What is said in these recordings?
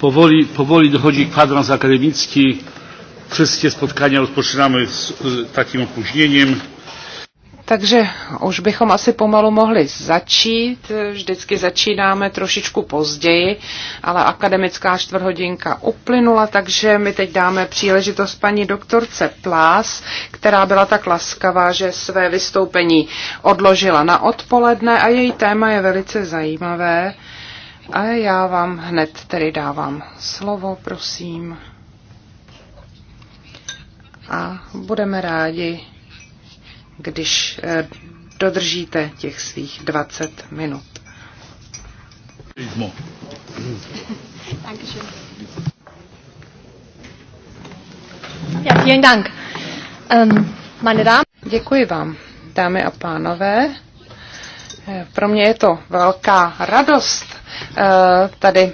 Powoli, powoli dochodzi kwadrans akademicki. Wszystkie spotkania rozpoczynamy z, z takim opóźnieniem. Takže už bychom asi pomalu mohli začít. Vždycky začínáme trošičku později, ale akademická čtvrthodinka uplynula, takže my teď dáme příležitost paní doktorce Plás, která byla tak laskavá, že své vystoupení odložila na odpoledne a její téma je velice zajímavé. A já vám hned tedy dávám slovo, prosím. A budeme rádi, když eh, dodržíte těch svých 20 minut. vielen Dank. Ähm, meine Damen. Děkuji vám, dámy a pánové. Pro mě je to velká radost eh, tady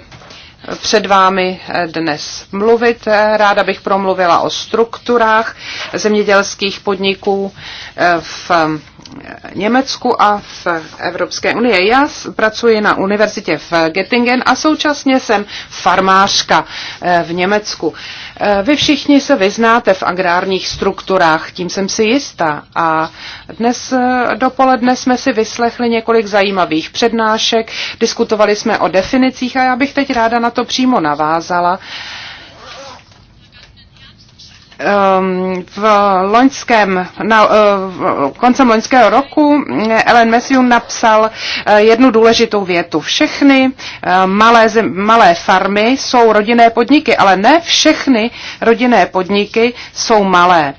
před vámi eh, dnes mluvit. Eh, Ráda bych promluvila o strukturách zemědělských podniků v Německu a v Evropské unii. Já pracuji na univerzitě v Göttingen a současně jsem farmářka eh, v Německu. Eh, vy všichni se vyznáte v agrárních strukturách, tím jsem si jistá. A dnes eh, dopoledne jsme si vyslechli několik zajímavých přednášek, diskutovali jsme o definicích a já bych teď ráda na to přímo navázala. Um, v loňském, na, uh, v koncem loňského roku eh, Ellen Messium napsal eh, jednu důležitou větu. Všechny eh, malé, zem, malé farmy jsou rodinné podniky, ale ne všechny rodinné podniky jsou malé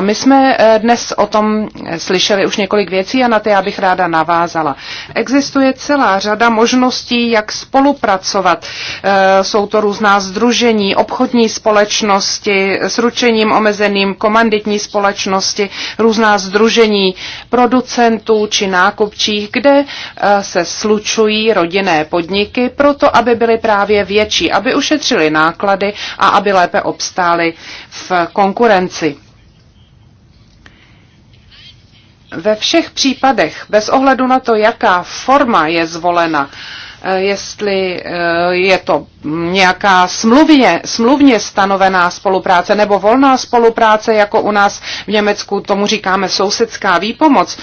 my jsme eh, dnes o tom slyšeli už několik věcí a na ty já bych ráda navázala. Existuje celá řada možností, jak spolupracovat. Eh, jsou to různá združení, obchodní společnosti s ručením omezeným, komanditní společnosti, různá združení producentů či nákupčích, kde eh, se slučují rodinné podniky proto, aby byly právě větší, aby ušetřili náklady a aby lépe obstály v konkurenci ve všech případech, bez ohledu na to, jaká forma je zvolena, eh, jestli eh, je to nějaká smluvně, smluvně stanovená spolupráce nebo volná spolupráce, jako u nás v Německu tomu říkáme sousedská výpomoc,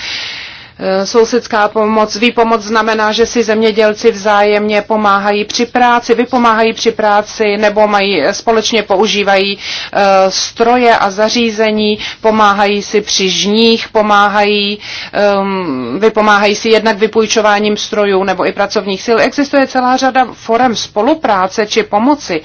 Eh, sousedská pomoc, výpomoc znamená, že si zemědělci vzájemně pomáhají při práci, vypomáhají při práci nebo mají, eh, společně používají eh, stroje a zařízení, pomáhají si při žních, pomáhají, ehm, vypomáhají si jednak vypůjčováním strojů nebo i pracovních sil. Existuje celá řada forem spolupráce či pomoci.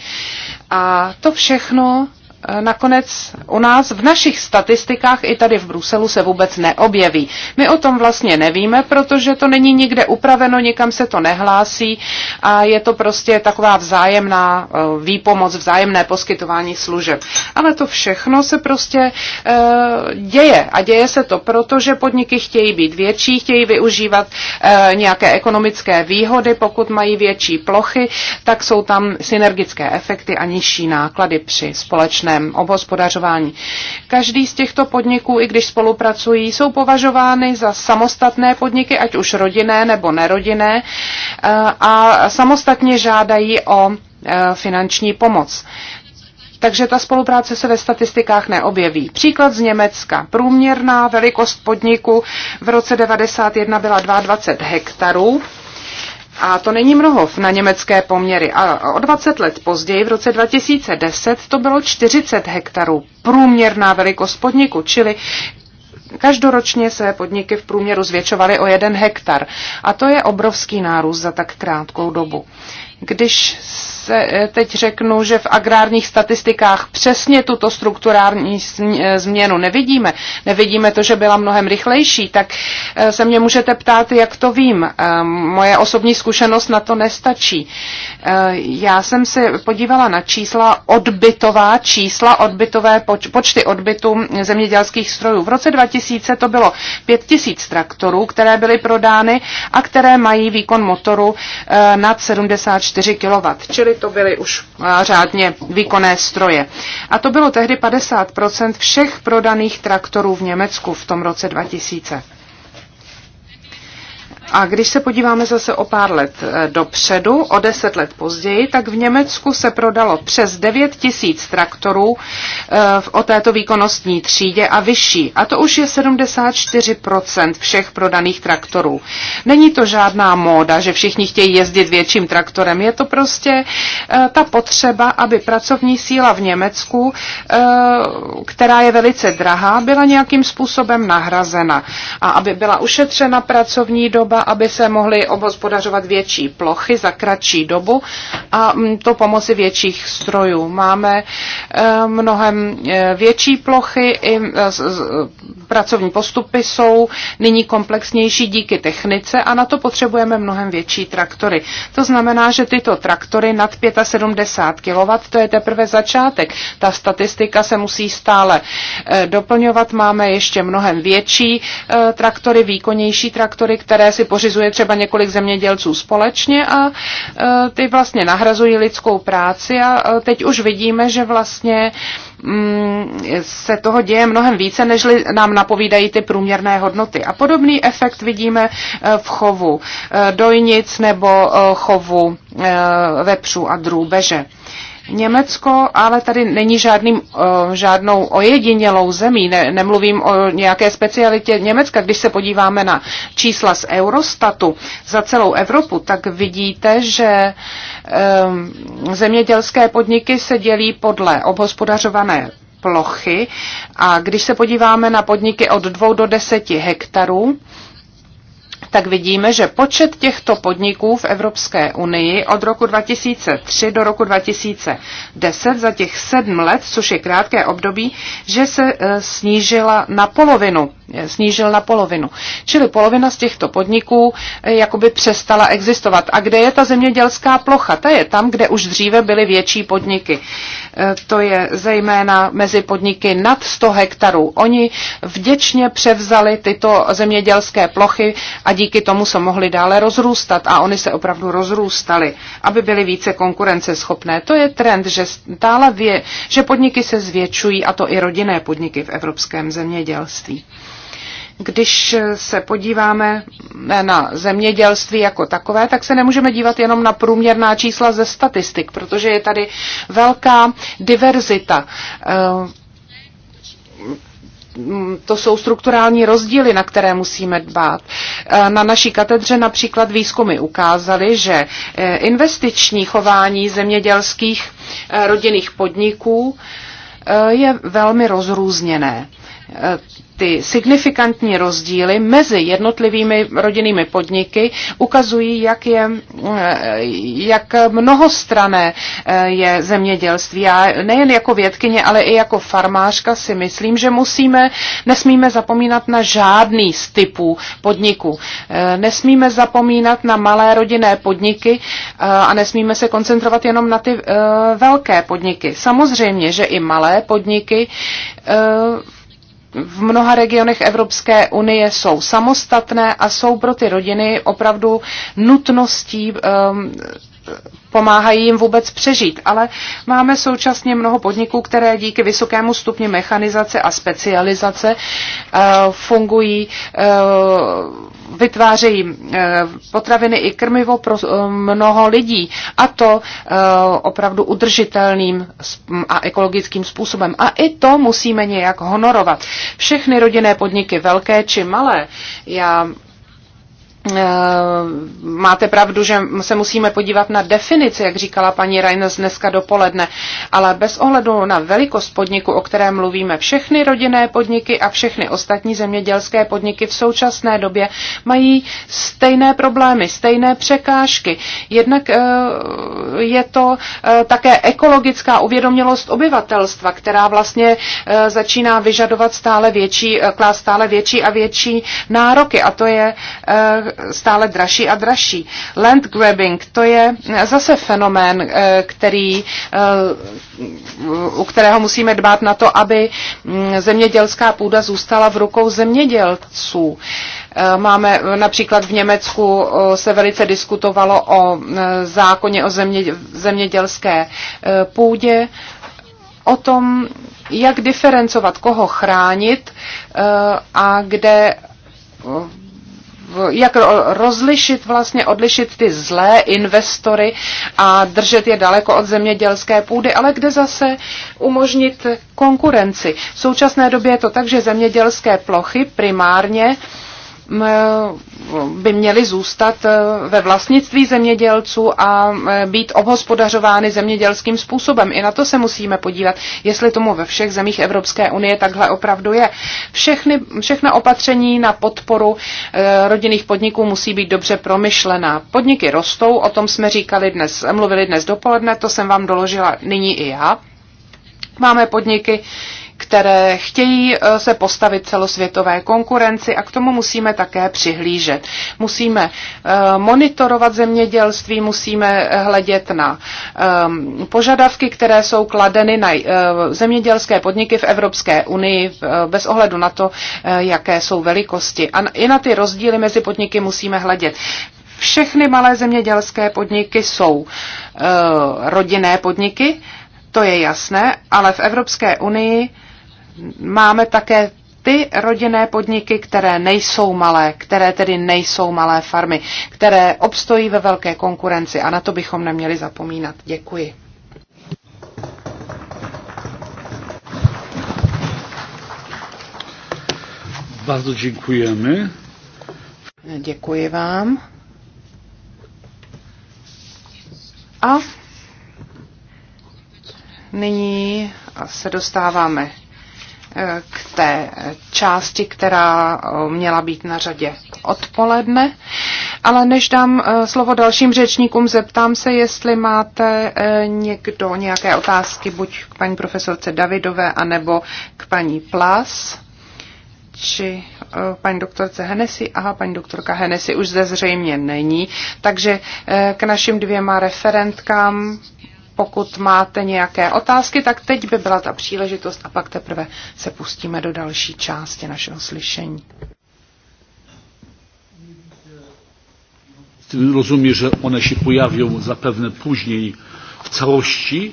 A to všechno Eh, nakonec u nás v našich statistikách i tady v Bruselu se vůbec neobjeví. My o tom vlastně nevíme, protože to není nikde upraveno, nikam se to nehlásí a je to prostě taková vzájemná eh, výpomoc, vzájemné poskytování služeb. Ale to všechno se prostě eh, děje a děje se to protože podniky chtějí být větší, chtějí využívat nějaké ekonomické výhody, pokud mají větší plochy, tak jsou tam synergické efekty a nižší náklady při společné společném obhospodařování. Každý z těchto podniků, i když spolupracují, jsou považovány za samostatné podniky, ať už rodinné nebo nerodinné, eh, a samostatně žádají o eh, finanční pomoc takže ta spolupráce se ve statistikách neobjeví. Příklad z Německa. Průměrná velikost podniku v roce 1991 byla 22 hektarů a to není mnoho na německé poměry. A o 20 let později, v roce 2010, to bylo 40 hektarů. Průměrná velikost podniku, čili Každoročně se podniky v průměru zvětšovaly o jeden hektar a to je obrovský nárůst za tak krátkou dobu. Když se eh, teď řeknu, že v agrárních statistikách přesně tuto strukturální eh, změnu nevidíme, nevidíme to, že byla mnohem rychlejší, tak eh, se mě můžete ptát, jak to vím. Moje osobní zkušenost na to nestačí. Já jsem se podívala na čísla odbytová, čísla odbytové, poč, počty odbytu zemědělských strojů. V roce 2000 to bylo 5000 traktorů, které byly prodány a které mají výkon motoru nad 74 kW. Čili použili, to byly už eh, řádně výkonné stroje. A to bylo tehdy 50% všech prodaných traktorů v Německu v tom roce 2000. A když se podíváme zase o pár let eh, dopředu, o deset let později, tak v Německu se prodalo přes 9 tisíc traktorů eh, o této výkonnostní třídě a vyšší. A to už je 74% všech prodaných traktorů. Není to žádná móda, že všichni chtějí jezdit větším traktorem. Je to prostě eh, ta potřeba, aby pracovní síla v Německu, která je velice drahá, byla nějakým způsobem nahrazena. A aby byla ušetřena pracovní doba, potřeba, aby se mohly obhospodařovat větší plochy za kratší dobu a mm, to pomocí větších strojů. Máme eh, mnohem eh, větší plochy, i eh, pracovní postupy jsou nyní komplexnější díky technice a na to potřebujeme mnohem větší traktory. To znamená, že tyto traktory nad 75 kW, to je teprve začátek. Ta statistika se musí stále doplňovat. Máme ještě mnohem větší traktory, výkonnější traktory, které si pořizuje třeba několik zemědělců společně a e, ty vlastně nahrazují lidskou práci a e, teď už vidíme, že vlastně mm, se toho děje mnohem více, než nám napovídají ty průměrné hodnoty. A podobný efekt vidíme e, v chovu dojnic nebo chovu vepřů a drůbeže. Německo ale tady není žádným, eh, žádnou ojedinělou zemí, ne, nemluvím o nějaké specialitě Německa. Když se podíváme na čísla z Eurostatu za celou Evropu, tak vidíte, že ehm, zemědělské podniky se dělí podle obhospodařované plochy a když se podíváme na podniky od 2 do 10 hektarů, tak vidíme, že počet těchto podniků v Evropské unii od roku 2003 do roku 2010 za těch sedm let, což je krátké období, že se e, snížila na polovinu. E, snížil na polovinu. Čili polovina z těchto podniků e, jakoby přestala existovat. A kde je ta zemědělská plocha? Ta je tam, kde už dříve byly větší podniky. To je zejména mezi podniky nad 100 hektarů. Oni vděčně převzali tyto zemědělské plochy a díky tomu se mohly dále rozrůstat a oni se opravdu rozrůstali, aby byly více konkurenceschopné. To je trend, že stále vě, že podniky se zvětšují a to i rodinné podniky v evropském zemědělství. Když se podíváme na zemědělství jako takové, tak se nemůžeme dívat jenom na průměrná čísla ze statistik, protože je tady velká diverzita Mm, to jsou strukturální rozdíly, na které musíme dbát. E, na naší katedře například výzkumy ukázaly, že e, investiční chování zemědělských e, rodinných podniků je velmi rozrůzněné ty signifikantní rozdíly mezi jednotlivými rodinnými podniky ukazují, jak, je, jak mnohostrané eh, je zemědělství. Já nejen jako vědkyně, ale i jako farmářka si myslím, že musíme, nesmíme zapomínat na žádný z typů podniků. Eh, nesmíme zapomínat na malé rodinné podniky eh, a nesmíme se koncentrovat jenom na ty velké podniky. Samozřejmě, že i malé podniky v mnoha regionech Evropské unie jsou samostatné a jsou pro ty rodiny opravdu nutností um, pomáhají jim vůbec přežít. Ale máme současně mnoho podniků, které díky vysokému stupni mechanizace a specializace eh, fungují, eh, vytvářejí eh, potraviny i krmivo pro mnoho lidí. A to opravdu udržitelným a ekologickým způsobem. A i to musíme nějak honorovat. Všechny rodinné podniky, velké či malé, já Eh, máte pravdu, že se musíme podívat na definici, jak říkala paní Reines dneska dopoledne, ale bez ohledu na velikost podniku, o kterém mluvíme, všechny rodinné podniky a všechny ostatní zemědělské podniky v současné době mají stejné problémy, stejné překážky. Jednak eh, je to eh, také ekologická uvědomělost obyvatelstva, která vlastně začíná vyžadovat stále větší, klást stále větší a větší nároky a to je stále dražší a dražší. Land grabbing, to je zase fenomén, eh, který, eh, u kterého musíme dbát na to, aby mm, zemědělská půda zůstala v rukou zemědělců. Eh, máme například v Německu se velice diskutovalo o zákoně o zemědělské půdě, o tom, jak diferencovat, koho chránit a kde jak rozlišit vlastně, odlišit ty zlé investory a držet je daleko od zemědělské půdy, ale kde zase umožnit konkurenci. V současné době je to tak, že zemědělské plochy primárně Eh, by měly zůstat eh, ve vlastnictví zemědělců a eh, být obhospodařovány zemědělským způsobem. I na to se musíme podívat, jestli tomu ve všech zemích Evropské unie takhle opravdu je. Všechny, všechna opatření na podporu rodinných podniků musí být dobře promyšlená. Podniky rostou, o tom jsme říkali dnes, mluvili dnes dopoledne, to jsem vám doložila nyní i já. Máme podniky, které chtějí eh, se postavit celosvětové konkurenci a k tomu musíme také přihlížet. Musíme eh, monitorovat zemědělství, musíme eh, hledět na ehm, požadavky, které jsou kladeny na zemědělské podniky v Evropské unii bez ohledu na to, jaké jsou velikosti. A i na ty rozdíly mezi podniky musíme hledět. Všechny malé zemědělské podniky jsou rodinné podniky, to je jasné, ale v Evropské unii máme také ty rodinné podniky, které nejsou malé, které tedy nejsou malé farmy, které obstojí ve velké konkurenci a na to bychom neměli zapomínat. Děkuji. Bardzo dziękujemy. Děkuji vám. A nyní se dostáváme Eh, k té části, která eh, měla být na řadě odpoledne. Ale než dám eh, slovo dalším řečníkům, zeptám se, jestli máte někdo nějaké otázky buď k paní profesorce Davidové, anebo k paní Plas či paní doktorce Hennessy. Aha, paní doktorka Hennessy už zde zřejmě není. Takže k našim dvěma referentkám pokud máte nějaké otázky, tak teď by byla ta příležitost a pak teprve se pustíme do další části našeho slyšení. Rozumím, že one se pojaví zapevně později v celosti.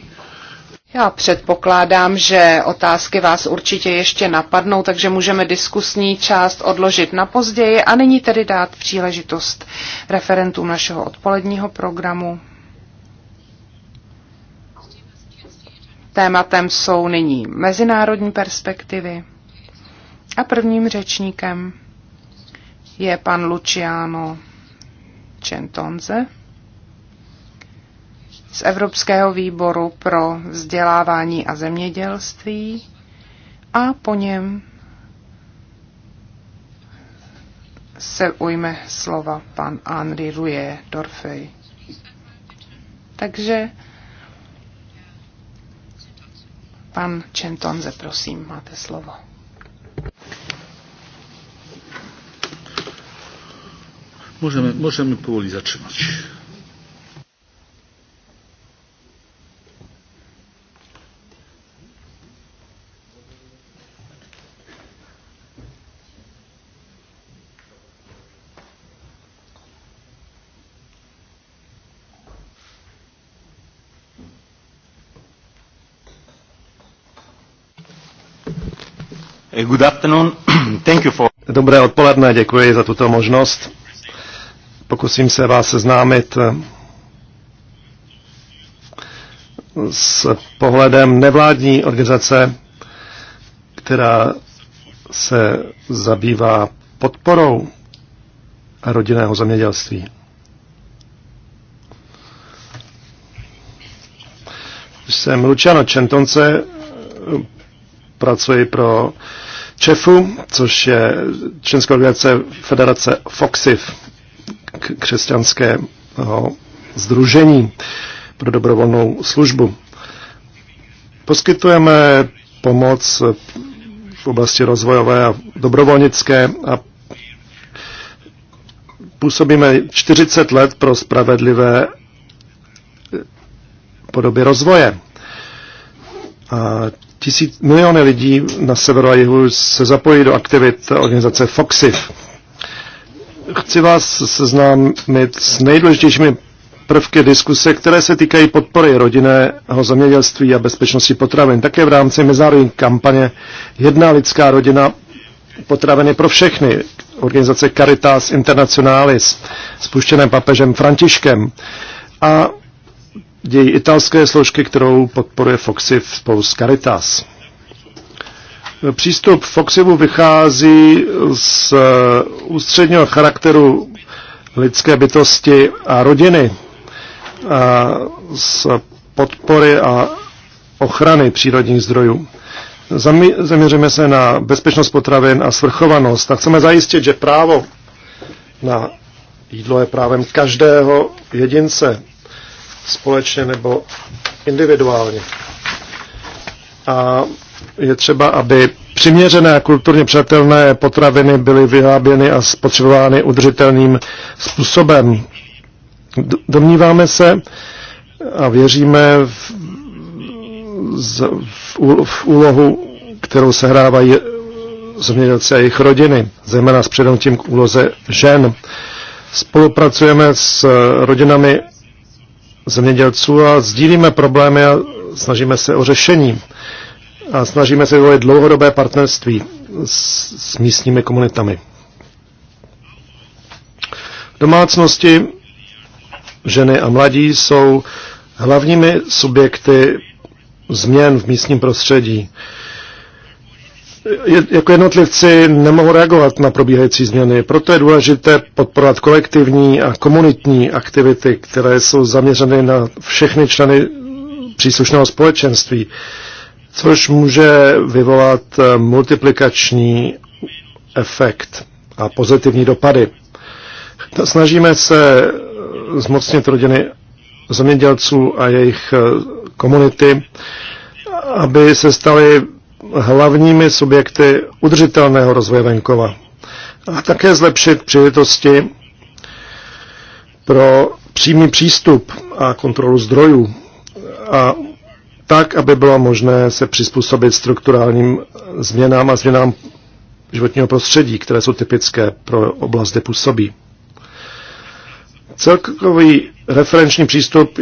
Já předpokládám, že otázky vás určitě ještě napadnou, takže můžeme diskusní část odložit na později a nyní tedy dát příležitost referentům našeho odpoledního programu. Tématem jsou nyní mezinárodní perspektivy. A prvním řečníkem je pan Luciano Centonze z Evropského výboru pro vzdělávání a zemědělství a po něm se ujme slova pan Henri Rouye Dorfej. Takže Pan Čentonze, prosím, máte slovo. Můžeme, můžeme povoli začínat. Eh, good afternoon. Thank you for... Dobré odpoledne, děkuji za tuto možnost. Pokusím se vás seznámit eh, s pohledem nevládní organizace, která se zabývá podporou rodinného zemědělství. Jsem Luciano Čentonce, eh, pracuji pro ČEFu, což je Členská organizace Federace FOXIV, křesťanského združení pro dobrovolnou službu. Poskytujeme pomoc v oblasti rozvojové a dobrovolnické a působíme 40 let pro spravedlivé podoby rozvoje. A Tisíc, miliony lidí na severu a jihu se zapojí do aktivit organizace FOXIF. Chci vás seznámit s nejdůležitějšími prvky diskuse, které se týkají podpory rodinného zemědělství a bezpečnosti potravin. Také v rámci mezinárodní kampaně Jedna lidská rodina potraviny pro všechny, organizace Caritas Internationalis, spuštěné papežem Františkem. A děj italské složky, kterou podporuje Foxy spolu s Caritas. Přístup Foxivu vychází z eh, ústředního charakteru lidské bytosti a rodiny, a z podpory a ochrany přírodních zdrojů. Zaměříme se na bezpečnost potravin a svrchovanost a chceme zajistit, že právo na jídlo je právem každého jedince společně nebo individuálně. A je třeba, aby přiměřené a kulturně přátelné potraviny byly vyráběny a spotřebovány udržitelným způsobem. Domníváme se a věříme v, v úlohu, kterou sehrávají zemědělci a jejich rodiny, zejména s přednutím k úloze žen. Spolupracujeme s rodinami zemědělců a sdílíme problémy a snažíme se o řešení. A snažíme se vyvolit dlouhodobé partnerství s, s místními komunitami. Domácnosti, ženy a mladí jsou hlavními subjekty změn v místním prostředí. Uh, jako jednotlivci nemohou reagovat na probíhající změny. Proto je důležité podporovat kolektivní a komunitní aktivity, které jsou zaměřeny na všechny členy příslušného společenství, což může vyvolat eh, multiplikační efekt a pozitivní dopady. Snažíme se eh, zmocnit rodiny zemědělců a jejich eh, komunity, aby se staly hlavními subjekty udržitelného rozvoje venkova. A také zlepšit příležitosti pro přímý přístup a kontrolu zdrojů. A tak, aby bylo možné se přizpůsobit strukturálním změnám a změnám životního prostředí, které jsou typické pro oblast, kde působí. Celkový referenční přístup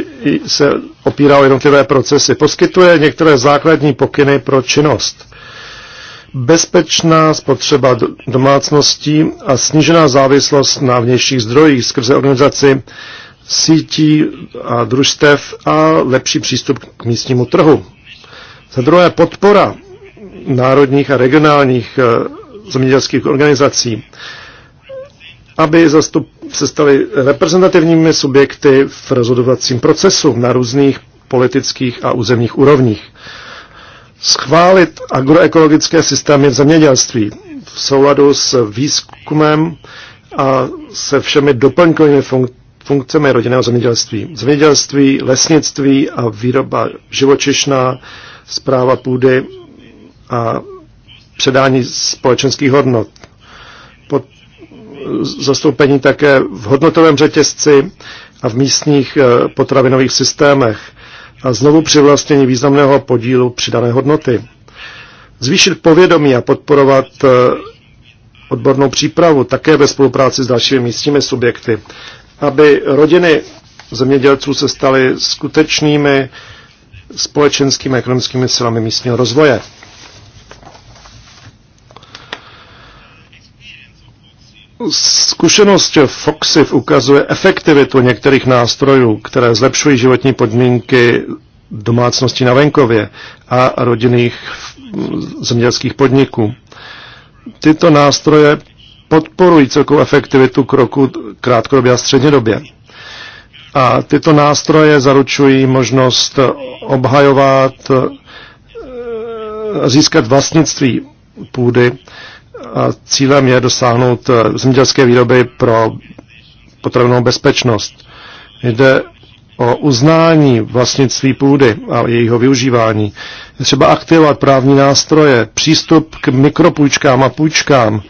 se opírá o jednotlivé procesy. Poskytuje některé základní pokyny pro činnost. Bezpečná spotřeba domácností a snížená závislost na vnějších zdrojích skrze organizaci sítí a družstev a lepší přístup k místnímu trhu. Za druhé podpora národních a regionálních eh, zemědělských organizací, aby zastup se staly reprezentativními subjekty v rozhodovacím procesu na různých politických a územních úrovních. Schválit agroekologické systémy v zemědělství v souladu s výzkumem a se všemi doplňkovými funk- funkcemi rodinného zemědělství. Zemědělství, lesnictví a výroba živočišná, zpráva půdy a předání společenských hodnot zastoupení také v hodnotovém řetězci a v místních eh, potravinových systémech a znovu přivlastnění významného podílu přidané hodnoty. Zvýšit povědomí a podporovat eh, odbornou přípravu také ve spolupráci s dalšími místními subjekty, aby rodiny zemědělců se staly skutečnými společenskými a ekonomickými silami místního rozvoje. Zkušenost Foxiv ukazuje efektivitu některých nástrojů, které zlepšují životní podmínky domácnosti na venkově a rodinných zemědělských podniků. Tyto nástroje podporují celkovou efektivitu kroku krátkodobě a střednědobě. A tyto nástroje zaručují možnost obhajovat, eh, získat vlastnictví půdy cílem je dosáhnout eh, zemědělské výroby pro potravinovou bezpečnost. Jde o uznání vlastnictví půdy a jejího využívání. Je třeba aktivovat právní nástroje, přístup k mikropůjčkám a půjčkám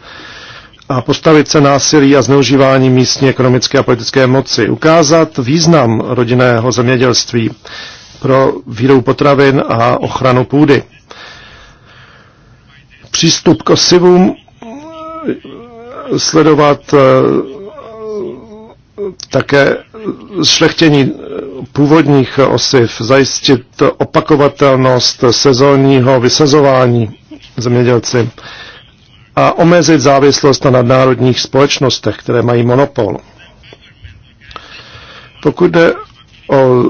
a postavit se násilí a zneužívání místní ekonomické a politické moci. Ukázat význam rodinného zemědělství pro výrobu potravin a ochranu půdy přístup k osivům, sledovat eh, také šlechtění původních osiv, zajistit opakovatelnost sezónního vysazování zemědělci a omezit závislost na nadnárodních společnostech, které mají monopol. Pokud jde o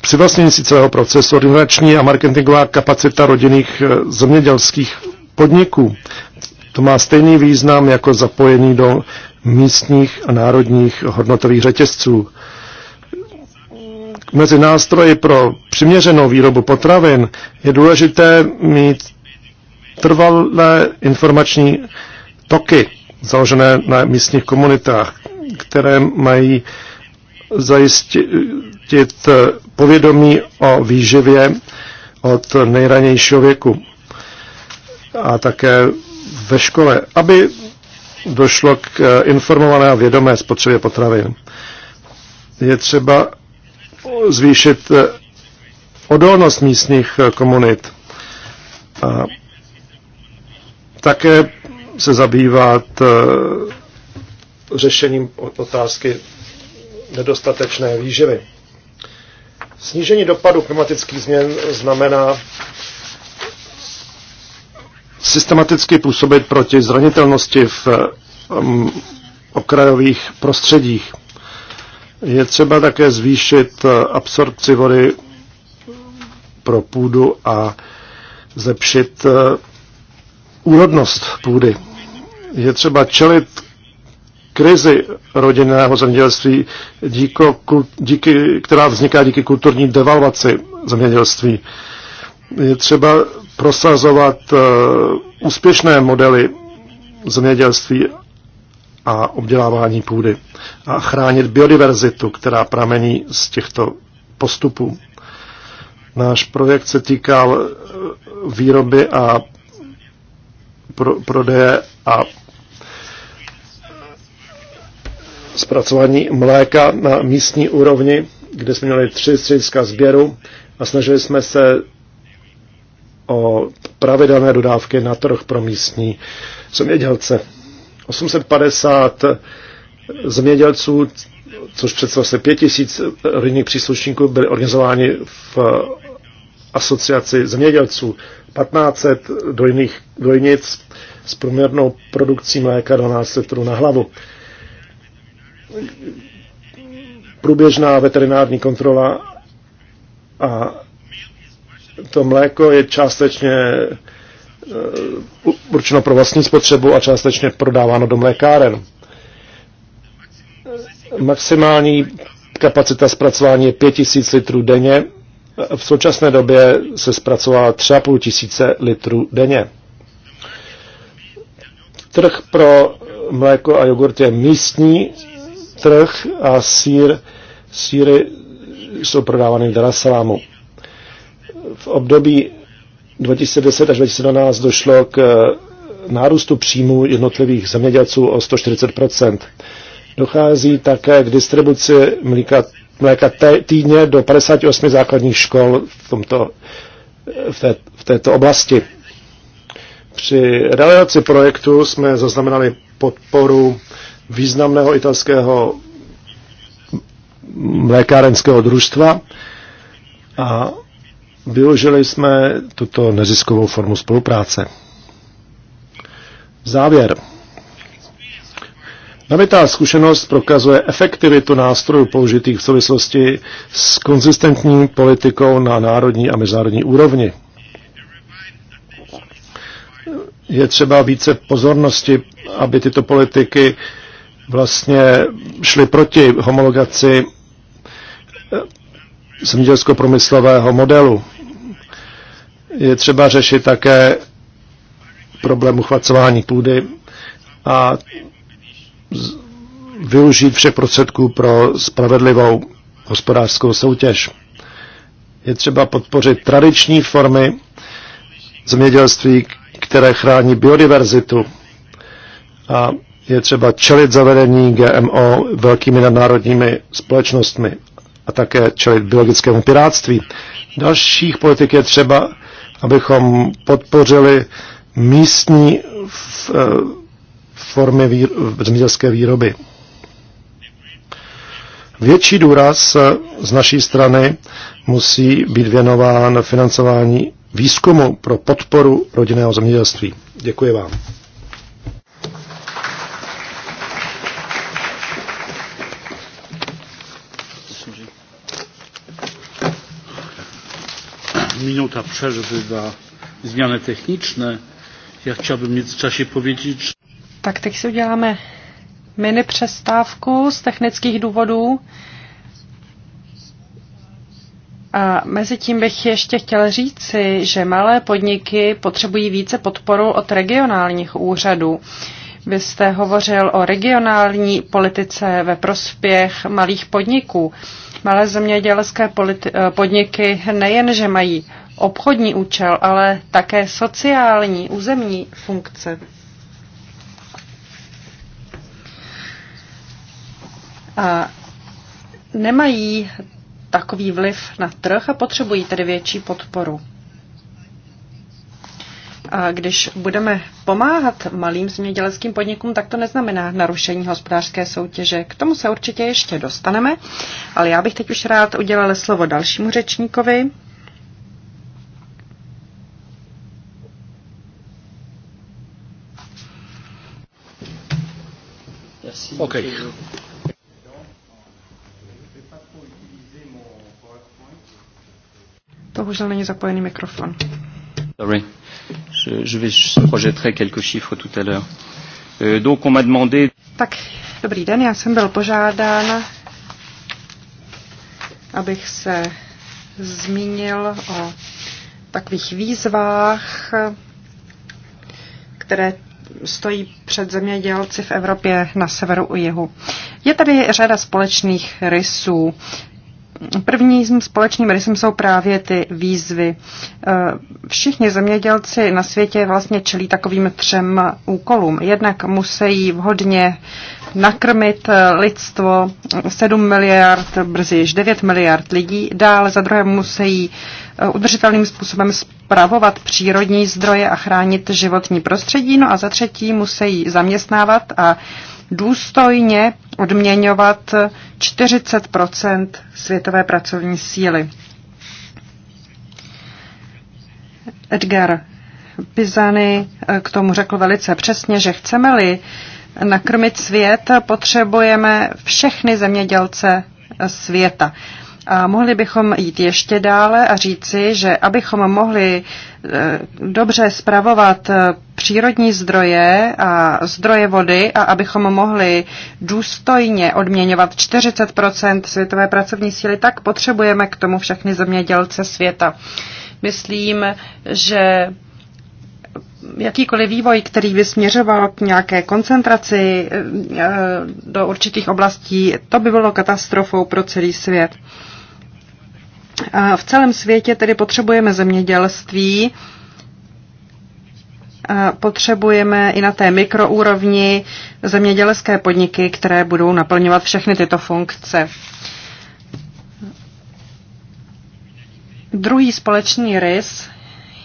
přivlastnění celého procesu, organizační a marketingová kapacita rodinných eh, zemědělských podniků. To má stejný význam jako zapojení do místních a národních hodnotových řetězců. Mezi nástroji pro přiměřenou výrobu potravin je důležité mít trvalé informační toky založené na místních komunitách, které mají zajistit, zajistit eh, povědomí o výživě od nejranějšího věku a také ve škole, aby došlo k eh, informované a vědomé spotřebě potravin. Je třeba zvýšit eh, odolnost místních komunit. A také se zabývat řešením otázky nedostatečné výživy. Snížení dopadu klimatických změn znamená systematicky působit proti zranitelnosti v um, okrajových prostředích. Je třeba také zvýšit uh, absorpci vody pro půdu a zlepšit uh, úrodnost půdy. Je třeba čelit krizi rodinného zemědělství, díko, díky, která vzniká díky kulturní devalvaci zemědělství. Je třeba prosazovat uh, úspěšné modely zemědělství a obdělávání půdy a chránit biodiverzitu, která pramení z těchto postupů. Náš projekt se týkal eh, výroby a pro, prodeje a zpracování mléka na místní úrovni, kde jsme měli tři střediska sběru a snažili jsme se o pravidelné dodávky na trh pro místní zemědělce. 850 zemědělců, což představuje se 5000 rodinných příslušníků, byly organizováni v asociaci zemědělců. 1500 dojných, dojnic s průměrnou produkcí mléka 12 litrů na hlavu průběžná veterinární kontrola a to mléko je částečně eh, určeno pro vlastní spotřebu a částečně prodáváno do mlékáren. Maximální kapacita zpracování je 5000 litrů denně. V současné době se zpracovává 3500 litrů denně. Trh pro mléko a jogurt je místní trh a sír, síry jsou prodávány v Darasalámu. V období 2010 až 2012 došlo k eh, nárůstu příjmů jednotlivých zemědělců o 140 Dochází také k distribuci mlíka, mléka týdně do 58 základních škol v, tomto, v, té, v této oblasti. Při realizaci projektu jsme zaznamenali podporu významného italského mlékárenského družstva a využili jsme tuto neziskovou formu spolupráce. Závěr. Nabitá zkušenost prokazuje efektivitu nástrojů použitých v souvislosti s konzistentní politikou na národní a mezinárodní úrovni. Je třeba více pozornosti, aby tyto politiky vlastně šli proti homologaci eh, zemědělsko-promyslového modelu. Je třeba řešit také problém uchvacování půdy a využít všech prostředků pro spravedlivou hospodářskou soutěž. Je třeba podpořit tradiční formy zemědělství, které chrání biodiverzitu a je třeba čelit zavedení GMO velkými nadnárodními společnostmi a také čelit biologickému piráctví. Dalších politik je třeba, abychom podpořili místní v, eh, formy výro- zemědělské výroby. Větší důraz z naší strany musí být věnován financování výzkumu pro podporu rodinného zemědělství. Děkuji vám. minuta przerwy na zmiany techniczne. Já chciałbym w międzyczasie powiedzieć, že... Tak teď si uděláme mini přestávku z technických důvodů. A mezi tím bych ještě chtěl říci, že malé podniky potřebují více podporu od regionálních úřadů. Vy jste hovořil o regionální politice ve prospěch malých podniků. Malé zemědělské eh, podniky nejenže mají obchodní účel, ale také sociální, územní funkce. A nemají takový vliv na trh a potřebují tedy větší podporu. A když budeme pomáhat malým zemědělským podnikům, tak to neznamená narušení hospodářské soutěže. K tomu se určitě ještě dostaneme, ale já bych teď už rád udělala slovo dalšímu řečníkovi. Okay. Bohužel není zapojený mikrofon. Sorry je, je, vais, je projetterai quelques chiffres tout à l'heure. Euh, donc on m'a demandé... Tak, dobrý den, já jsem byl požádán, abych se zmínil o takových výzvách, které stojí před zemědělci v Evropě na severu i jihu. Je tady řada společných rysů. Prvním společným rysem jsou právě ty výzvy. E, všichni zemědělci na světě vlastně čelí takovým třem úkolům. Jednak musí vhodně nakrmit lidstvo 7 miliard, brzy již 9 miliard lidí. Dále za druhé musí e, udržitelným způsobem spravovat přírodní zdroje a chránit životní prostředí. No a za třetí musí zaměstnávat a důstojně odměňovat 40 světové pracovní síly. Edgar Pizany k tomu řekl velice přesně, že chceme-li nakrmit svět, potřebujeme všechny zemědělce světa. A mohli bychom jít ještě dále a říci, že abychom mohli eh, dobře spravovat eh, přírodní zdroje a zdroje vody a abychom mohli důstojně odměňovat 40 světové pracovní síly, tak potřebujeme k tomu všechny zemědělce světa. Myslím, že jakýkoliv vývoj, který by směřoval k nějaké koncentraci eh, do určitých oblastí, to by bylo katastrofou pro celý svět v celém světě tedy potřebujeme zemědělství, potřebujeme i na té mikroúrovni zemědělské podniky, které budou naplňovat všechny tyto funkce. Druhý společný rys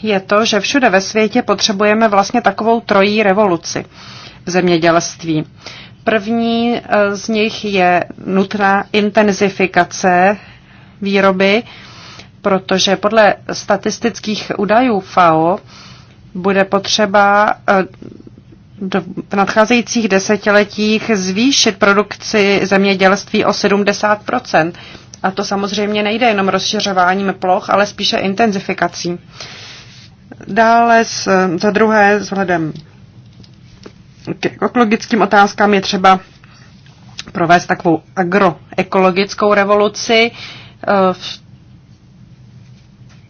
je to, že všude ve světě potřebujeme vlastně takovou trojí revoluci v zemědělství. První eh, z nich je nutná intenzifikace výroby, protože podle statistických údajů FAO bude potřeba eh, v nadcházejících desetiletích zvýšit produkci zemědělství o 70 A to samozřejmě nejde jenom rozšiřováním ploch, ale spíše intenzifikací. Dále s, za druhé, vzhledem k ekologickým otázkám je třeba provést takovou agroekologickou revoluci, Eh, v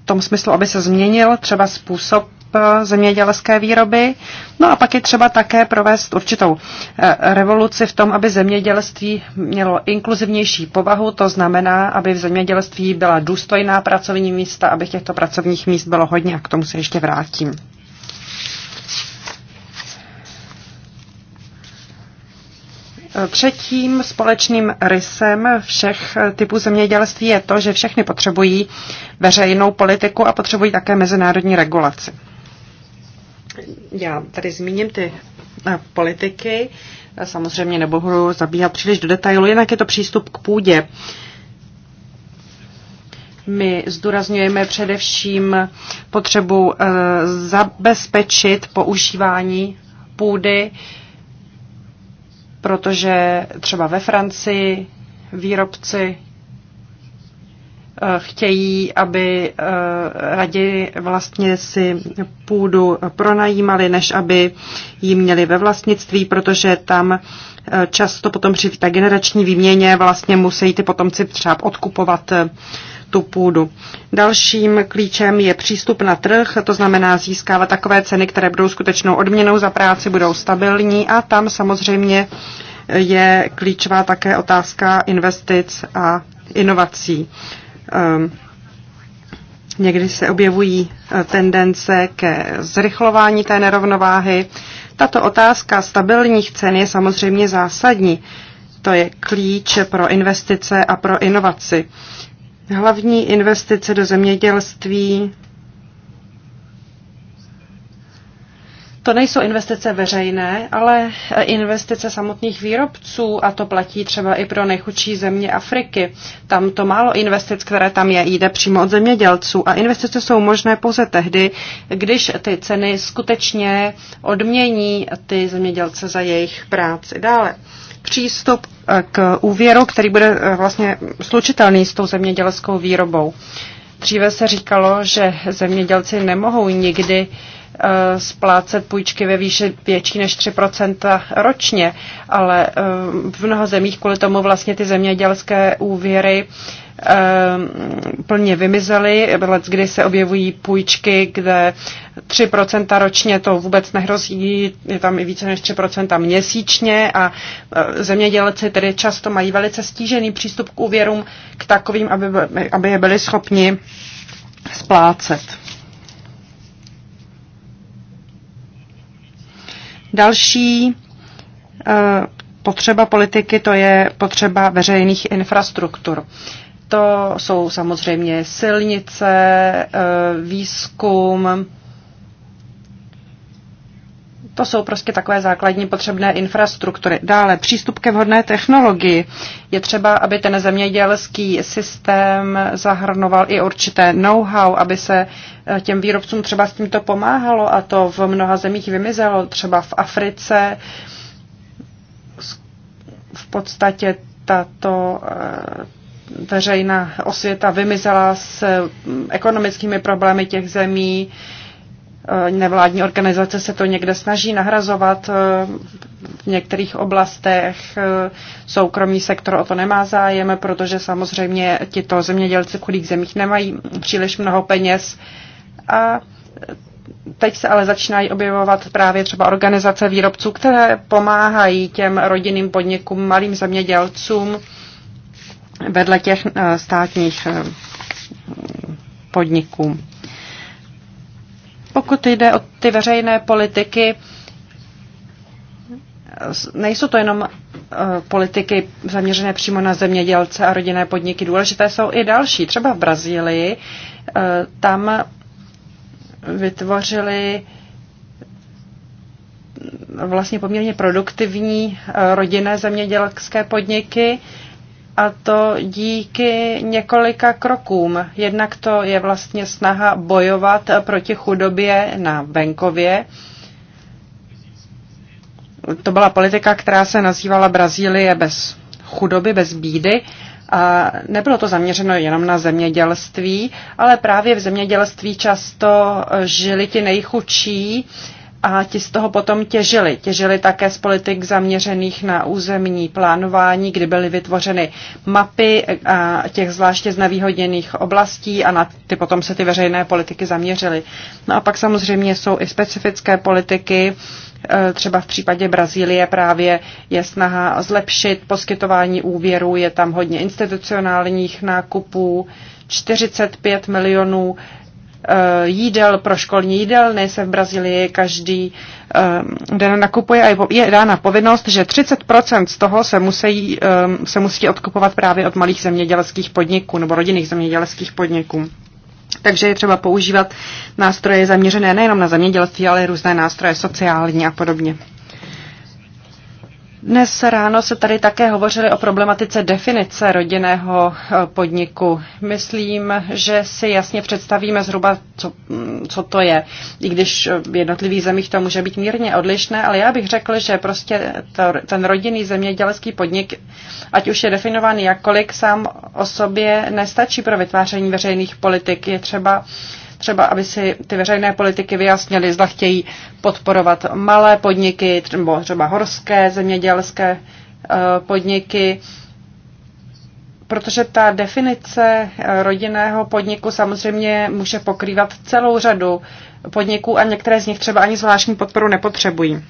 tom smyslu, aby se změnil třeba způsob eh, zemědělské výroby. No a pak je třeba také provést určitou eh, revoluci v tom, aby zemědělství mělo inkluzivnější povahu, to znamená, aby v zemědělství byla důstojná pracovní místa, aby těchto pracovních míst bylo hodně a k tomu se ještě vrátím. Třetím společným rysem všech typů zemědělství je to, že všechny potřebují veřejnou politiku a potřebují také mezinárodní regulaci. Já tady zmíním ty eh, politiky. Samozřejmě nebudu zabíhat příliš do detailu, jinak je to přístup k půdě. My zdůrazňujeme především potřebu eh, zabezpečit používání půdy protože třeba ve Francii výrobci eh, chtějí, aby eh, raději vlastně si půdu pronajímali, než aby ji měli ve vlastnictví, protože tam eh, často potom při té generační výměně vlastně musí ty potomci třeba odkupovat tu půdu. Dalším klíčem je přístup na trh, to znamená získávat takové ceny, které budou skutečnou odměnou za práci, budou stabilní a tam samozřejmě je klíčová také otázka investic a inovací. Ehm, někdy se objevují eh, tendence ke zrychlování té nerovnováhy. Tato otázka stabilních cen je samozřejmě zásadní. To je klíč pro investice a pro inovaci. Hlavní investice do zemědělství. To nejsou investice veřejné, ale investice samotných výrobců a to platí třeba i pro nejchudší země Afriky. Tam to málo investic, které tam je, jde přímo od zemědělců a investice jsou možné pouze tehdy, když ty ceny skutečně odmění ty zemědělce za jejich práci. Dále přístup eh, k úvěru, který bude eh, vlastně slučitelný s tou zemědělskou výrobou. Dříve se říkalo, že zemědělci nemohou nikdy eh, splácet půjčky ve výši větší než 3 ročně, ale v mnoha zemích kvůli tomu vlastně ty zemědělské úvěry Ehm, plně vymizely. Let, kdy se objevují půjčky, kde 3% ročně to vůbec nehrozí, je tam i více než 3% měsíčně a e, zemědělci tedy často mají velice stížený přístup k úvěrům k takovým, aby, aby je byli schopni splácet. Další e, potřeba politiky, to je potřeba veřejných infrastruktur. To jsou samozřejmě silnice, eh, výzkum. To jsou prostě takové základní potřebné infrastruktury. Dále přístup ke vhodné technologii. Je třeba, aby ten zemědělský systém zahrnoval i určité know-how, aby se eh, těm výrobcům třeba s tímto pomáhalo a to v mnoha zemích vymizelo, třeba v Africe. V podstatě tato eh, veřejná osvěta vymizela s mm, ekonomickými problémy těch zemí. E, nevládní organizace se to někde snaží nahrazovat e, v některých oblastech. E, soukromý sektor o to nemá zájem, protože samozřejmě tito zemědělci v chudých zemích nemají příliš mnoho peněz. A teď se ale začínají objevovat právě třeba organizace výrobců, které pomáhají těm rodinným podnikům, malým zemědělcům vedle těch eh, státních eh, podniků. Pokud jde o ty veřejné politiky, nejsou to jenom eh, politiky zaměřené přímo na zemědělce a rodinné podniky. Důležité jsou i další. Třeba v Brazílii tam vytvořili vlastně poměrně produktivní rodinné zemědělské podniky, a to díky několika krokům. Jednak to je vlastně snaha bojovat proti chudobě na venkově. To byla politika, která se nazývala Brazílie bez chudoby, bez bídy. A nebylo to zaměřeno jenom na zemědělství, ale právě v zemědělství často žili ti nejchudší a ti z toho potom těžili. Těžili také z politik zaměřených na územní plánování, kdy byly vytvořeny mapy a těch zvláště znevýhodněných oblastí a na ty potom se ty veřejné politiky zaměřily. No a pak samozřejmě jsou i specifické politiky, e, třeba v případě Brazílie právě je snaha zlepšit poskytování úvěru, je tam hodně institucionálních nákupů, 45 milionů Eh, jídel pro školní jídelny se v Brazílii každý eh, den nakupuje a je dána povinnost, že 30% z toho se musí, eh, se musí odkupovat právě od malých zemědělských podniků nebo rodinných zemědělských podniků. Takže je třeba používat nástroje zaměřené nejenom na zemědělství, ale i různé nástroje sociální a podobně. Dnes ráno se tady také hovořili o problematice definice rodinného eh, podniku. Myslím, že si jasně představíme zhruba, co, mm, co to je. I když v jednotlivých zemích to může být mírně odlišné, ale já bych řekl, že prostě to, ten rodinný zemědělský podnik, ať už je definován jakkoliv, sám o sobě nestačí pro vytváření veřejných politik. Je třeba uh, třeba, aby si ty veřejné politiky vyjasnily, zda chtějí podporovat malé podniky, nebo třeba horské zemědělské eh, podniky, protože ta definice eh, rodinného podniku samozřejmě může pokrývat celou řadu podniků a některé z nich třeba ani zvláštní podporu nepotřebují.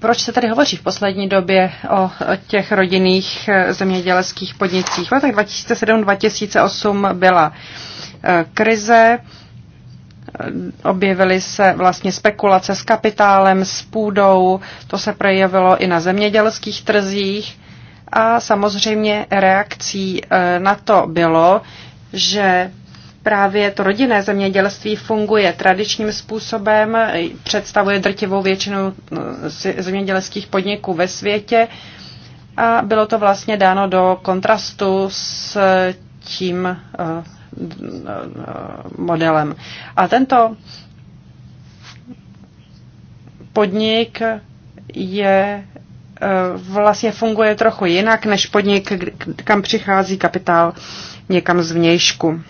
Proč se tady hovoří v poslední době o těch rodinných e, zemědělských podnicích? V letech 2007-2008 byla e, krize, e, objevily se vlastně spekulace s kapitálem, s půdou, to se projevilo i na zemědělských trzích a samozřejmě reakcí na to bylo, že právě to rodinné zemědělství funguje tradičním způsobem, představuje drtivou většinu eh, zemědělských podniků ve světě a bylo to vlastně dáno do kontrastu s tím eh, eh, modelem. A tento podnik je vlastně funguje trochu jinak než podnik, kam přichází kapitál někam z vnějšku.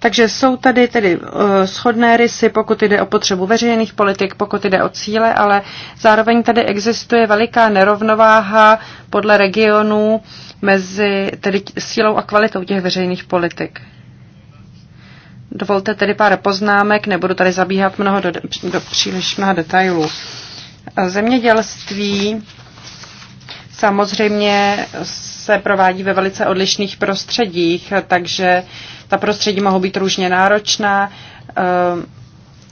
Takže jsou tady tedy eh, shodné rysy, pokud jde o potřebu veřejných politik, pokud jde o cíle, ale zároveň tady existuje veliká nerovnováha podle regionů mezi tedy sílou a kvalitou těch veřejných politik. Dovolte tedy pár poznámek, nebudu tady zabíhat mnoho do, do příliš mnoha detailů. Zemědělství samozřejmě se provádí ve velice odlišných prostředích, takže uh, ta prostředí mohou být různě náročná. Eh,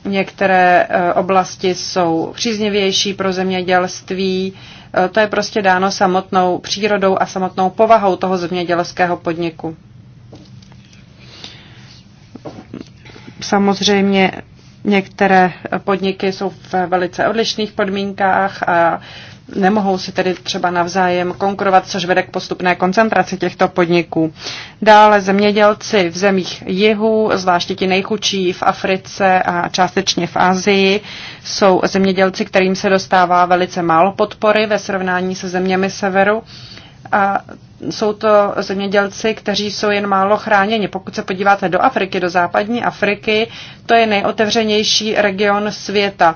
některé eh, oblasti jsou příznivější pro zemědělství. Eh, to je prostě dáno samotnou přírodou a samotnou povahou toho zemědělského podniku. Samozřejmě Některé podniky jsou v velice odlišných podmínkách a nemohou si tedy třeba navzájem konkurovat, což vede k postupné koncentraci těchto podniků. Dále zemědělci v zemích jihu, zvláště ti nejchudší v Africe a částečně v Asii, jsou zemědělci, kterým se dostává velice málo podpory ve srovnání se zeměmi severu. A jsou to zemědělci, kteří jsou jen málo chráněni. Pokud se podíváte do Afriky, do západní Afriky, to je nejotevřenější region světa.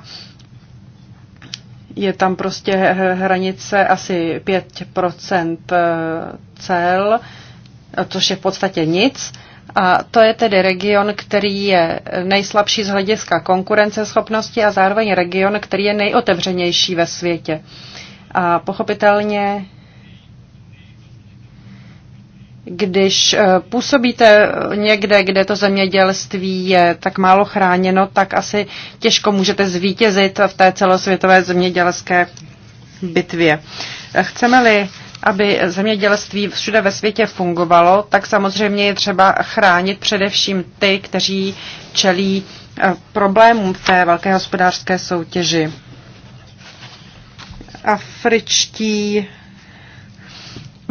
Je tam prostě hranice asi 5% eh, cel, což je v podstatě nic. A to je tedy region, který je nejslabší z hlediska konkurenceschopnosti a zároveň region, který je nejotevřenější ve světě. A pochopitelně když eh, působíte někde, kde to zemědělství je tak málo chráněno, tak asi těžko můžete zvítězit v té celosvětové zemědělské bitvě. Chceme-li aby zemědělství všude ve světě fungovalo, tak samozřejmě je třeba chránit především ty, kteří čelí eh, problémům v té velké hospodářské soutěži. Afričtí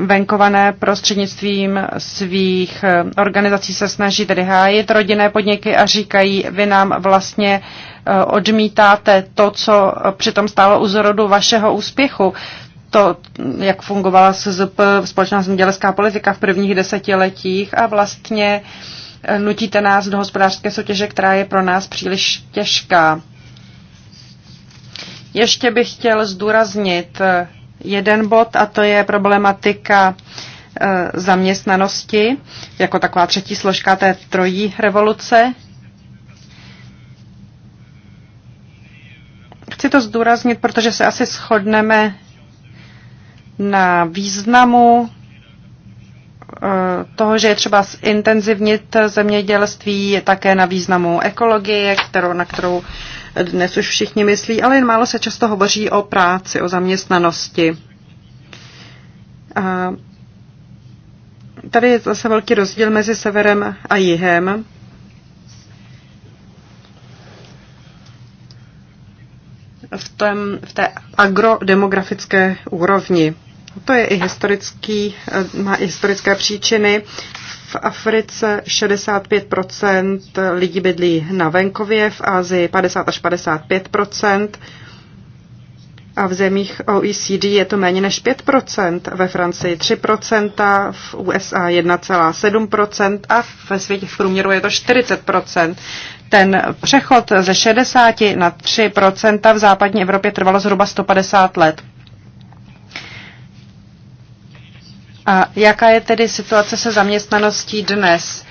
venkované prostřednictvím svých eh, organizací se snaží tedy hájit rodinné podniky a říkají, vy nám vlastně eh, odmítáte to, co přitom stálo u zrodu vašeho úspěchu. To, jak fungovala SZP, společná zemědělská politika v prvních desetiletích a vlastně eh, nutíte nás do hospodářské soutěže, která je pro nás příliš těžká. Ještě bych chtěl zdůraznit, jeden bod a to je problematika e, zaměstnanosti jako taková třetí složka té trojí revoluce. Chci to zdůraznit, protože se asi shodneme na významu e, toho, že je třeba zintenzivnit zemědělství, je také na významu ekologie, kterou, na kterou dnes už všichni myslí, ale jen málo se často hovoří o práci, o zaměstnanosti. A tady je zase velký rozdíl mezi severem a jihem. V, tém, v té agrodemografické úrovni. To je i historický, má i historické příčiny. V Africe 65 lidí bydlí na venkově, v Ázii 50 až 55 a v zemích OECD je to méně než 5 ve Francii 3 v USA 1,7 a ve světě v průměru je to 40 ten přechod ze 60 na 3 v západní Evropě trvalo zhruba 150 let. A jaká je tedy situace se zaměstnaností dnes?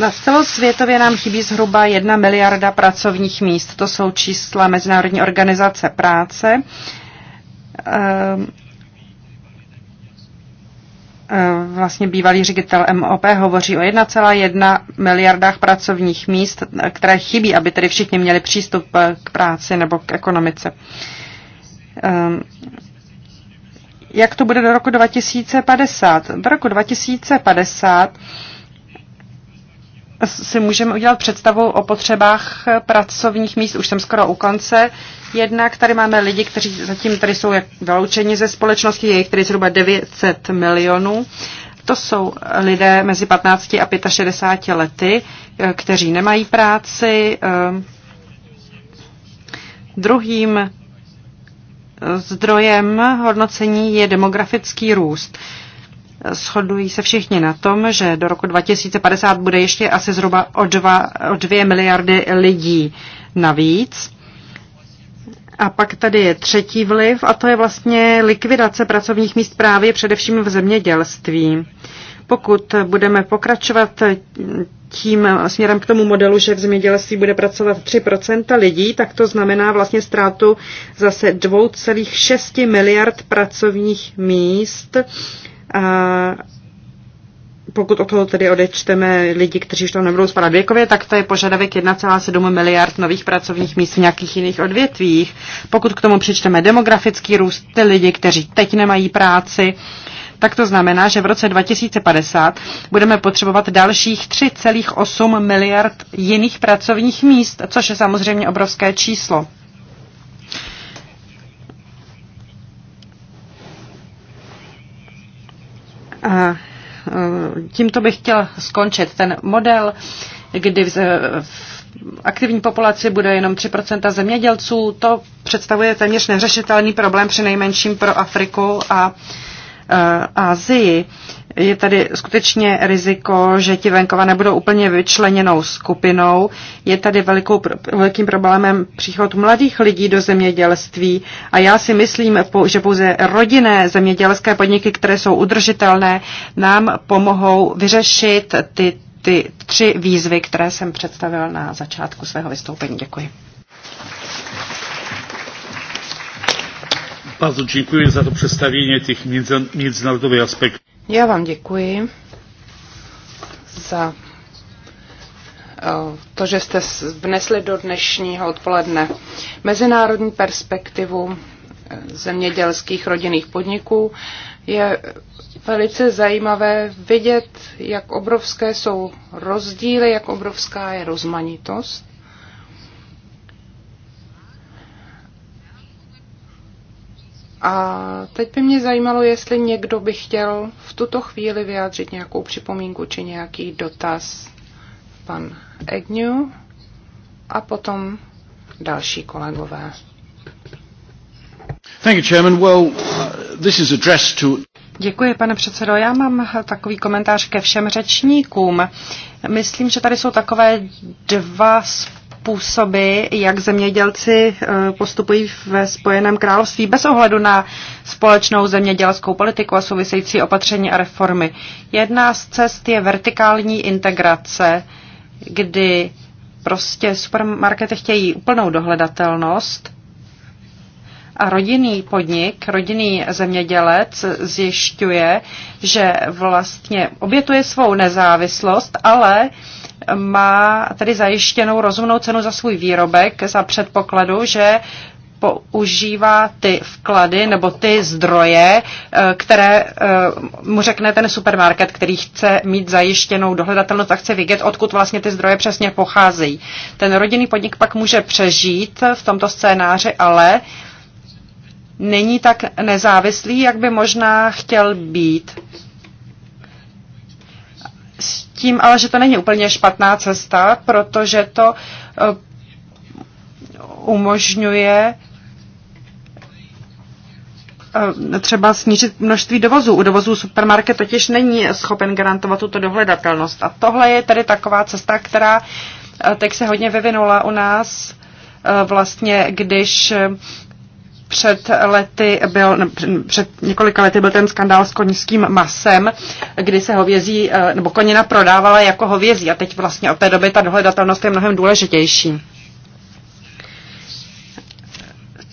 Na celosvětově nám chybí zhruba jedna miliarda pracovních míst. To jsou čísla Mezinárodní organizace práce. Ehm, ehm, vlastně bývalý ředitel MOP hovoří o 1,1 miliardách pracovních míst, které chybí, aby tedy všichni měli přístup k práci nebo k ekonomice ehm, jak to bude do roku 2050. Do roku 2050 si můžeme udělat představu o potřebách pracovních míst. Už jsem skoro u konce. Jednak tady máme lidi, kteří zatím tady jsou jak vyloučeni ze společnosti, je jich tady zhruba 900 milionů. To jsou lidé mezi 15 a 65 lety, eh, kteří nemají práci. Eh, druhým Zdrojem hodnocení je demografický růst. Shodují se všichni na tom, že do roku 2050 bude ještě asi zhruba o, dva, o 2 miliardy lidí navíc. A pak tady je třetí vliv, a to je vlastně likvidace pracovních míst právě především v zemědělství. Pokud budeme pokračovat tím směrem k tomu modelu, že v zemědělství bude pracovat 3% lidí, tak to znamená vlastně ztrátu zase 2,6 miliard pracovních míst. A pokud od toho tedy odečteme lidi, kteří už tam nebudou spadat věkově, tak to je požadavek 1,7 miliard nových pracovních míst v nějakých jiných odvětvích. Pokud k tomu přičteme demografický růst, ty lidi, kteří teď nemají práci, uh, tak to znamená, že v roce 2050 budeme potřebovat dalších 3,8 miliard jiných pracovních míst, což je samozřejmě obrovské číslo. A e, tímto bych chtěl skončit ten model, kdy v e, aktivní populaci bude jenom 3% zemědělců. To představuje téměř neřešitelný problém při nejmenším pro Afriku a Eh, Asii. Je tady skutečně riziko, že ti venkova nebudou úplně vyčleněnou skupinou. Je tady velikou, velkým problémem příchod mladých lidí do zemědělství a já si myslím, že pouze rodinné zemědělské podniky, které jsou udržitelné, nám pomohou vyřešit ty, ty tři výzvy, které jsem představil na začátku svého vystoupení. Děkuji. Bardzo dziękuję za to przedstawienie tych międzynarodowych aspektów. Já vám děkuji za e, to, že jste vnesli do dnešního odpoledne mezinárodní perspektivu e, zemědělských rodinných podniků. Je velice zajímavé vidět, jak obrovské jsou rozdíly, jak obrovská je rozmanitost A teď by mě zajímalo, jestli někdo by chtěl v tuto chvíli vyjádřit nějakou připomínku či nějaký dotaz. Pan Egnu a potom další kolegové. Thank you, Chairman. Well, uh, this is addressed to... Děkuji, pane předsedo. Já mám takový komentář ke všem řečníkům. Myslím, že tady jsou takové dva způsoby, jak zemědělci eh, postupují ve Spojeném království bez ohledu na společnou zemědělskou politiku a související opatření a reformy. Jedna z cest je vertikální integrace, kdy prostě supermarkety chtějí úplnou dohledatelnost a rodinný podnik, rodinný zemědělec zjišťuje, že vlastně obětuje svou nezávislost, ale má tedy zajištěnou rozumnou cenu za svůj výrobek za předpokladu, že používá ty vklady nebo ty zdroje, eh, které eh, mu řekne ten supermarket, který chce mít zajištěnou dohledatelnost a chce vědět, odkud vlastně ty zdroje přesně pocházejí. Ten rodinný podnik pak může přežít v tomto scénáři, ale není tak nezávislý, jak by možná chtěl být tím ale, že to není úplně špatná cesta, protože to eh, umožňuje eh, třeba snížit množství dovozů. U dovozů supermarket totiž není schopen garantovat tuto dohledatelnost. A tohle je tedy taková cesta, která eh, teď se hodně vyvinula u nás. Vlastně, když před lety byl, před několika lety byl ten skandál s koňským masem, kdy se hovězí, eh, nebo konina prodávala jako hovězí a teď vlastně od té doby ta dohledatelnost je mnohem důležitější.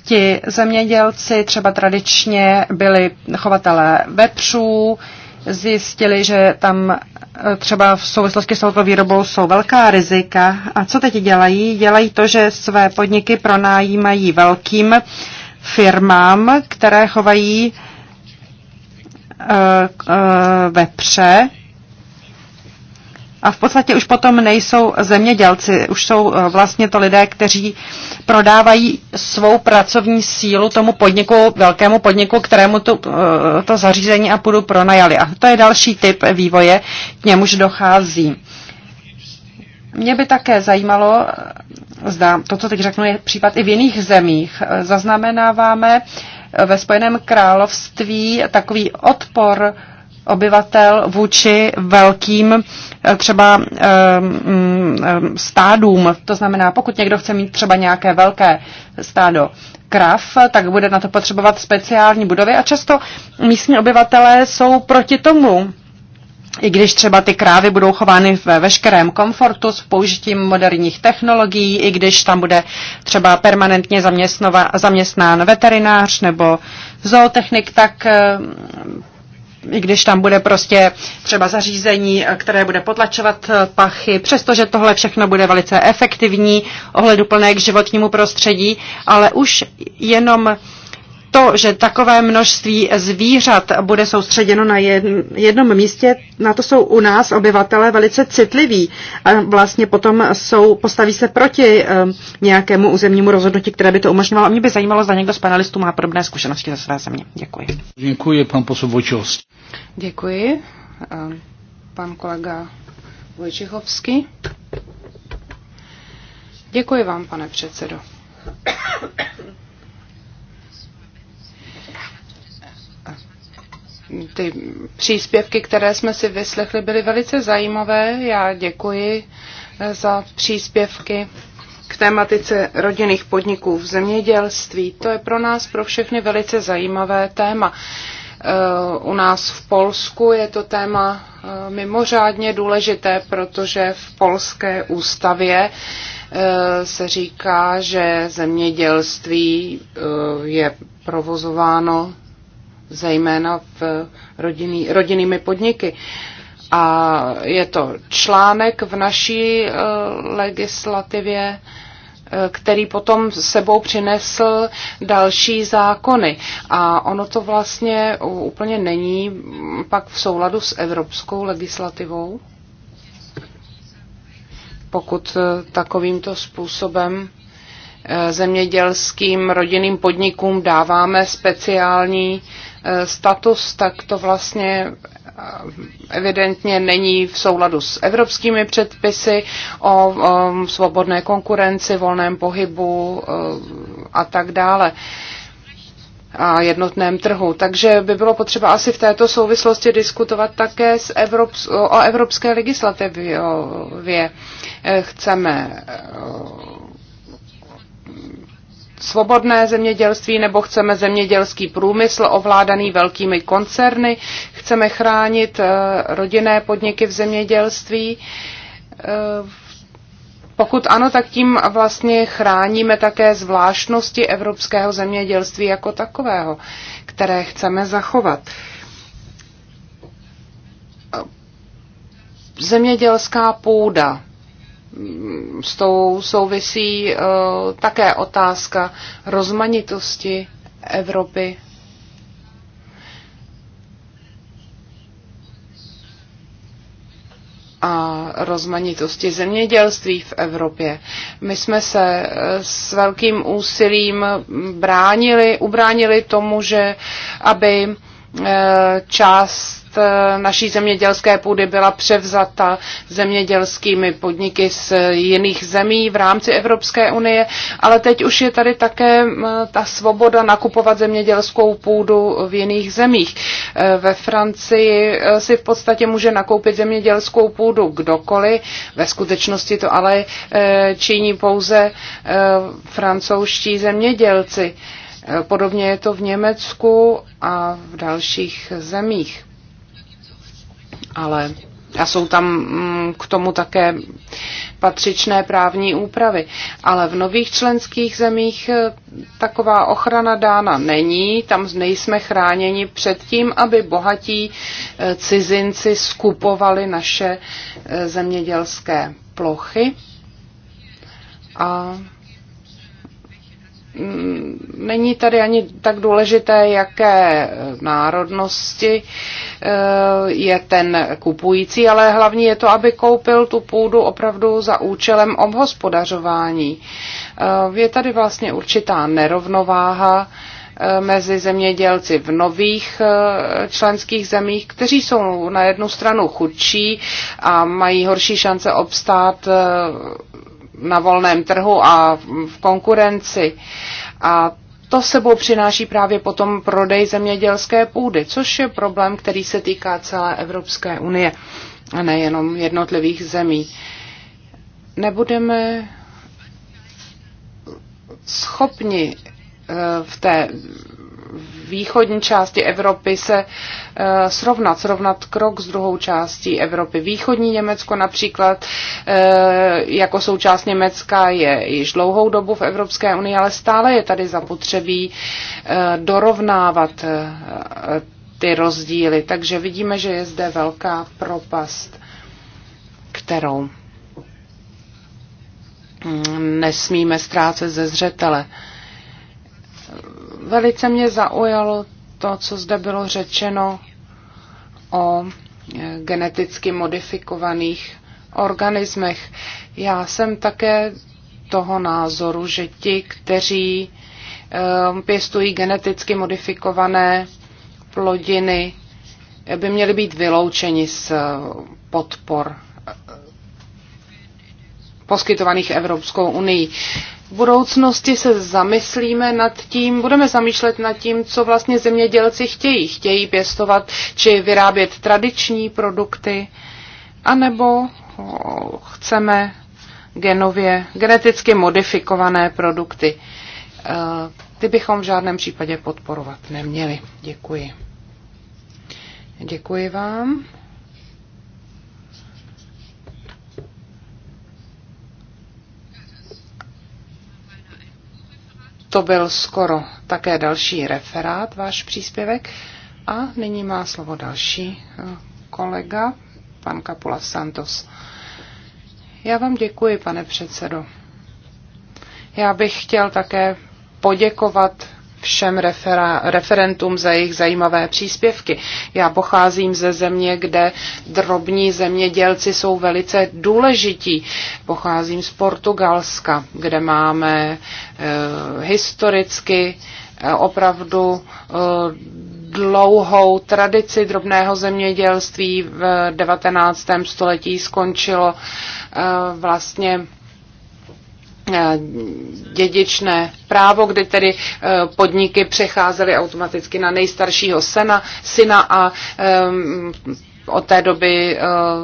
Ti zemědělci třeba tradičně byli chovatelé vepřů, zjistili, že tam eh, třeba v souvislosti s touto výrobou jsou velká rizika. A co teď dělají? Dělají to, že své podniky pronájímají velkým uh, firmám, které chovají eh, eh, vepře a v podstatě už potom nejsou zemědělci, už jsou eh, vlastně to lidé, kteří prodávají svou pracovní sílu tomu podniku, velkému podniku, kterému tu, to zařízení a půdu pronajali. A to je další typ vývoje, k němuž dochází. Mě by také zajímalo, zda to, co teď řeknu, je případ i v jiných zemích. Zaznamenáváme ve Spojeném království takový odpor obyvatel vůči velkým eh, třeba eh, mm, eh, stádům. To znamená, pokud někdo chce mít třeba nějaké velké stádo krav, tak bude na to potřebovat speciální budovy a často místní obyvatelé jsou proti tomu i když třeba ty krávy budou chovány ve veškerém komfortu s použitím moderních technologií, i když tam bude třeba permanentně zaměstnán veterinář nebo zootechnik, tak eh, i když tam bude prostě třeba zařízení, eh, které bude potlačovat eh, pachy, přestože tohle všechno bude velice efektivní, ohleduplné k životnímu prostředí, ale už jenom to, že takové množství zvířat bude soustředěno na jednom místě, na to jsou u nás obyvatelé velice citliví a vlastně potom jsou, postaví se proti eh, nějakému územnímu rozhodnutí, které by to umožňovalo. A mě by zajímalo, zda někdo z panelistů má podobné zkušenosti ze své země. Děkuji. Děkuji, pan Vojčovský. Děkuji. Ehm, pan kolega Vojčichovský. Děkuji vám, pane předsedo. ty příspěvky, které jsme si vyslechli, byly velice zajímavé. Já děkuji eh, za příspěvky k tématice rodinných podniků v zemědělství. To je pro nás, pro všechny, velice zajímavé téma. Eh, u nás v Polsku je to téma eh, mimořádně důležité, protože v polské ústavě se říká, že zemědělství je provozováno zejména v rodinný, rodinnými podniky. A je to článek v naší eh, legislativě, eh, který potom sebou přinesl další zákony. A ono to vlastně úplně není pak v souladu s evropskou legislativou, pokud eh, takovýmto způsobem zemědělským rodinným podnikům dáváme speciální Eh, status, tak to vlastně eh, evidentně není v souladu s evropskými předpisy o svobodné konkurenci, volném pohybu eh, a tak dále a jednotném trhu. Takže by bylo potřeba asi v této souvislosti diskutovat také s Evrops- o evropské legislativě. Chceme svobodné zemědělství nebo chceme zemědělský průmysl ovládaný velkými koncerny, chceme chránit eh, rodinné podniky v zemědělství. Eh, pokud ano, tak tím vlastně chráníme také zvláštnosti evropského zemědělství jako takového, které chceme zachovat. Eh, zemědělská půda s tou souvisí eh, také otázka rozmanitosti Evropy. a rozmanitosti zemědělství v Evropě. My jsme se eh, s velkým úsilím bránili, ubránili tomu, že aby eh, část Eh, naší zemědělské půdy byla převzata zemědělskými podniky z jiných zemí v rámci Evropské unie, ale teď už je tady také eh, ta svoboda nakupovat zemědělskou půdu v jiných zemích. Eh, ve Francii si v podstatě může nakoupit zemědělskou půdu kdokoliv, ve skutečnosti to ale činí pouze francouzští zemědělci. Podobně je to v Německu a v dalších zemích ale a jsou tam mm, k tomu také patřičné právní úpravy. Ale v nových členských zemích e, taková ochrana dána není, tam nejsme chráněni před tím, aby bohatí e, cizinci skupovali naše e, zemědělské plochy. A Mm, není tady ani tak důležité, jaké národnosti eh, je ten kupující, ale hlavní je to, aby koupil tu půdu opravdu za účelem obhospodařování. Eh, je tady vlastně určitá nerovnováha eh, mezi zemědělci v nových členských zemích, kteří jsou na jednu stranu chudší a mají horší šance obstát na volném trhu a v konkurenci. A to sebou přináší právě potom prodej zemědělské půdy, což je problém, který se týká celé Evropské unie a nejenom jednotlivých zemí. Nebudeme schopni eh, v té východní části Evropy se eh, srovnat, srovnat krok s druhou částí Evropy. Východní Německo například eh, jako součást Německa je již dlouhou dobu v Evropské unii, ale stále je tady zapotřebí eh, dorovnávat ty rozdíly. Takže vidíme, že je zde velká propast, kterou nesmíme ztrácet ze zřetele. Velice mě zaujalo to, co zde bylo řečeno o e, geneticky modifikovaných organismech. Já jsem také toho názoru, že ti, kteří e, pěstují geneticky modifikované plodiny, by měli být vyloučeni z podpor e, poskytovaných Evropskou unii v budoucnosti se zamyslíme nad tím, budeme zamýšlet nad tím, co vlastně zemědělci chtějí. Chtějí pěstovat či vyrábět tradiční produkty, anebo chceme genově, geneticky modifikované produkty. E, ty bychom v žádném případě podporovat neměli. Děkuji. Děkuji vám. To byl skoro také další referát, váš příspěvek. A nyní má slovo další eh, kolega, pan Kapula Santos. Já vám děkuji, pane předsedo. Já bych chtěl také poděkovat všem refera, referentům za jejich zajímavé příspěvky. Já pocházím ze země, kde drobní zemědělci jsou velice důležití. Pocházím z Portugalska, kde máme e, historicky e, opravdu e, dlouhou tradici drobného zemědělství v 19. století skončilo vlastně Eh, dědičné právo, kdy tedy eh, podniky přecházely automaticky na nejstaršího sena, syna a eh, od té doby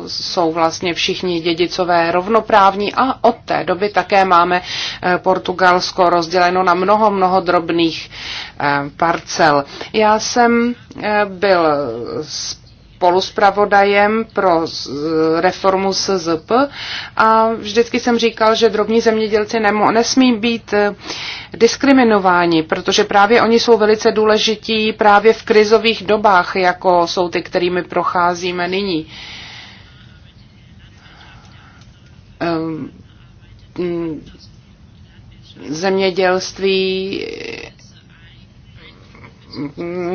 jsou vlastně všichni dědicové rovnoprávní a od té doby také máme Portugalsko rozděleno na mnoho, mnoho drobných parcel. Já jsem byl spoluspravodajem pro reformu SZP a vždycky jsem říkal, že drobní zemědělci nemo, nesmí být eh, diskriminováni, protože právě oni jsou velice důležití právě v krizových dobách, jako jsou ty, kterými procházíme nyní. Ehm, mm, zemědělství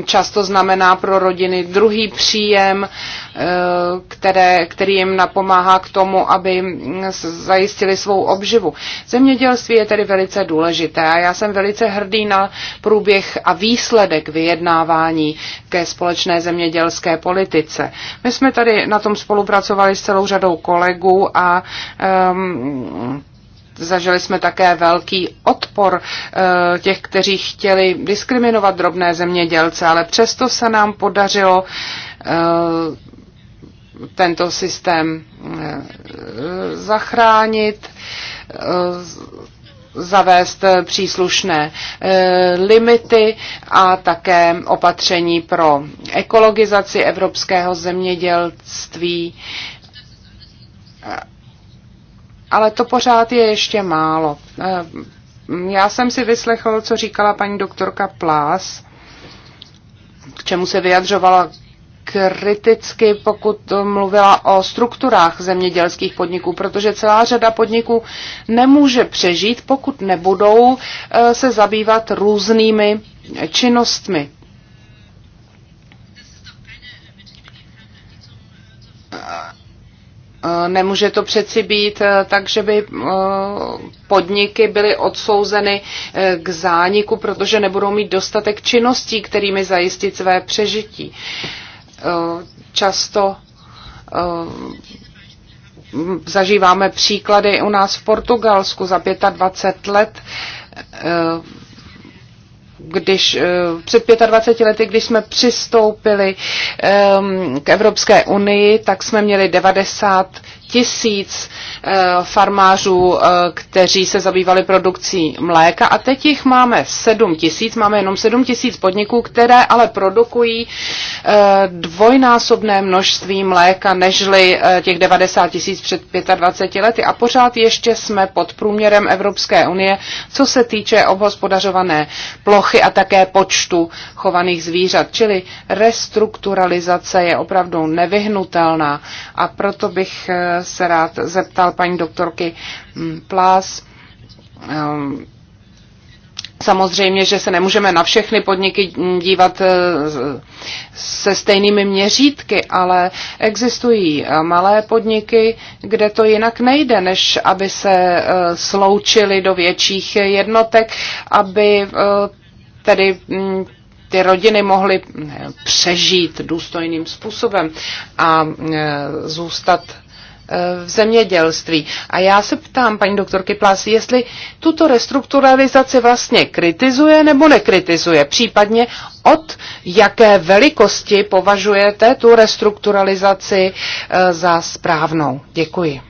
často znamená pro rodiny druhý příjem, eh, které, který jim napomáhá k tomu, aby mm, zajistili svou obživu. Zemědělství je tedy velice důležité a já jsem velice hrdý na průběh a výsledek vyjednávání ke společné zemědělské politice. My jsme tady na tom spolupracovali s celou řadou kolegů a um, Zažili jsme také velký odpor eh, těch, kteří chtěli diskriminovat drobné zemědělce, ale přesto se nám podařilo eh, tento systém eh, zachránit, zavést příslušné limity a také opatření pro ekologizaci evropského zemědělství ale to pořád je ještě málo. Eh, já jsem si vyslechl, co říkala paní doktorka Plás, k čemu se vyjadřovala kriticky, pokud mluvila o strukturách zemědělských podniků, protože celá řada podniků nemůže přežít, pokud nebudou eh, se zabývat různými činnostmi. Eh, nemůže to přeci být eh, tak, že by eh, podniky byly odsouzeny k zániku, protože nebudou mít dostatek činností, kterými zajistit své přežití. Často zažíváme příklady u nás v Portugalsku za 25 let když eh, před 25 lety, když jsme přistoupili ehm, k Evropské unii, tak jsme měli 90 tisíc eh, farmářů, eh, kteří se zabývali produkcí mléka a teď jich máme 7 tisíc, máme jenom 7 tisíc podniků, které ale produkují eh, dvojnásobné množství mléka nežli těch 90 tisíc před 25 lety a pořád ještě jsme pod průměrem Evropské unie, co se týče obhospodařované plochy a také počtu chovaných zvířat, čili restrukturalizace je opravdu nevyhnutelná a proto bych se rád zeptal paní doktorky hm, Plas. Ehm, samozřejmě, že se nemůžeme na všechny podniky dívat eh, se stejnými měřítky, ale existují eh, malé podniky, kde to jinak nejde, než aby se eh, sloučili do větších jednotek, aby tedy hm, ty rodiny mohly hm, přežít důstojným způsobem a zůstat v zemědělství. A já se ptám paní doktorky Plásy, jestli tuto restrukturalizaci vlastně kritizuje nebo nekritizuje, případně od jaké velikosti považujete tu restrukturalizaci eh, za správnou. Děkuji.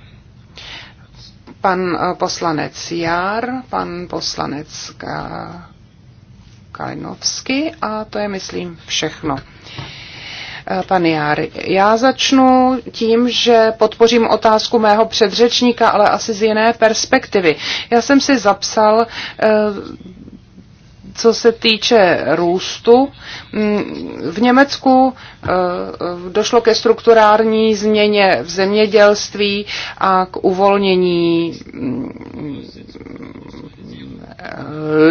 Pan eh, poslanec Jár, pan poslanec Kalinovský a to je, myslím, všechno. Eh, pan Járy, já začnu tím, že podpořím otázku mého předřečníka, ale asi z jiné perspektivy. Já jsem si zapsal eh, co se týče růstu, mm, v Německu eh, eh, došlo ke strukturální změně v zemědělství a k uvolnění mm,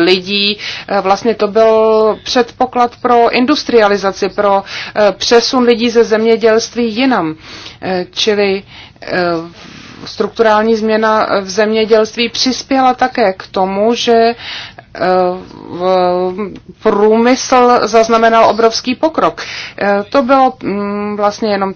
lidí. Eh, vlastně to byl předpoklad pro industrializaci, pro přesun lidí ze zemědělství jinam. Čili strukturální změna v zemědělství přispěla také k tomu, že průmysl zaznamenal obrovský pokrok. E, to bylo mm, vlastně jenom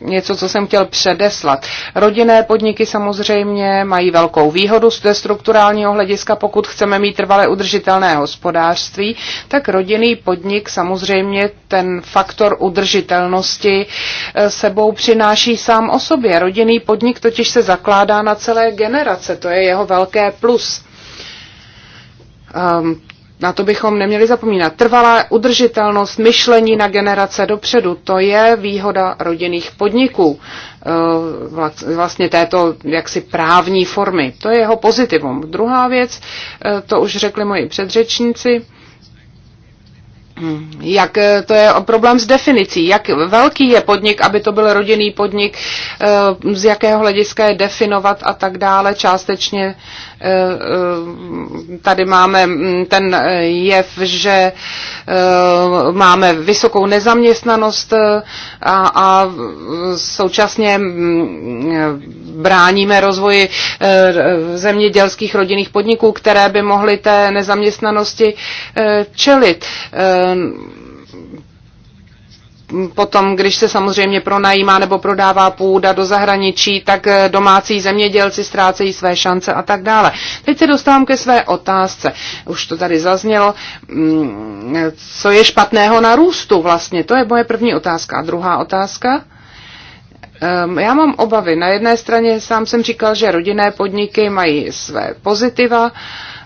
něco, co jsem chtěl předeslat. Rodinné podniky samozřejmě mají velkou výhodu ze strukturálního hlediska. Pokud chceme mít trvale udržitelné hospodářství, tak rodinný podnik samozřejmě ten faktor udržitelnosti e, sebou přináší sám o sobě. Rodinný podnik totiž se zakládá na celé generace. To je jeho velké plus um, na to bychom neměli zapomínat. Trvalá udržitelnost myšlení na generace dopředu, to je výhoda rodinných podniků, ehm, vlastně této jaksi právní formy. To je jeho pozitivum. Druhá věc, eh, to už řekli moji předřečníci, jak eh, to je problém s definicí? Jak velký je podnik, aby to byl rodinný podnik, eh, z jakého hlediska je definovat a tak dále? Částečně Eh, eh, tady máme mm, ten eh, jev, že máme vysokou nezaměstnanost a, a současně mm, bráníme rozvoji zemědělských rodinných podniků, které by mohly té nezaměstnanosti čelit potom, když se samozřejmě pronajímá nebo prodává půda do zahraničí, tak eh, domácí zemědělci ztrácejí své šance a tak dále. Teď se dostávám ke své otázce. Už to tady zaznělo. Mm, co je špatného na růstu vlastně? To je moje první otázka. A druhá otázka? Ehm, já mám obavy. Na jedné straně sám jsem říkal, že rodinné podniky mají své pozitiva,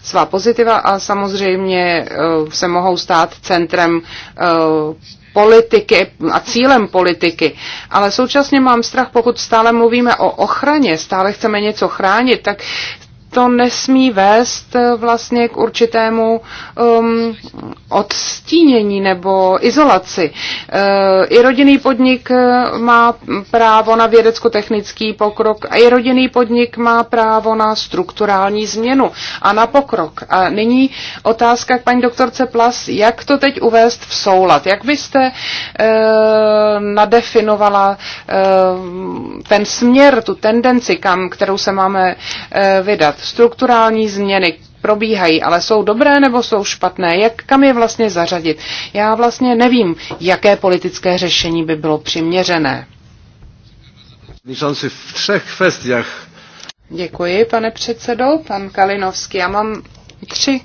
svá pozitiva a samozřejmě eh, se mohou stát centrem eh, politiky a cílem politiky. Ale současně mám strach, pokud stále mluvíme o ochraně, stále chceme něco chránit, tak to nesmí vést eh, vlastně k určitému um, odstínění nebo izolaci. E, I rodinný podnik eh, má právo na vědecko-technický pokrok a i rodinný podnik má právo na strukturální změnu a na pokrok. A nyní otázka k paní doktorce Plas, jak to teď uvést v soulad? Jak byste e, nadefinovala e, ten směr, tu tendenci, kam, kterou se máme e, vydat? strukturální změny probíhají, ale jsou dobré nebo jsou špatné, jak kam je vlastně zařadit. Já vlastně nevím, jaké politické řešení by bylo přiměřené. V třech kvestiach. Děkuji, pane předsedo, pan Kalinovský. Já mám tři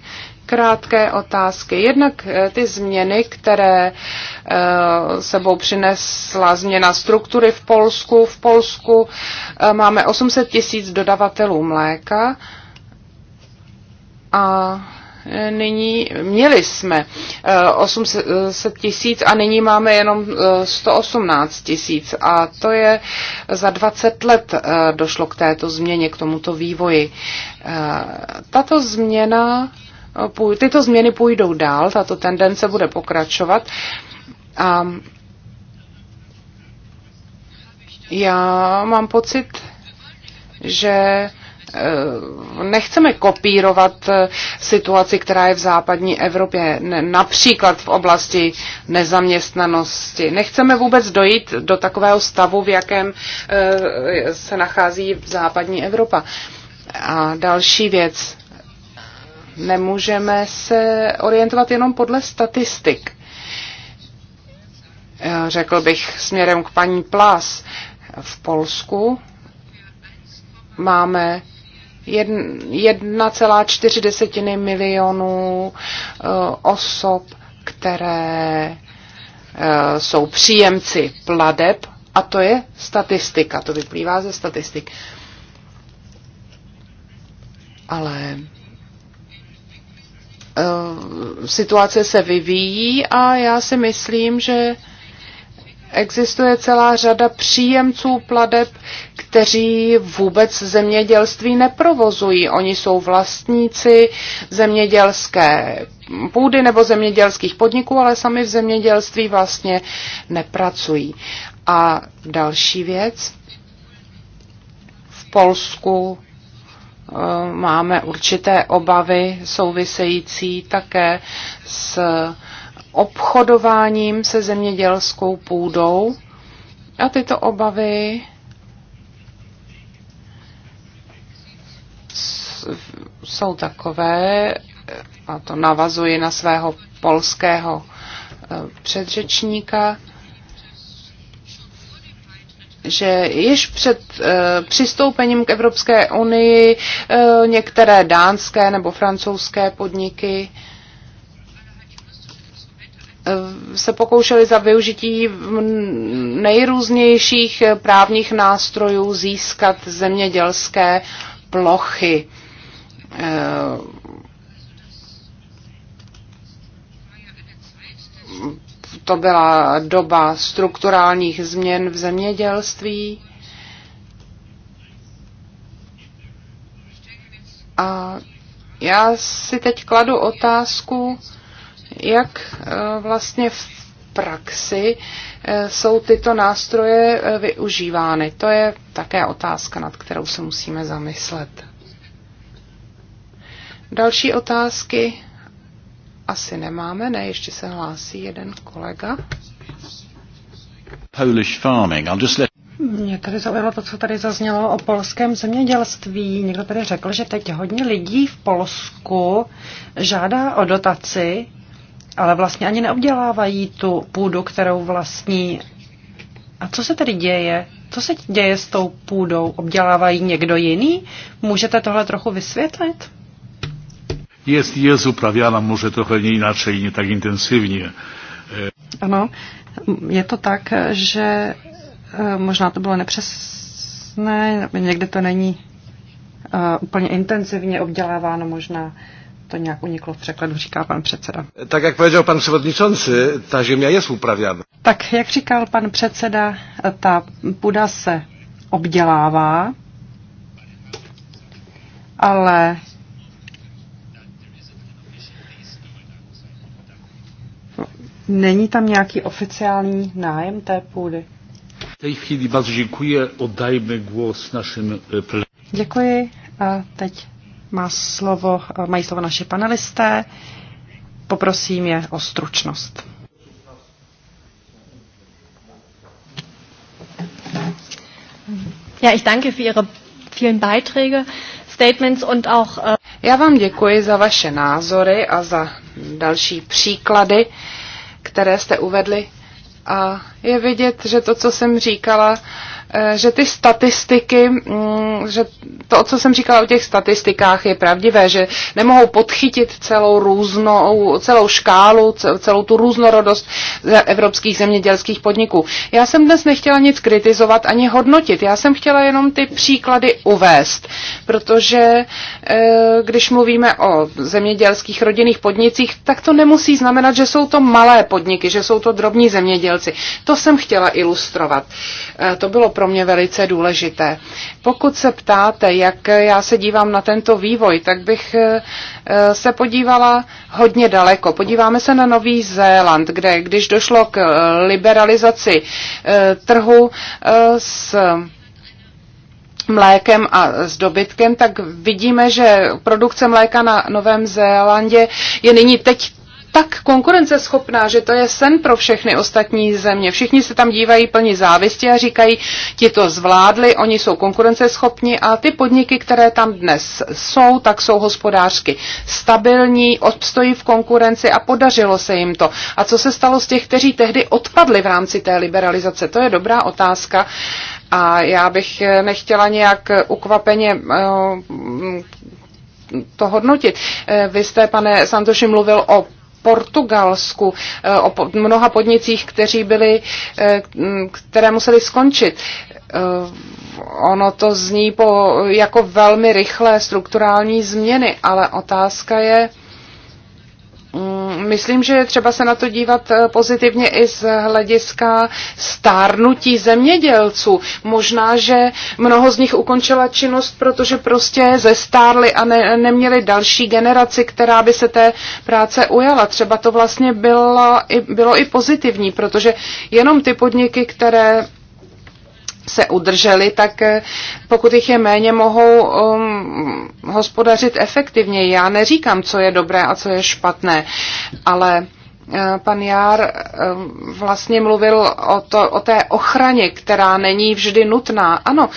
krátké otázky. Jednak eh, ty změny, které eh, sebou přinesla změna struktury v Polsku. V Polsku eh, máme 800 tisíc dodavatelů mléka a nyní měli jsme 800 tisíc a nyní máme jenom 118 tisíc a to je za 20 let došlo k této změně, k tomuto vývoji. Tato změna tyto změny půjdou dál, tato tendence bude pokračovat. A já mám pocit, že eh, nechceme kopírovat eh, situaci, která je v západní Evropě, například v oblasti nezaměstnanosti. Nechceme vůbec dojít do takového stavu, v jakém eh, se nachází v západní Evropa. A další věc. Nemůžeme se orientovat jenom podle statistik. Eh, řekl bych směrem k paní Plas. V Polsku máme 1,4 milionů eh, osob, které eh, jsou příjemci pladeb a to je statistika, to vyplývá ze statistik. Ale Eh, situace se vyvíjí a já si myslím, že existuje celá řada příjemců pladeb, kteří vůbec zemědělství neprovozují. Oni jsou vlastníci zemědělské půdy nebo zemědělských podniků, ale sami v zemědělství vlastně nepracují. A další věc. V Polsku Eh, máme určité obavy související také s obchodováním se zemědělskou půdou. A tyto obavy jsou takové, a to navazuji na svého polského eh, předřečníka, že již před eh, přistoupením k Evropské unii eh, některé dánské nebo francouzské podniky eh, se pokoušeli za využití nejrůznějších právních nástrojů získat zemědělské plochy to byla doba strukturálních změn v zemědělství. A já si teď kladu otázku, jak eh, vlastně v praxi eh, jsou tyto nástroje eh, využívány. To je také otázka, nad kterou se musíme zamyslet. Další otázky asi nemáme, ne, ještě se hlásí jeden kolega. Polish farming. I'll just let... Mě tady zaujalo to, co tady zaznělo o polském zemědělství. Někdo tady řekl, že teď hodně lidí v Polsku žádá o dotaci, ale vlastně ani neobdělávají tu půdu, kterou vlastní. A co se tedy děje? Co se děje s tou půdou? Obdělávají někdo jiný? Můžete tohle trochu vysvětlit? jest, jest uprawiana może trochę nie inaczej, nie tak intensywnie. Ano, je to tak, že e, možná to bylo nepřesné, někde to není e, úplně intenzivně obděláváno, možná to nějak uniklo v překladu, říká pan předseda. Tak jak řekl pan przewodniczący, ta země je uprawiana. Tak jak říkal pan předseda, ta půda se obdělává, ale Není tam nějaký oficiální nájem té půdy? V té chvíli vás děkuji, oddajme głos našim e, Děkuji a teď má slovo, e, mají slovo naše panelisté. Poprosím je o stručnost. Ja, ich danke für Ihre vielen Beiträge, Statements und auch. Äh Já vám děkuji za vaše názory a za další příklady. Uh, které jste uvedli. A je vidět, že to, co jsem říkala, Eh, že ty statistiky, mm, že to, co jsem říkala o těch statistikách, je pravdivé, že nemohou podchytit celou různou, celou škálu, celou tu různorodost evropských zemědělských podniků. Já jsem dnes nechtěla nic kritizovat ani hodnotit, já jsem chtěla jenom ty příklady uvést, protože eh, když mluvíme o zemědělských rodinných podnicích, tak to nemusí znamenat, že jsou to malé podniky, že jsou to drobní zemědělci. To jsem chtěla ilustrovat. Eh, to bylo pro mě velice důležité. Pokud se ptáte, jak já se dívám na tento vývoj, tak bych eh, se podívala hodně daleko. Podíváme se na Nový Zéland, kde když došlo k eh, liberalizaci eh, trhu s mlékem a s dobytkem, tak vidíme, že produkce mléka na Novém Zélandě je nyní teď tak konkurenceschopná, že to je sen pro všechny ostatní země. Všichni se tam dívají plně závisti a říkají, ti to zvládli, oni jsou konkurenceschopní a ty podniky, které tam dnes jsou, tak jsou hospodářsky stabilní, obstojí v konkurenci a podařilo se jim to. A co se stalo z těch, kteří tehdy odpadli v rámci té liberalizace? To je dobrá otázka. A já bych eh, nechtěla nějak ukvapeně eh, to hodnotit. Eh, vy jste, pane Santoši, mluvil o Portugalsku, eh, o mnoha podnicích, kteří byli, eh, které museli skončit. Eh, ono to zní po, jako velmi rychlé strukturální změny, ale otázka je, Mm, myslím, že je třeba se na to dívat eh, pozitivně i z hlediska stárnutí zemědělců. Možná, že mnoho z nich ukončila činnost, protože prostě zestárli a ne, neměli další generaci, která by se té práce ujala. Třeba to vlastně bylo i, bylo i pozitivní, protože jenom ty podniky, které se udrželi, tak eh, pokud jich je méně, mohou um, hospodařit efektivněji. Já neříkám, co je dobré a co je špatné, ale eh, pan Jár eh, vlastně mluvil o, to, o té ochraně, která není vždy nutná. Ano,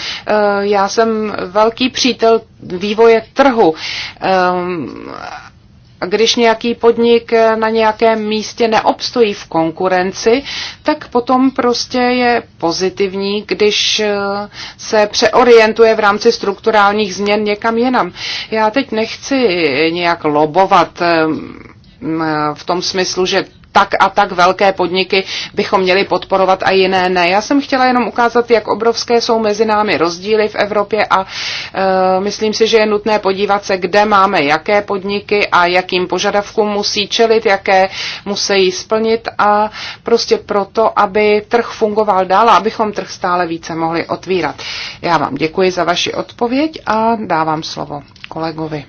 já jsem velký přítel vývoje trhu ehm, když nějaký podnik eh, na nějakém místě neobstojí v konkurenci, tak potom prostě je pozitivní, když eh, se přeorientuje v rámci strukturálních změn někam jinam. Já teď nechci nějak lobovat eh, v tom smyslu, že tak a tak velké podniky bychom měli podporovat a jiné ne. Já jsem chtěla jenom ukázat, jak obrovské jsou mezi námi rozdíly v Evropě a e, myslím si, že je nutné podívat se, kde máme jaké podniky a jakým požadavkům musí čelit, jaké musí splnit a prostě proto, aby trh fungoval dál a abychom trh stále více mohli otvírat. Já vám děkuji za vaši odpověď a dávám slovo kolegovi.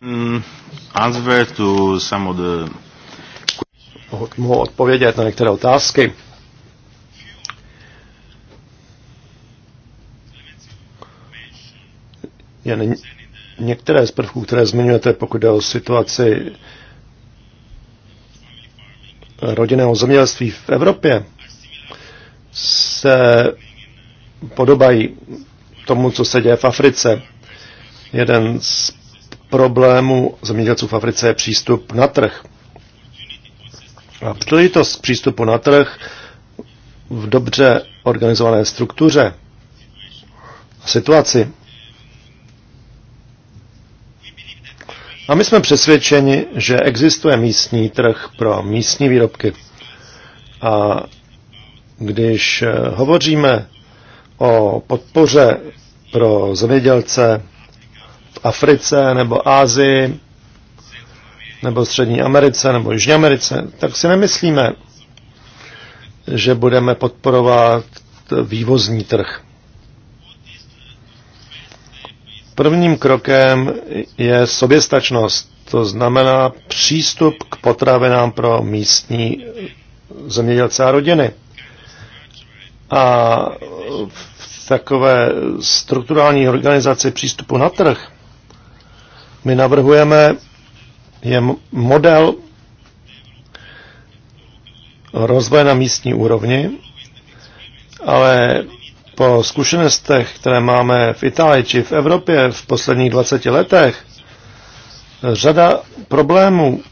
Mm, answer to some of the mohu odpovědět na některé otázky. Jen některé z prvků, které zmiňujete, pokud jde o situaci rodinného zemědělství v Evropě, se podobají tomu, co se děje v Africe. Jeden z problémů zemědělců v Africe je přístup na trh. A příležitost přístupu na trh v dobře organizované struktuře a situaci. A my jsme přesvědčeni, že existuje místní trh pro místní výrobky. A když eh, hovoříme o podpoře pro zemědělce v Africe nebo Ázii nebo Střední Americe, nebo Jižní Americe, tak si nemyslíme, že budeme podporovat vývozní trh. Prvním krokem je soběstačnost, to znamená přístup k potravinám pro místní zemědělce a rodiny. A v takové strukturální organizaci přístupu na trh my navrhujeme je model rozvoje na místní úrovni, ale po zkušenostech, které máme v Itálii či v Evropě v posledních 20 letech, řada problémů,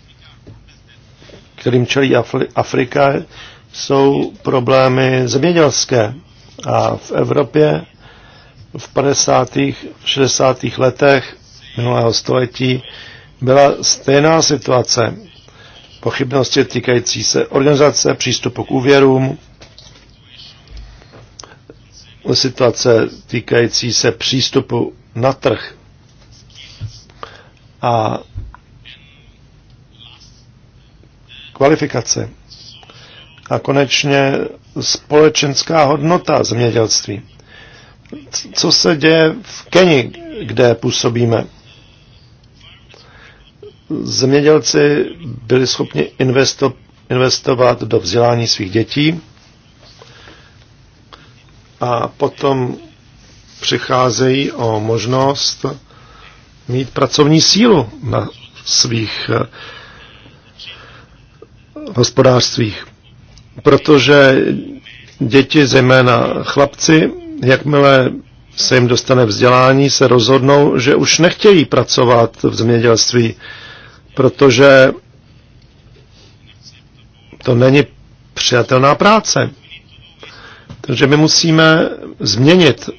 kterým čelí Afrika, jsou problémy zemědělské. A v Evropě v 50. 60. letech minulého století byla stejná situace. Pochybnosti týkající se organizace, přístupu k úvěrům, situace týkající se přístupu na trh a kvalifikace. A konečně společenská hodnota zemědělství. Co se děje v Keni, kde působíme? zemědělci byli schopni investo, investovat do vzdělání svých dětí a potom přicházejí o možnost mít pracovní sílu na svých eh, hospodářstvích. Protože děti, zejména chlapci, jakmile se jim dostane vzdělání, se rozhodnou, že už nechtějí pracovat v zemědělství, protože to není přijatelná práce. Takže my musíme změnit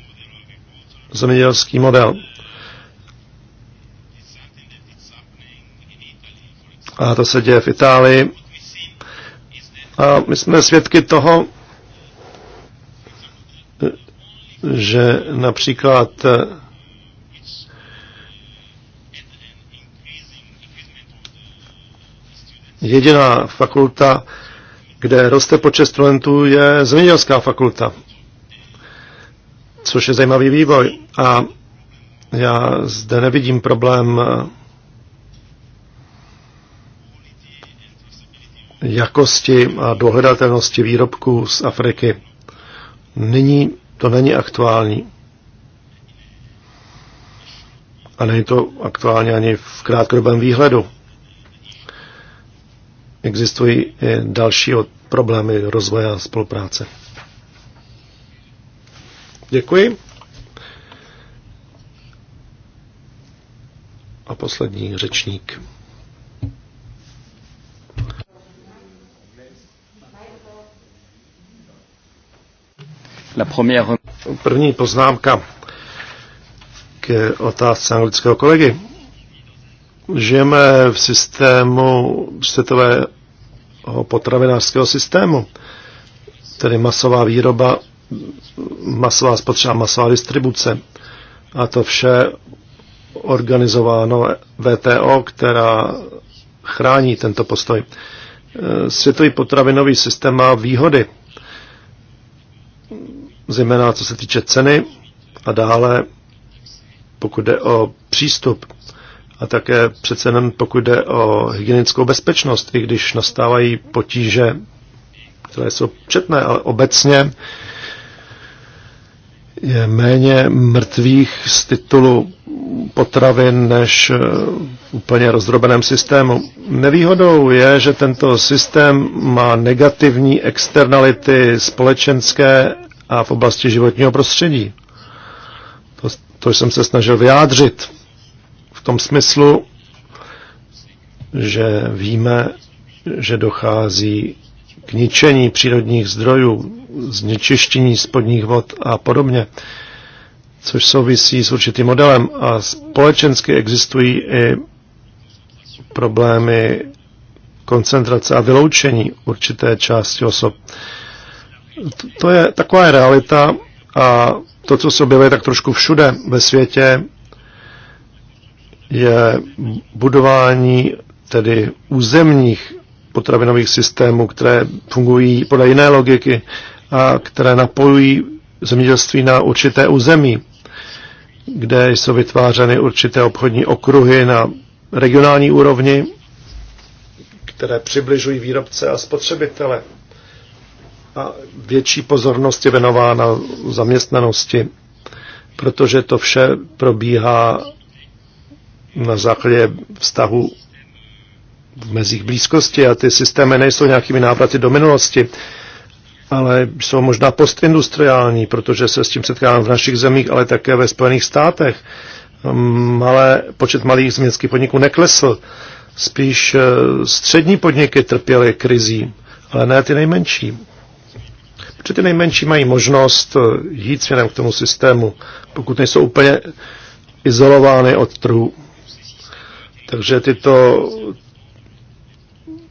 zemědělský model. A to se děje v Itálii. A my jsme svědky toho, že například jediná fakulta, kde roste počet studentů, je zemědělská fakulta, což je zajímavý vývoj. A já zde nevidím problém jakosti a dohledatelnosti výrobků z Afriky. Nyní to není aktuální. A není to aktuální ani v krátkodobém výhledu existují i další problémy rozvoje a spolupráce. Děkuji. A poslední řečník. První poznámka k otázce anglického kolegy žijeme v systému světového potravinářského systému, tedy masová výroba, masová spotřeba, masová distribuce. A to vše organizováno VTO, která chrání tento postoj. Světový potravinový systém má výhody, zejména co se týče ceny a dále, pokud jde o přístup a také přece jenom pokud jde o hygienickou bezpečnost, i když nastávají potíže, které jsou četné, ale obecně je méně mrtvých z titulu potravin než v úplně rozdrobeném systému. Nevýhodou je, že tento systém má negativní externality společenské a v oblasti životního prostředí. To, to jsem se snažil vyjádřit tom smyslu, že víme, že dochází k ničení přírodních zdrojů, znečištění spodních vod a podobně, což souvisí s určitým modelem. A společensky existují i problémy koncentrace a vyloučení určité části osob. To je taková je realita a to, co se objevuje tak trošku všude ve světě, je budování tedy územních potravinových systémů, které fungují podle jiné logiky a které napojují zemědělství na určité území, kde jsou vytvářeny určité obchodní okruhy na regionální úrovni, které přibližují výrobce a spotřebitele. A větší pozornost je věnována zaměstnanosti, protože to vše probíhá na základě vztahu v mezích blízkosti a ty systémy nejsou nějakými návraty do minulosti, ale jsou možná postindustriální, protože se s tím setkávám v našich zemích, ale také ve Spojených státech. Mm, malé, počet malých změnských podniků neklesl. Spíš eh, střední podniky trpěly krizí, ale ne ty nejmenší. Protože ty nejmenší mají možnost eh, jít směrem k tomu systému, pokud nejsou úplně izolovány od trhu. Takže tyto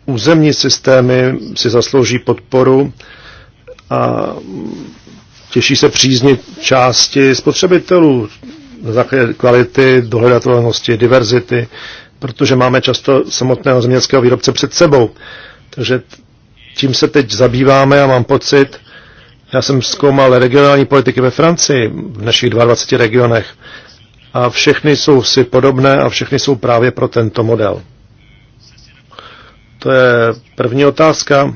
územní systémy si zaslouží podporu a těší se přízni části spotřebitelů za kvality, dohledatelnosti, diverzity, protože máme často samotného zemědělského výrobce před sebou. Takže tím se teď zabýváme a mám pocit, já jsem zkoumal regionální politiky ve Francii, v našich 22 regionech, a všechny jsou si podobné a všechny jsou právě pro tento model. To je první otázka.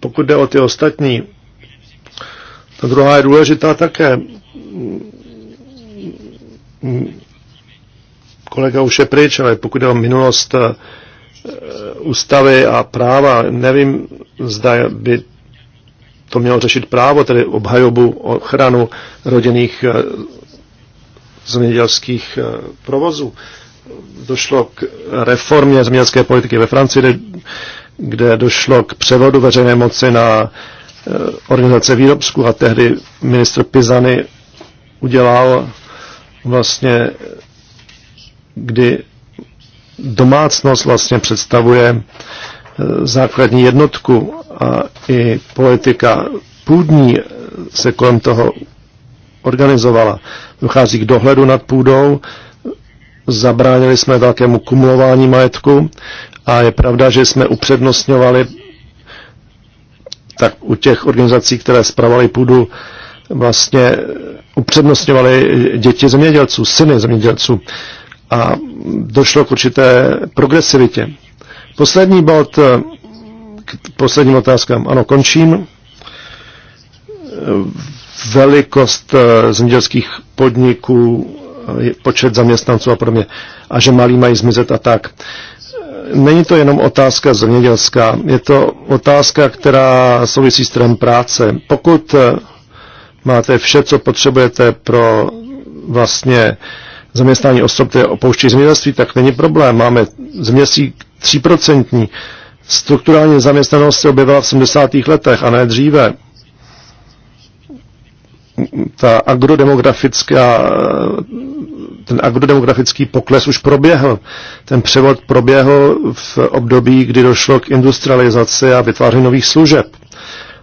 Pokud jde o ty ostatní, ta druhá je důležitá také. Kolega už je pryč, ale pokud jde o minulost eh, ústavy a práva, nevím, zda by to mělo řešit právo, tedy obhajobu, ochranu rodinných eh, zemědělských eh, provozů. Došlo k reformě zemědělské politiky ve Francii, kde, došlo k převodu veřejné moci na eh, organizace výrobců a tehdy ministr Pizany udělal vlastně, kdy domácnost vlastně představuje eh, základní jednotku a i politika půdní se kolem toho organizovala. Dochází k dohledu nad půdou, zabránili jsme velkému kumulování majetku a je pravda, že jsme upřednostňovali tak u těch organizací, které zpravovaly půdu, vlastně upřednostňovali děti zemědělců, syny zemědělců a došlo k určité progresivitě. Poslední bod, k posledním otázkám. Ano, končím velikost eh, zemědělských podniků, eh, počet zaměstnanců a podobně, a že malí mají zmizet a tak. Eh, není to jenom otázka zemědělská, je to otázka, která souvisí s trhem práce. Pokud máte vše, co potřebujete pro vlastně zaměstnání osob, které opouští zemědělství, tak není problém. Máme zeměstí 3%. Strukturální zaměstnanost se objevila v 70. letech a ne dříve ta agrodemografická, ten agrodemografický pokles už proběhl. Ten převod proběhl v období, kdy došlo k industrializaci a vytváření nových služeb.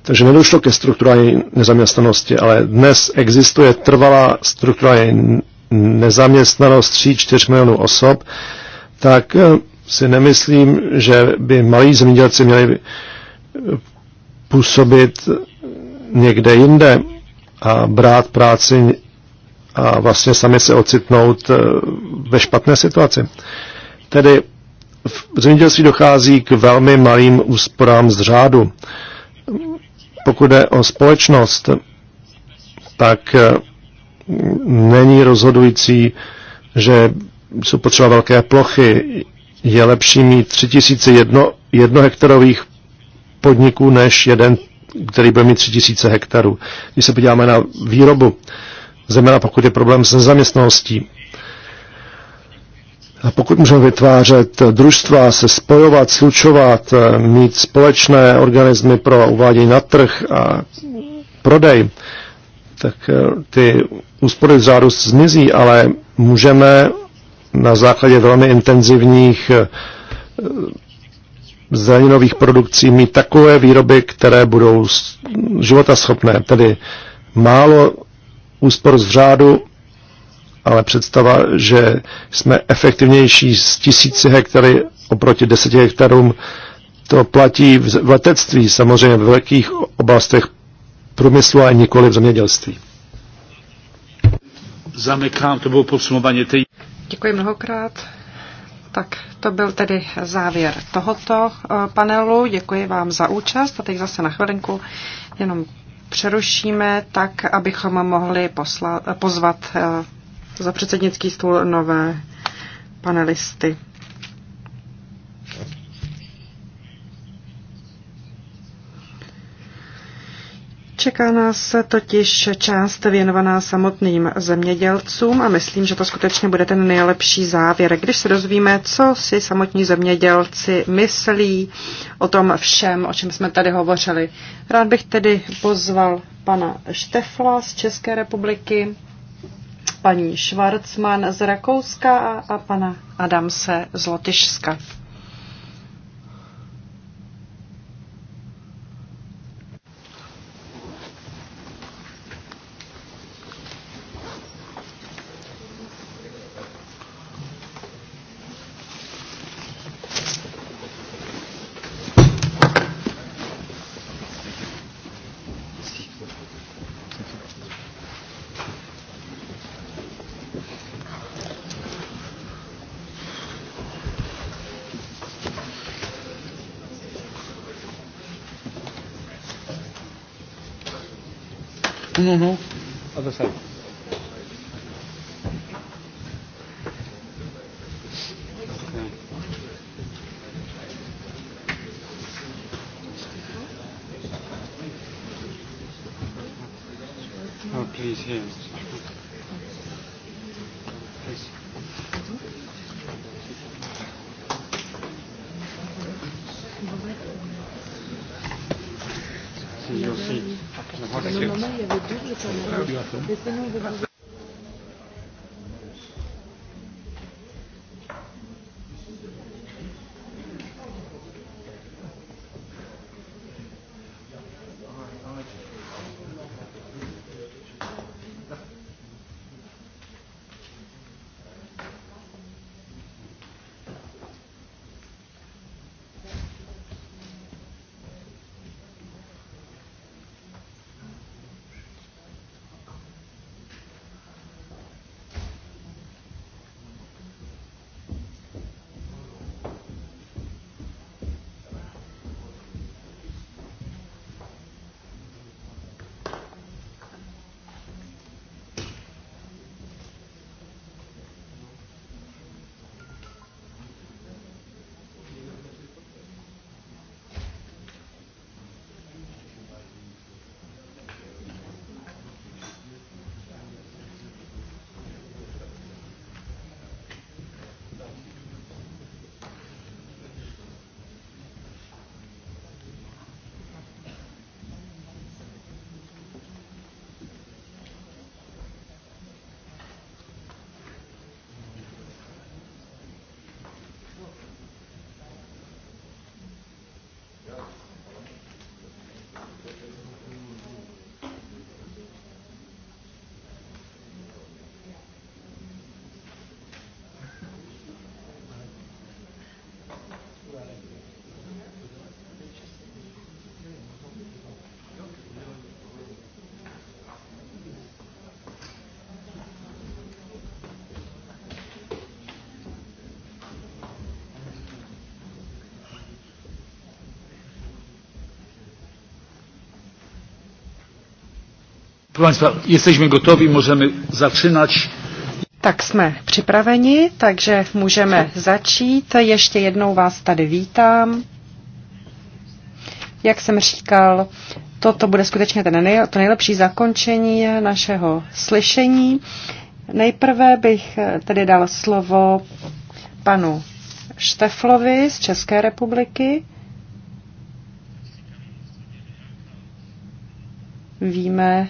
Takže nedošlo ke strukturální nezaměstnanosti, ale dnes existuje trvalá strukturální nezaměstnanost 3-4 milionů osob, tak eh, si nemyslím, že by malí zemědělci měli působit někde jinde a brát práci a vlastně sami se ocitnout eh, ve špatné situaci. Tedy v zemědělství dochází k velmi malým úsporám z řádu. Pokud jde o společnost, tak eh, není rozhodující, že jsou potřeba velké plochy. Je lepší mít 3000 jedno, jednohektarových podniků než jeden který bude mít 3000 hektarů. Když se podíváme na výrobu, zejména pokud je problém s nezaměstnaností, a pokud můžeme vytvářet družstva, se spojovat, slučovat, mít společné organismy pro uvádění na trh a prodej, tak eh, ty úspory z řádu zmizí, ale můžeme na základě velmi intenzivních eh, zeleninových produkcí mít takové výroby, které budou životaschopné, tedy málo úspor z řádu, ale představa, že jsme efektivnější z tisíci hektary oproti deseti hektarům, to platí v letectví, samozřejmě v velkých oblastech průmyslu a nikoli v zemědělství. Zamykám, to bylo posunování. Děkuji mnohokrát. Tak to byl tedy závěr tohoto eh, panelu. Děkuji vám za účast a teď zase na chvilinku jenom přerušíme tak, abychom mohli eh, pozvat eh, za předsednický stůl nové panelisty. Čeká nás totiž část věnovaná samotným zemědělcům a myslím, že to skutečně bude ten nejlepší závěr, když se dozvíme, co si samotní zemědělci myslí o tom všem, o čem jsme tady hovořili. Rád bych tedy pozval pana Štefla z České republiky, paní Schwarzman z Rakouska a, a pana Adamse z Lotyšska. no, no. A to Oh, please, here. Please. See your seat. Normalement, il y avait double quand même. Proszę Państwa, jesteśmy gotowi, możemy zaczynać. Tak jsme připraveni, takže můžeme začít. Ještě jednou vás tady vítám. Jak jsem říkal, toto bude skutečně ten nej, to nejlepší zakončení našeho slyšení. Nejprve bych tedy dal slovo panu Šteflovi z České republiky. Víme,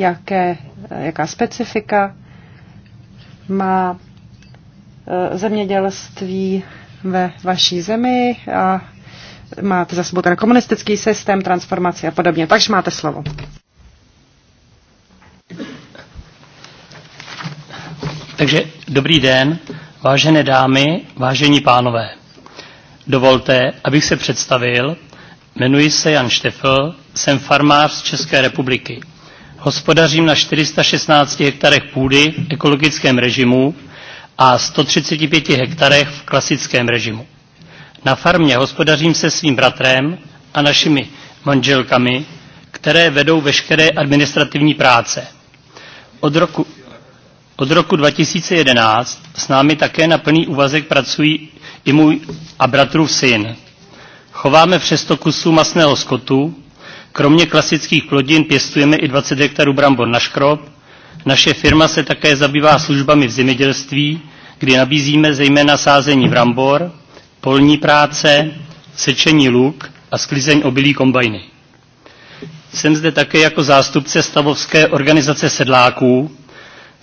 jaké, jaká specifika má e, zemědělství ve vaší zemi a máte za sebou ten komunistický systém, transformaci a podobně. Takže máte slovo. Takže dobrý den, vážené dámy, vážení pánové. Dovolte, abych se představil. Jmenuji se Jan Štefl, jsem farmář z České republiky hospodařím na 416 hektarech půdy v ekologickém režimu a 135 hektarech v klasickém režimu. Na farmě hospodařím se svým bratrem a našimi manželkami, které vedou veškeré administrativní práce. Od roku, od roku 2011 s námi také na plný úvazek pracují i můj a bratrův syn. Chováme přes 100 kusů masného skotu Kromě klasických plodin pěstujeme i 20 hektarů brambor na škrob. Naše firma se také zabývá službami v zemědělství, kdy nabízíme zejména sázení brambor, polní práce, sečení luk a sklizeň obilí kombajny. Jsem zde také jako zástupce stavovské organizace sedláků,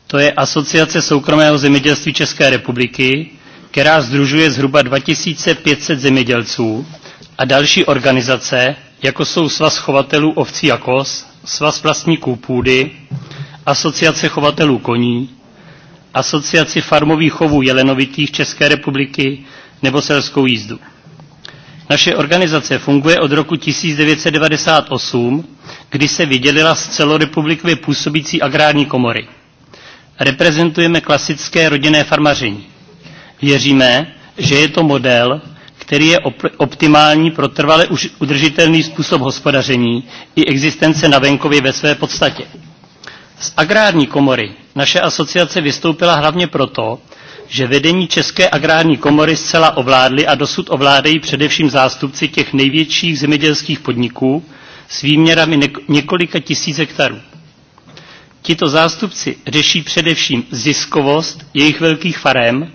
to je Asociace soukromého zemědělství České republiky, která združuje zhruba 2500 zemědělců a další organizace, jako jsou Svaz chovatelů ovcí a kos, Svaz vlastníků půdy, Asociace chovatelů koní, Asociaci farmových chovů jelenovitých České republiky nebo selskou jízdu. Naše organizace funguje od roku 1998, kdy se vydělila z celorepublikově působící agrární komory. Reprezentujeme klasické rodinné farmaření. Věříme, že je to model, který je optimální pro trvale už udržitelný způsob hospodaření i existence na venkově ve své podstatě. Z agrární komory naše asociace vystoupila hlavně proto, že vedení České agrární komory zcela ovládli a dosud ovládají především zástupci těch největších zemědělských podniků s výměrami několika tisíc hektarů. Tito zástupci řeší především ziskovost jejich velkých farem,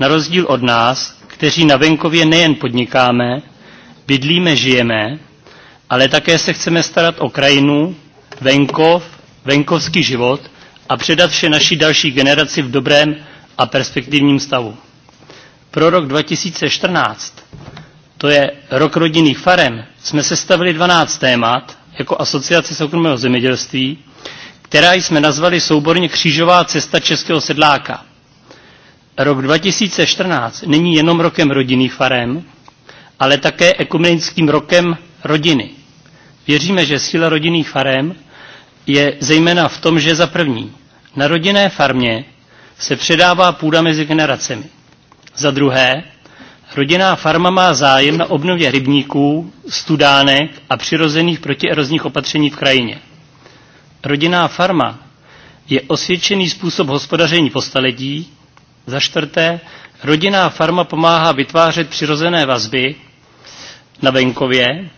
na rozdíl od nás, kteří na venkově nejen podnikáme, bydlíme, žijeme, ale také se chceme starat o krajinu, venkov, venkovský život a předat vše naší další generaci v dobrém a perspektivním stavu. Pro rok 2014, to je rok rodinných farem, jsme sestavili 12 témat jako asociace soukromého zemědělství, která jsme nazvali souborně Křížová cesta českého sedláka – Rok 2014 není jenom rokem rodinných farem, ale také ekumenickým rokem rodiny. Věříme, že síla rodinných farem je zejména v tom, že za první, na rodinné farmě se předává půda mezi generacemi. Za druhé, rodinná farma má zájem na obnově rybníků, studánek a přirozených protierozních opatření v krajině. Rodinná farma je osvědčený způsob hospodaření po staletí, za čtvrté, rodinná farma pomáhá vytvářet přirozené vazby na venkově.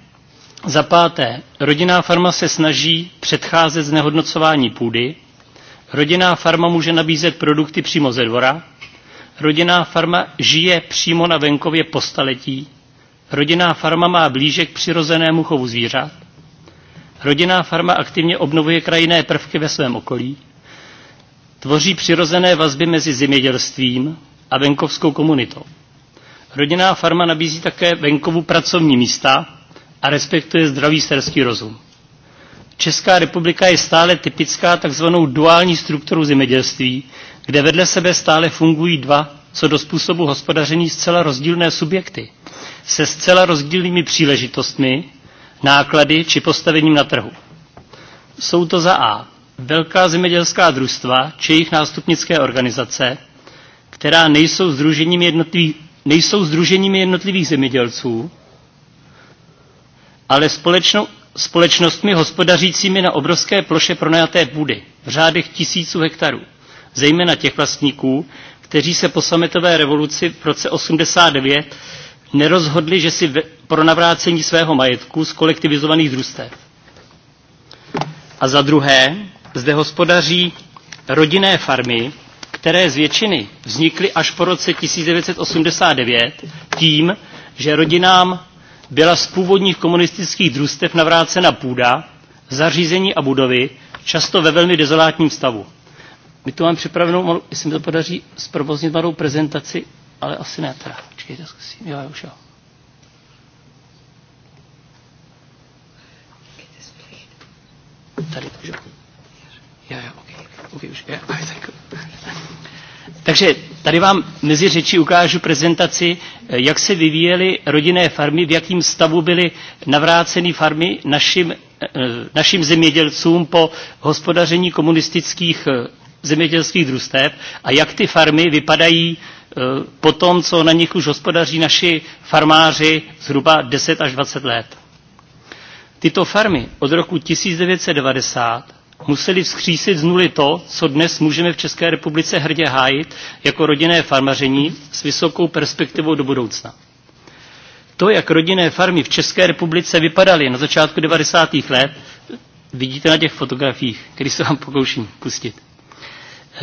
Za páté, rodinná farma se snaží předcházet znehodnocování půdy. Rodinná farma může nabízet produkty přímo ze dvora. Rodinná farma žije přímo na venkově po staletí. Rodinná farma má blíže k přirozenému chovu zvířat. Rodinná farma aktivně obnovuje krajinné prvky ve svém okolí tvoří přirozené vazby mezi zemědělstvím a venkovskou komunitou. Rodinná farma nabízí také venkovu pracovní místa a respektuje zdravý selský rozum. Česká republika je stále typická takzvanou duální strukturu zemědělství, kde vedle sebe stále fungují dva, co do způsobu hospodaření zcela rozdílné subjekty, se zcela rozdílnými příležitostmi, náklady či postavením na trhu. Jsou to za A velká zemědělská družstva či jejich nástupnické organizace, která nejsou združením jednotlivých, nejsou združeními jednotlivých zemědělců, ale společnou, společnostmi hospodařícími na obrovské ploše pronajaté půdy v řádech tisíců hektarů, zejména těch vlastníků, kteří se po sametové revoluci v roce 89 nerozhodli, že si pro navrácení svého majetku z kolektivizovaných družstev. A za druhé, zde hospodaří rodinné farmy, které z většiny vznikly až po roce 1989 tím, že rodinám byla z původních komunistických družstev navrácena půda, zařízení a budovy, často ve velmi dezolátním stavu. My tu mám připravenou, jestli mi to podaří zprovoznit malou prezentaci, ale asi ne teda. Počkejte, zkusím. Jo, už jo. Tady, takže. Já, já, okay, okay, už, já, tak. Takže tady vám mezi řeči ukážu prezentaci, eh, jak se vyvíjely rodinné farmy, v jakém stavu byly navráceny farmy našim, eh, našim zemědělcům po hospodaření komunistických eh, zemědělských družstev a jak ty farmy vypadají po tom, co na nich už hospodaří naši farmáři zhruba 10 až 20 let. Tyto farmy od roku 1990 museli vzkřísit z nuly to, co dnes můžeme v České republice hrdě hájit jako rodinné farmaření s vysokou perspektivou do budoucna. To, jak rodinné farmy v České republice vypadaly na začátku 90. let, vidíte na těch fotografiích, které se vám pokouším pustit.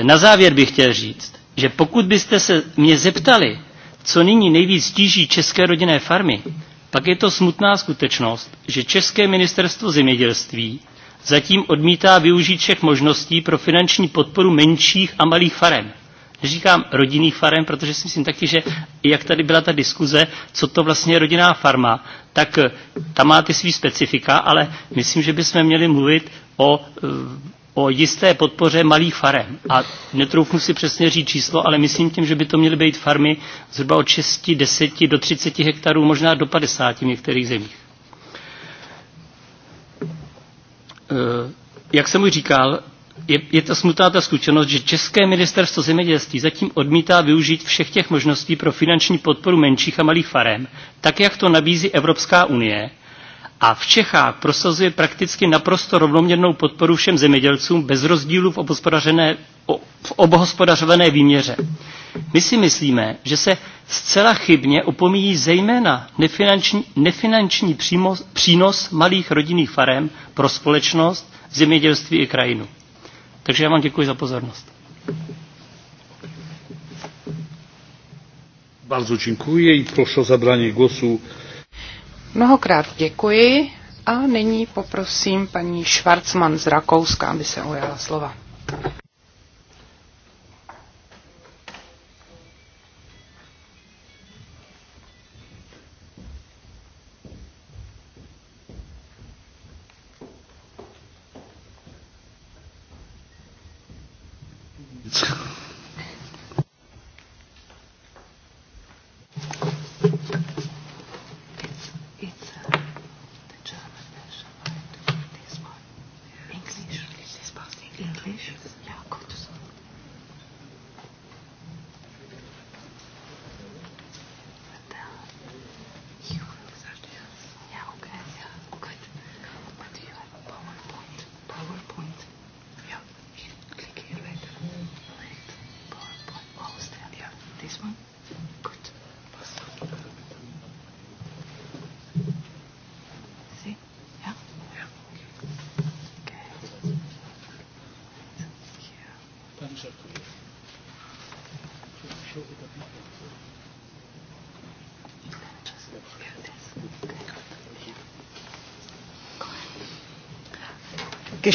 Na závěr bych chtěl říct, že pokud byste se mě zeptali, co nyní nejvíc tíží české rodinné farmy, pak je to smutná skutečnost, že České ministerstvo zemědělství zatím odmítá využít všech možností pro finanční podporu menších a malých farem. Říkám rodinných farem, protože si myslím taky, že jak tady byla ta diskuze, co to vlastně je rodinná farma, tak eh, ta má ty svý specifika, ale myslím, že bychom měli mluvit o eh, o jisté podpoře malých farem. A netroufnu si přesně říct číslo, ale myslím tím, že by to měly být farmy zhruba od 6, 10 do 30 hektarů, možná do 50 v některých zemích. Eh, jak jsem už říkal, je, je ta smutná ta zkušenost, že České ministerstvo zemědělství zatím odmítá využít všech těch možností pro finanční podporu menších a malých farem, tak jak to nabízí Evropská unie a v Čechách prosazuje prakticky naprosto rovnoměrnou podporu všem zemědělcům bez rozdílu v obospodařené v obhospodařované výměře. My si myslíme, že se zcela chybně opomíjí zejména nefinanční, nefinanční přímos, přínos malých rodinných farem pro společnost, zemědělství i krajinu. Takže já vám děkuji za pozornost. Bardzo dziękuję i proszę o zabranie głosu. Mnohokrát děkuji a nyní poprosím paní Schwarzman z Rakouska, aby se ujala slova.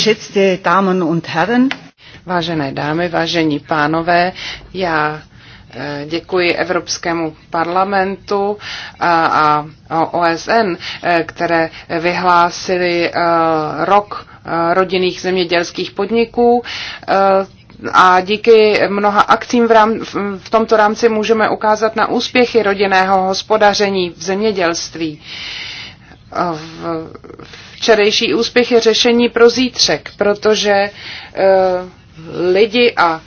geschätzte Damen und Herren. Vážené dámy, vážení pánové, já eh, děkuji Evropskému parlamentu a, a OSN, eh, které vyhlásili eh, rok rodinných zemědělských podniků a díky mnoha akcím v, rám, v tomto rámci můžeme ukázat na úspěchy rodinného hospodaření v zemědělství. V, v včerejší úspěch je řešení pro zítřek, protože e, lidi a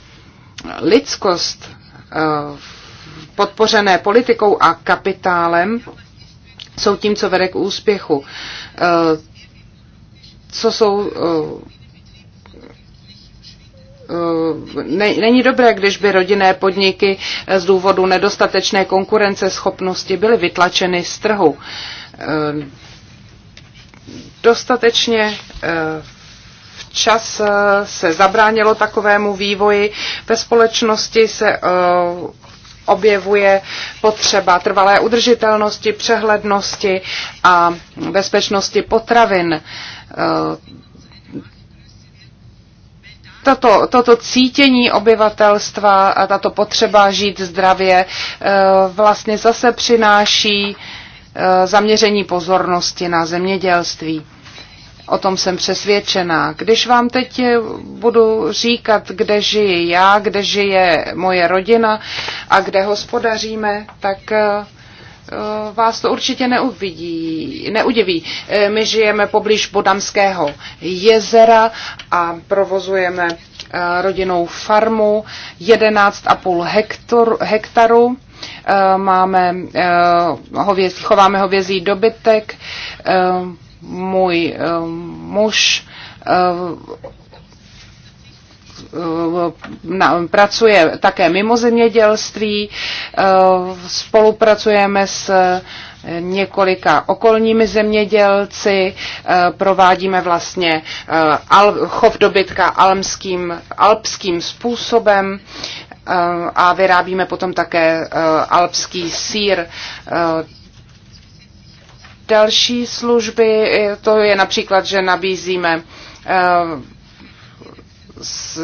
lidskost e, podpořené politikou a kapitálem jsou tím, co vede k úspěchu. E, co jsou e, není dobré, když by rodinné podniky z důvodu nedostatečné konkurenceschopnosti byly vytlačeny z trhu dostatečně eh, včas eh, se zabránilo takovému vývoji. Ve společnosti se eh, objevuje potřeba trvalé udržitelnosti, přehlednosti a bezpečnosti potravin. toto toto cítění obyvatelstva a tato potřeba žít zdravě vlastně zase přináší zaměření pozornosti na zemědělství. O tom jsem přesvědčená. Když vám teď budu říkat, kde žiji já, kde žije moje rodina a kde hospodaříme, tak eh, vás to určitě neuvidí, neudiví. Eh, my žijeme poblíž Bodamského jezera a provozujeme eh, rodinnou farmu 11,5 hektaru. Eh, máme eh, hovězí, chováme hovězí dobytek, eh, můj muž pracuje také mimo zemědělství, spolupracujeme s několika okolními zemědělci, provádíme vlastně chov dobytka almským, alpským způsobem, Eh, a vyrábíme potom také eh, alpský sír. Eh, další služby, to je například, že nabízíme z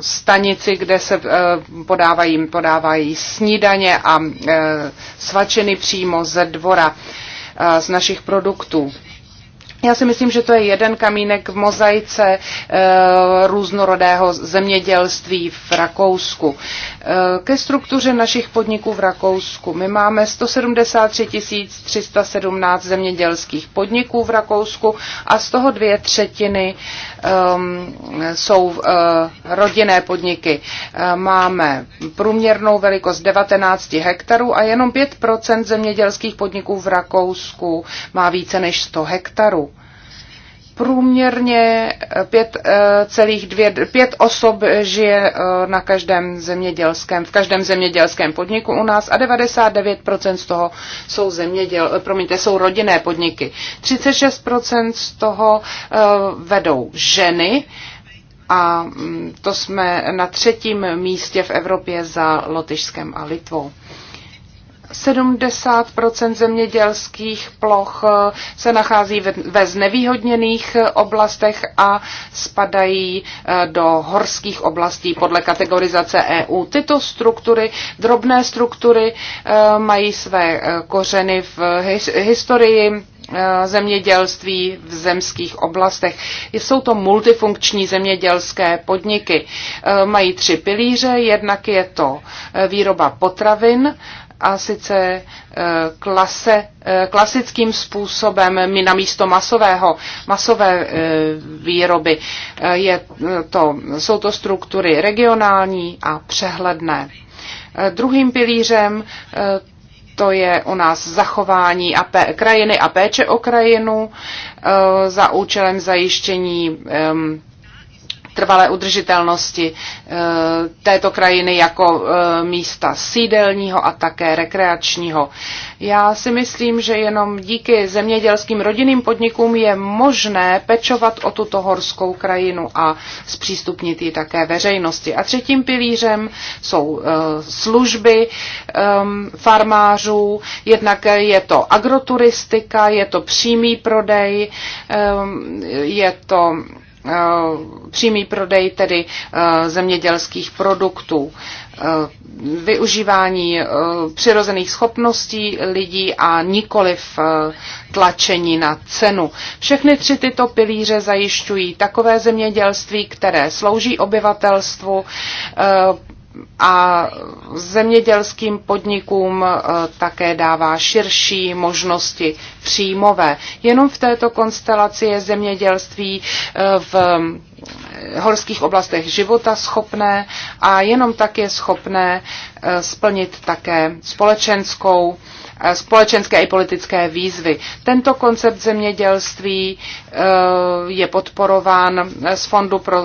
stanici, kde se podávají, podávají snídaně a svačiny přímo ze dvora z našich produktů. Já si myslím, že to je jeden kamínek v mozaice e, různorodého zemědělství v Rakousku. E, ke struktuře našich podniků v Rakousku. My máme 173 317 zemědělských podniků v Rakousku a z toho dvě třetiny e, jsou e, rodinné podniky. E, máme průměrnou velikost 19 hektarů a jenom 5 zemědělských podniků v Rakousku má více než 100 hektarů průměrně eh, dvě 5 osob žije eh, na každém zemědělském, v každém zemědělském podniku u nás a 99% z toho jsou zeměděl, eh, promiňte, jsou rodinné podniky. 36% z toho vedou ženy a mm, to jsme na třetím místě v Evropě za Lotyšskem a Litvou. 70 zemědělských ploch eh, se nachází ve znevýhodněných eh, oblastech a spadají eh, do horských oblastí podle kategorizace EU. Tyto struktury, drobné struktury, mají své kořeny v historii zemědělství v zemských oblastech. Jsou to multifunkční zemědělské podniky. Mají tři pilíře, jednak je to výroba potravin, a sice eh, klase, eh, klasickým způsobem my na místo masového, masové eh, výroby. Je to, jsou to struktury regionální a přehledné. Druhým pilířem to je u nás zachování a pe- krajiny a péče o krajinu e, za účelem zajištění e, trvalé udržitelnosti eh, této krajiny jako eh, místa sídelního a také rekreačního. Já si myslím, že jenom díky zemědělským rodinným podnikům je možné pečovat o tuto horskou krajinu a zpřístupnit ji také veřejnosti. A třetím pilířem jsou eh, služby ehm, farmářů, jednak je to agroturistika, je to přímý prodej, ehm, je to Eh, přímý prodej tedy eh, zemědělských produktů, eh, využívání přirozených schopností lidí a nikoliv tlačení na cenu. Všechny tři tyto pilíře zajišťují takové zemědělství, které slouží obyvatelstvu, a zemědělským podnikům eh, také dává širší možnosti příjmové. Jenom v této konstelaci je zemědělství eh, v eh, horských oblastech života schopné a jenom tak je schopné splnit také společenskou společenské i politické výzvy. Tento koncept zemědělství je podporován z Fondu pro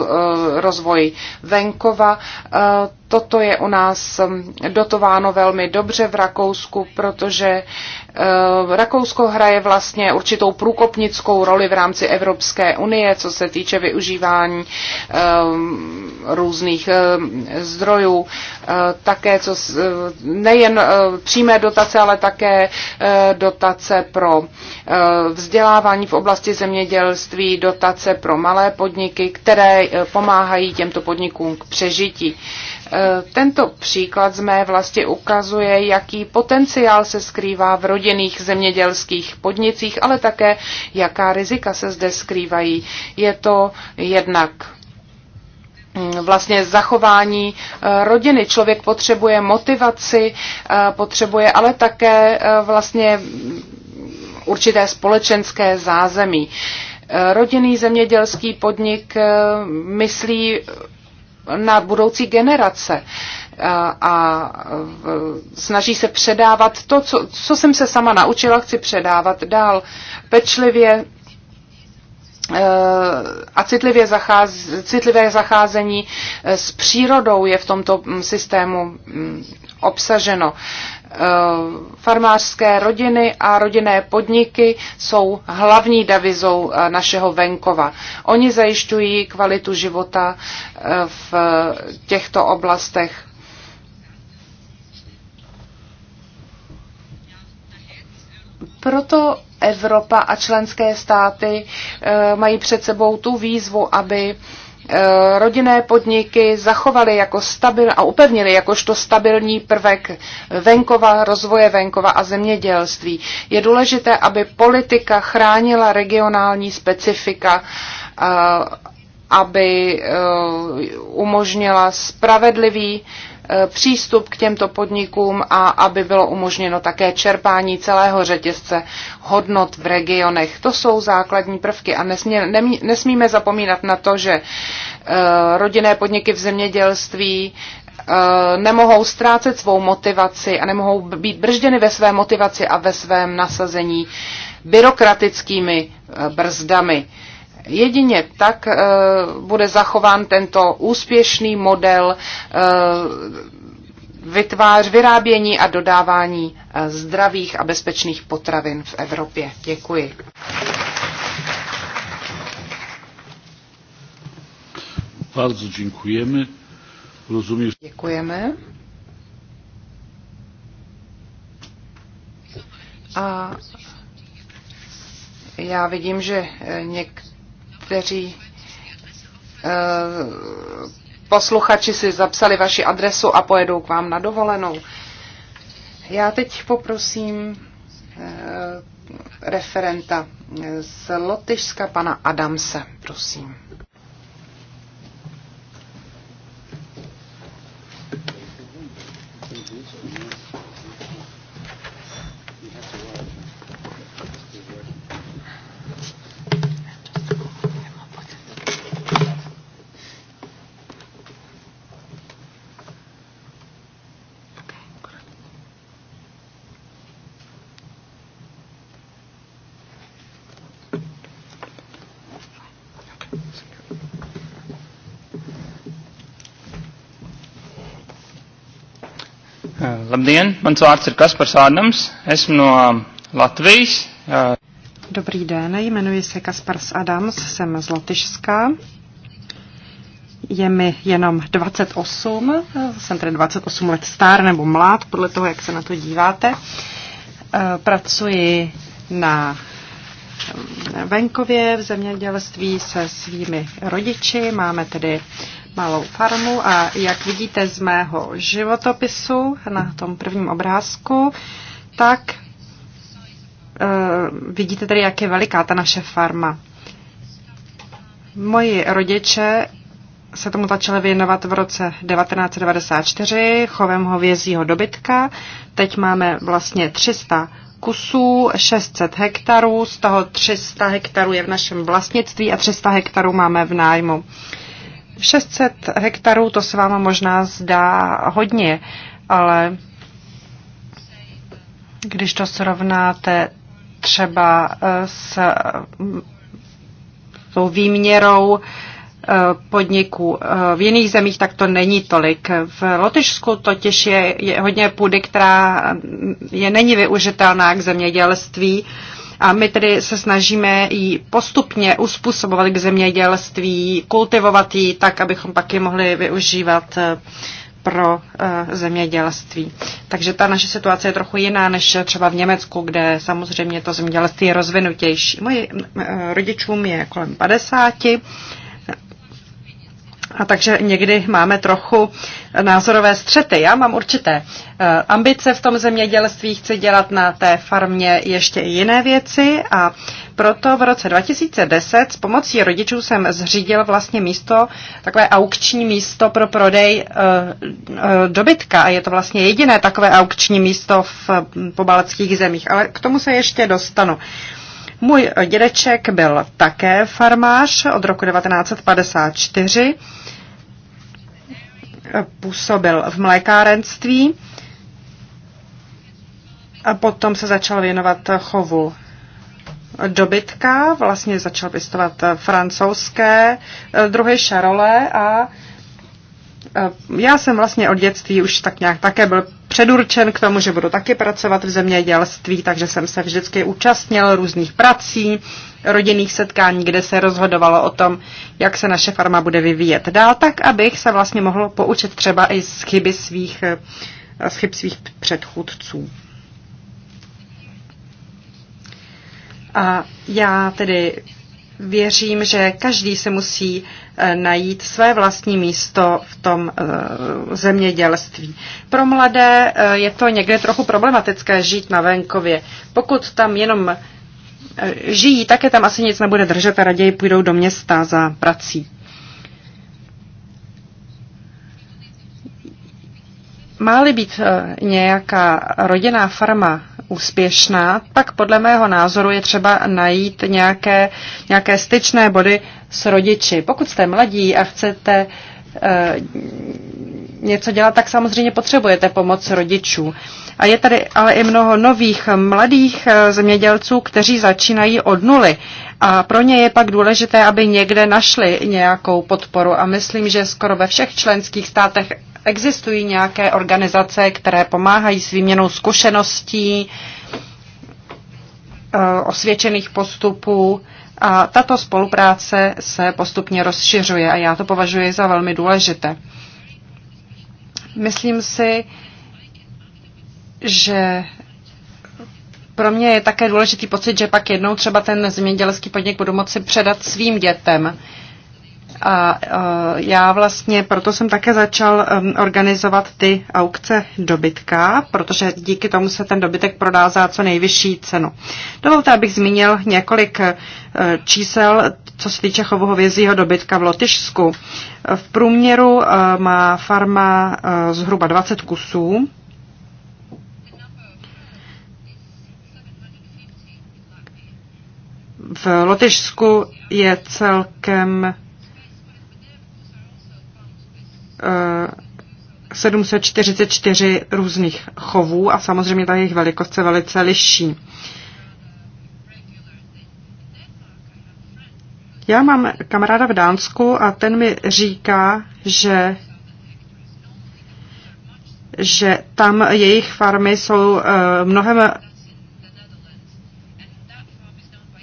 rozvoj venkova. Toto je u nás um, dotováno velmi dobře v Rakousku, protože uh, Rakousko hraje vlastně určitou průkopnickou roli v rámci Evropské unie, co se týče využívání um, různých um, zdrojů, uh, také co uh, nejen přímé dotace, ale také dotace pro vzdělávání v oblasti zemědělství, dotace pro malé podniky, které pomáhají těmto podnikům k přežití. E, tento příklad z mé vlasti ukazuje, jaký potenciál se skrývá v rodinných zemědělských podnicích, ale také jaká rizika se zde skrývají. Je to jednak mm, vlastně zachování e, rodiny. Člověk potřebuje motivaci, e, potřebuje ale také vlastně mm, určité společenské zázemí. Rodinný zemědělský podnik myslí na budoucí generace a snaží se předávat to, co, co jsem se sama naučila, chci předávat dál pečlivě e, a citlivě, zacház, citlivé zacházení e, s přírodou je v tomto systému obsaženo. Eh, farmářské rodiny a rodinné podniky jsou hlavní davizou eh, našeho venkova. Oni zajišťují kvalitu života eh, v těchto oblastech. Proto Evropa a členské státy mají před sebou tu výzvu, aby Eh, rodinné podniky zachovaly jako stabil a upevnily jakožto stabilní prvek venkova, rozvoje venkova a zemědělství. Je důležité, aby politika chránila regionální specifika eh, aby eh, umožnila spravedlivý Eh, přístup k těmto podnikům a aby bylo umožněno také čerpání celého řetězce hodnot v regionech. To jsou základní prvky a nesmě, nemí, nesmíme zapomínat na to, že eh, rodinné podniky v zemědělství eh, nemohou ztrácet svou motivaci a nemohou být bržděny ve své motivaci a ve svém nasazení byrokratickými brzdami. Jedině tak eh, bude zachován tento úspěšný model eh, vytvář, vyrábění a dodávání eh, zdravých a bezpečných potravin v Evropě. Děkuji. Bardzo dziękujemy. Rozumiem. Děkujeme. A já vidím, že něk, Někteří eh, posluchači si zapsali vaši adresu a pojedou k vám na dovolenou. Já teď poprosím eh, referenta z Lotyšska, pana Adamse, prosím. Labdien, mans vārds ir Kaspars Ādams, esmu no um, Latvijas. Dobrý den, jmenuji se Kaspars Adams, jsem z Lotyšska. Je mi jenom 28, jsem tedy 28 let star nebo mlad, podle toho, jak se na to díváte. Eh, pracuji na eh, venkově v zemědělství se svými rodiči, máme tedy malou farmu a jak vidíte z mého životopisu na tom prvním obrázku, tak eh, vidíte tedy, jak je veliká ta naše farma. Moji rodiče se tomu začali věnovat v roce 1994 chovem hovězího dobytka. Teď máme vlastně 300 kusů, 600 hektarů, z toho 300 hektarů je v našem vlastnictví a 300 hektarů máme v nájmu. 600 hektarů to se vám možná zdá hodně, ale když to srovnáte třeba eh, s mm, tou výměrou eh, podniků. Eh, v jiných zemích tak to není tolik. V Lotyšsku totiž je, je hodně půdy, která mm, je není využitelná k zemědělství a my tedy se snažíme ji postupně uspůsobovat k zemědělství, kultivovat ji tak, abychom pak ji mohli využívat eh, pro eh, zemědělství. Takže ta naše situace je trochu jiná než třeba v Německu, kde samozřejmě to zemědělství je rozvinutější. Moji rodičům je kolem 50 a takže někdy máme trochu názorové střety. Já mám určité eh, ambice v tom zemědělství, chci dělat na té farmě ještě i jiné věci a proto v roce 2010 s pomocí rodičů jsem zřídil vlastně místo, takové aukční místo pro prodej eh, eh, dobytka a je to vlastně jediné takové aukční místo v hm, pobaleckých zemích, ale k tomu se ještě dostanu. Můj dědeček byl také farmář od roku 1954. Působil v mlékárenství a potom se začal věnovat chovu dobytka, vlastně začal pěstovat francouzské druhy šarole a Eh, já jsem vlastně od dětství už tak nějak také byl předurčen k tomu, že budu taky pracovat v zemědělství, takže jsem se vždycky účastnil různých prací, rodinných setkání, kde se rozhodovalo o tom, jak se naše farma bude vyvíjet dál, tak abych se vlastně mohl poučit třeba i z chyby svých, eh, z chyb svých předchůdců. A já tedy Věřím, že každý se musí eh, najít své vlastní místo v tom eh, zemědělství. Pro mladé eh, je to někde trochu problematické žít na venkově. Pokud tam jenom žijí, tak je tam asi nic nebude držet a raději půjdou do města za prací. Má-li být nějaká rodinná farma úspěšná, pak podle mého názoru je třeba najít nějaké, nějaké styčné body s rodiči. Pokud jste mladí a chcete e, něco dělat, tak samozřejmě potřebujete pomoc rodičů. A je tady ale i mnoho nových mladých eh, zemědělců, kteří začínají od nuly. A pro ně je pak důležité, aby někde našli nějakou podporu. A myslím, že skoro ve všech členských státech Existují nějaké organizace, které pomáhají s výměnou zkušeností, eh, osvědčených postupů a tato spolupráce se postupně rozšiřuje a já to považuji za velmi důležité. Myslím si, že pro mě je také důležitý pocit, že pak jednou třeba ten zemědělský podnik budu moci předat svým dětem. Uh, a já vlastně proto jsem také začal organizovat ty aukce dobytka, protože díky tomu se ten dobytek prodá za co nejvyšší cenu. Dovolte, abych zmínil několik e, čísel, co se týče chovu hovězího dobytka v Lotyšsku. V průměru e, má farma e, zhruba 20 kusů. V Lotyšsku je celkem 744 různých chovů a samozřejmě ta jejich velikost se velice liší. Já mám kamaráda v Dánsku a ten mi říká, že že tam jejich farmy jsou eh, mnohem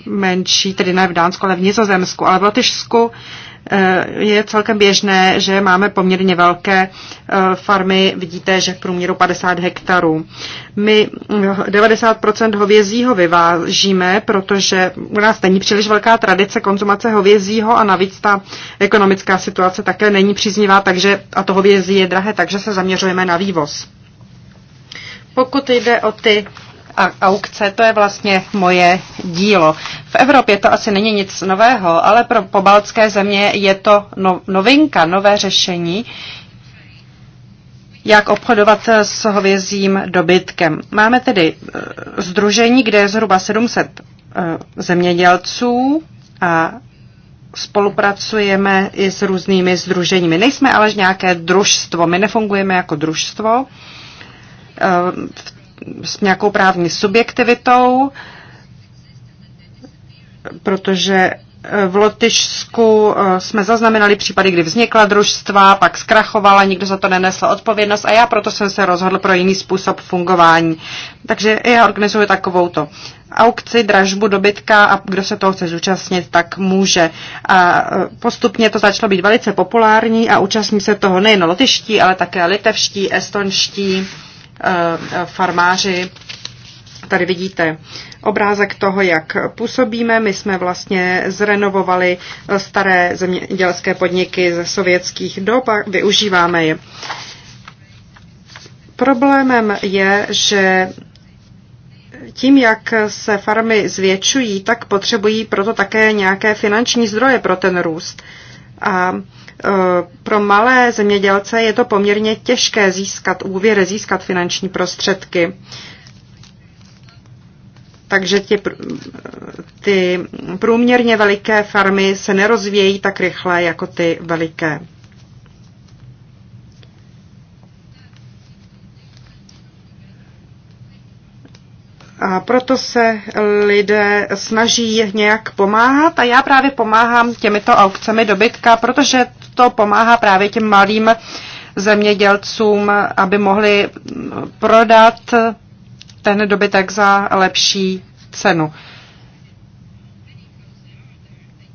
menší, tedy ne v Dánsku, ale v Nizozemsku, ale v Lotyšsku Eh, je celkem běžné, že máme poměrně velké eh, farmy, vidíte, že v průměru 50 hektarů. My 90% eh, hovězího vyvážíme, protože u nás není příliš velká tradice konzumace hovězího a navíc ta ekonomická situace také není příznivá, takže a to hovězí je drahé, takže se zaměřujeme na vývoz. Pokud jde o ty a aukce, to je vlastně moje dílo. V Evropě to asi není nic nového, ale pro pobaltské země je to no, novinka, nové řešení, jak obchodovat s hovězím dobytkem. Máme tedy eh, združení, kde je zhruba 700 eh, zemědělců a spolupracujeme i s různými združeními. Nejsme ale nějaké družstvo, my nefungujeme jako družstvo. Eh, v s nějakou právní subjektivitou, protože eh, v Lotyšsku eh, jsme zaznamenali případy, kdy vznikla družstva, pak zkrachovala, nikdo za to nenesl odpovědnost a já proto jsem se rozhodl pro jiný způsob fungování. Takže já organizuji takovouto aukci, dražbu dobytka a kdo se toho chce zúčastnit, tak může. A eh, postupně to začalo být velice populární a účastní se toho nejen lotyští, ale také litevští, estonští, Eh, farmáři. Tady vidíte obrázek toho, jak působíme. My jsme vlastně zrenovovali staré zemědělské podniky ze sovětských dob a využíváme je. Problémem je, že tím, jak se farmy zvětšují, tak potřebují proto také nějaké finanční zdroje pro ten růst. A Eh, pro malé zemědělce je to poměrně těžké získat úvěry, získat finanční prostředky. Takže ty, eh, ty průměrně veliké farmy se nerozvíjejí tak rychle jako ty veliké. A proto se lidé snaží nějak pomáhat a já právě pomáhám těmito aukcemi dobytka, protože to pomáhá právě těm malým zemědělcům, aby mohli prodat ten dobytek za lepší cenu.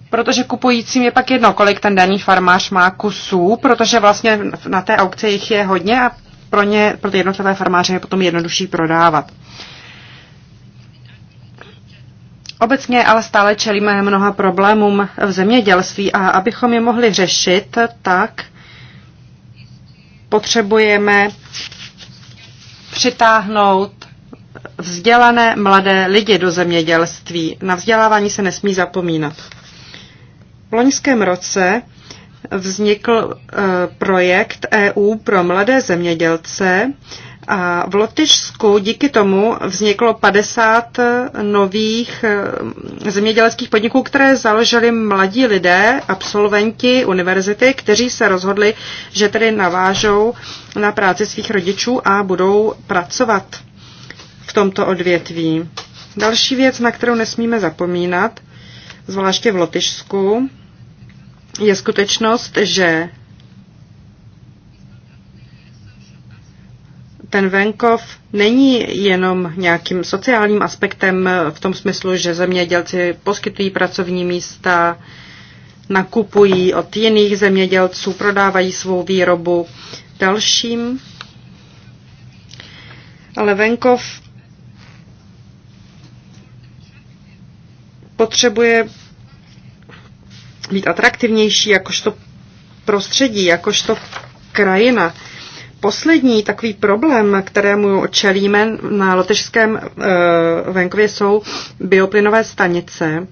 Protože kupujícím je pak jedno, kolik ten daný farmář má kusů, protože vlastně na té aukci jich je hodně a pro ně, pro ty jednotlivé farmáře je potom jednodušší prodávat. Uh, Obecně ale stále čelíme mnoha problémům v zemědělství a abychom je mohli řešit, tak potřebujeme přitáhnout vzdělané mladé lidi do zemědělství. Na vzdělávání se nesmí zapomínat. V loňském roce vznikl eh, projekt EU pro mladé zemědělce, a v Lotyšsku díky tomu vzniklo 50 nových eh, zemědělských podniků, které založili mladí lidé, absolventi univerzity, kteří se rozhodli, že tedy navážou na práci svých rodičů a budou pracovat v tomto odvětví. Další věc, na kterou nesmíme zapomínat, zvláště v Lotyšsku, je skutečnost, že ten venkov není jenom nějakým sociálním aspektem v tom smyslu, že zemědělci poskytují pracovní místa, nakupují od jiných zemědělců, prodávají svou výrobu dalším. Ale venkov potřebuje být atraktivnější jakožto prostředí, jakožto krajina. Poslední takový problém, kterému čelíme na e, venkově, jsou bioplynové stanice.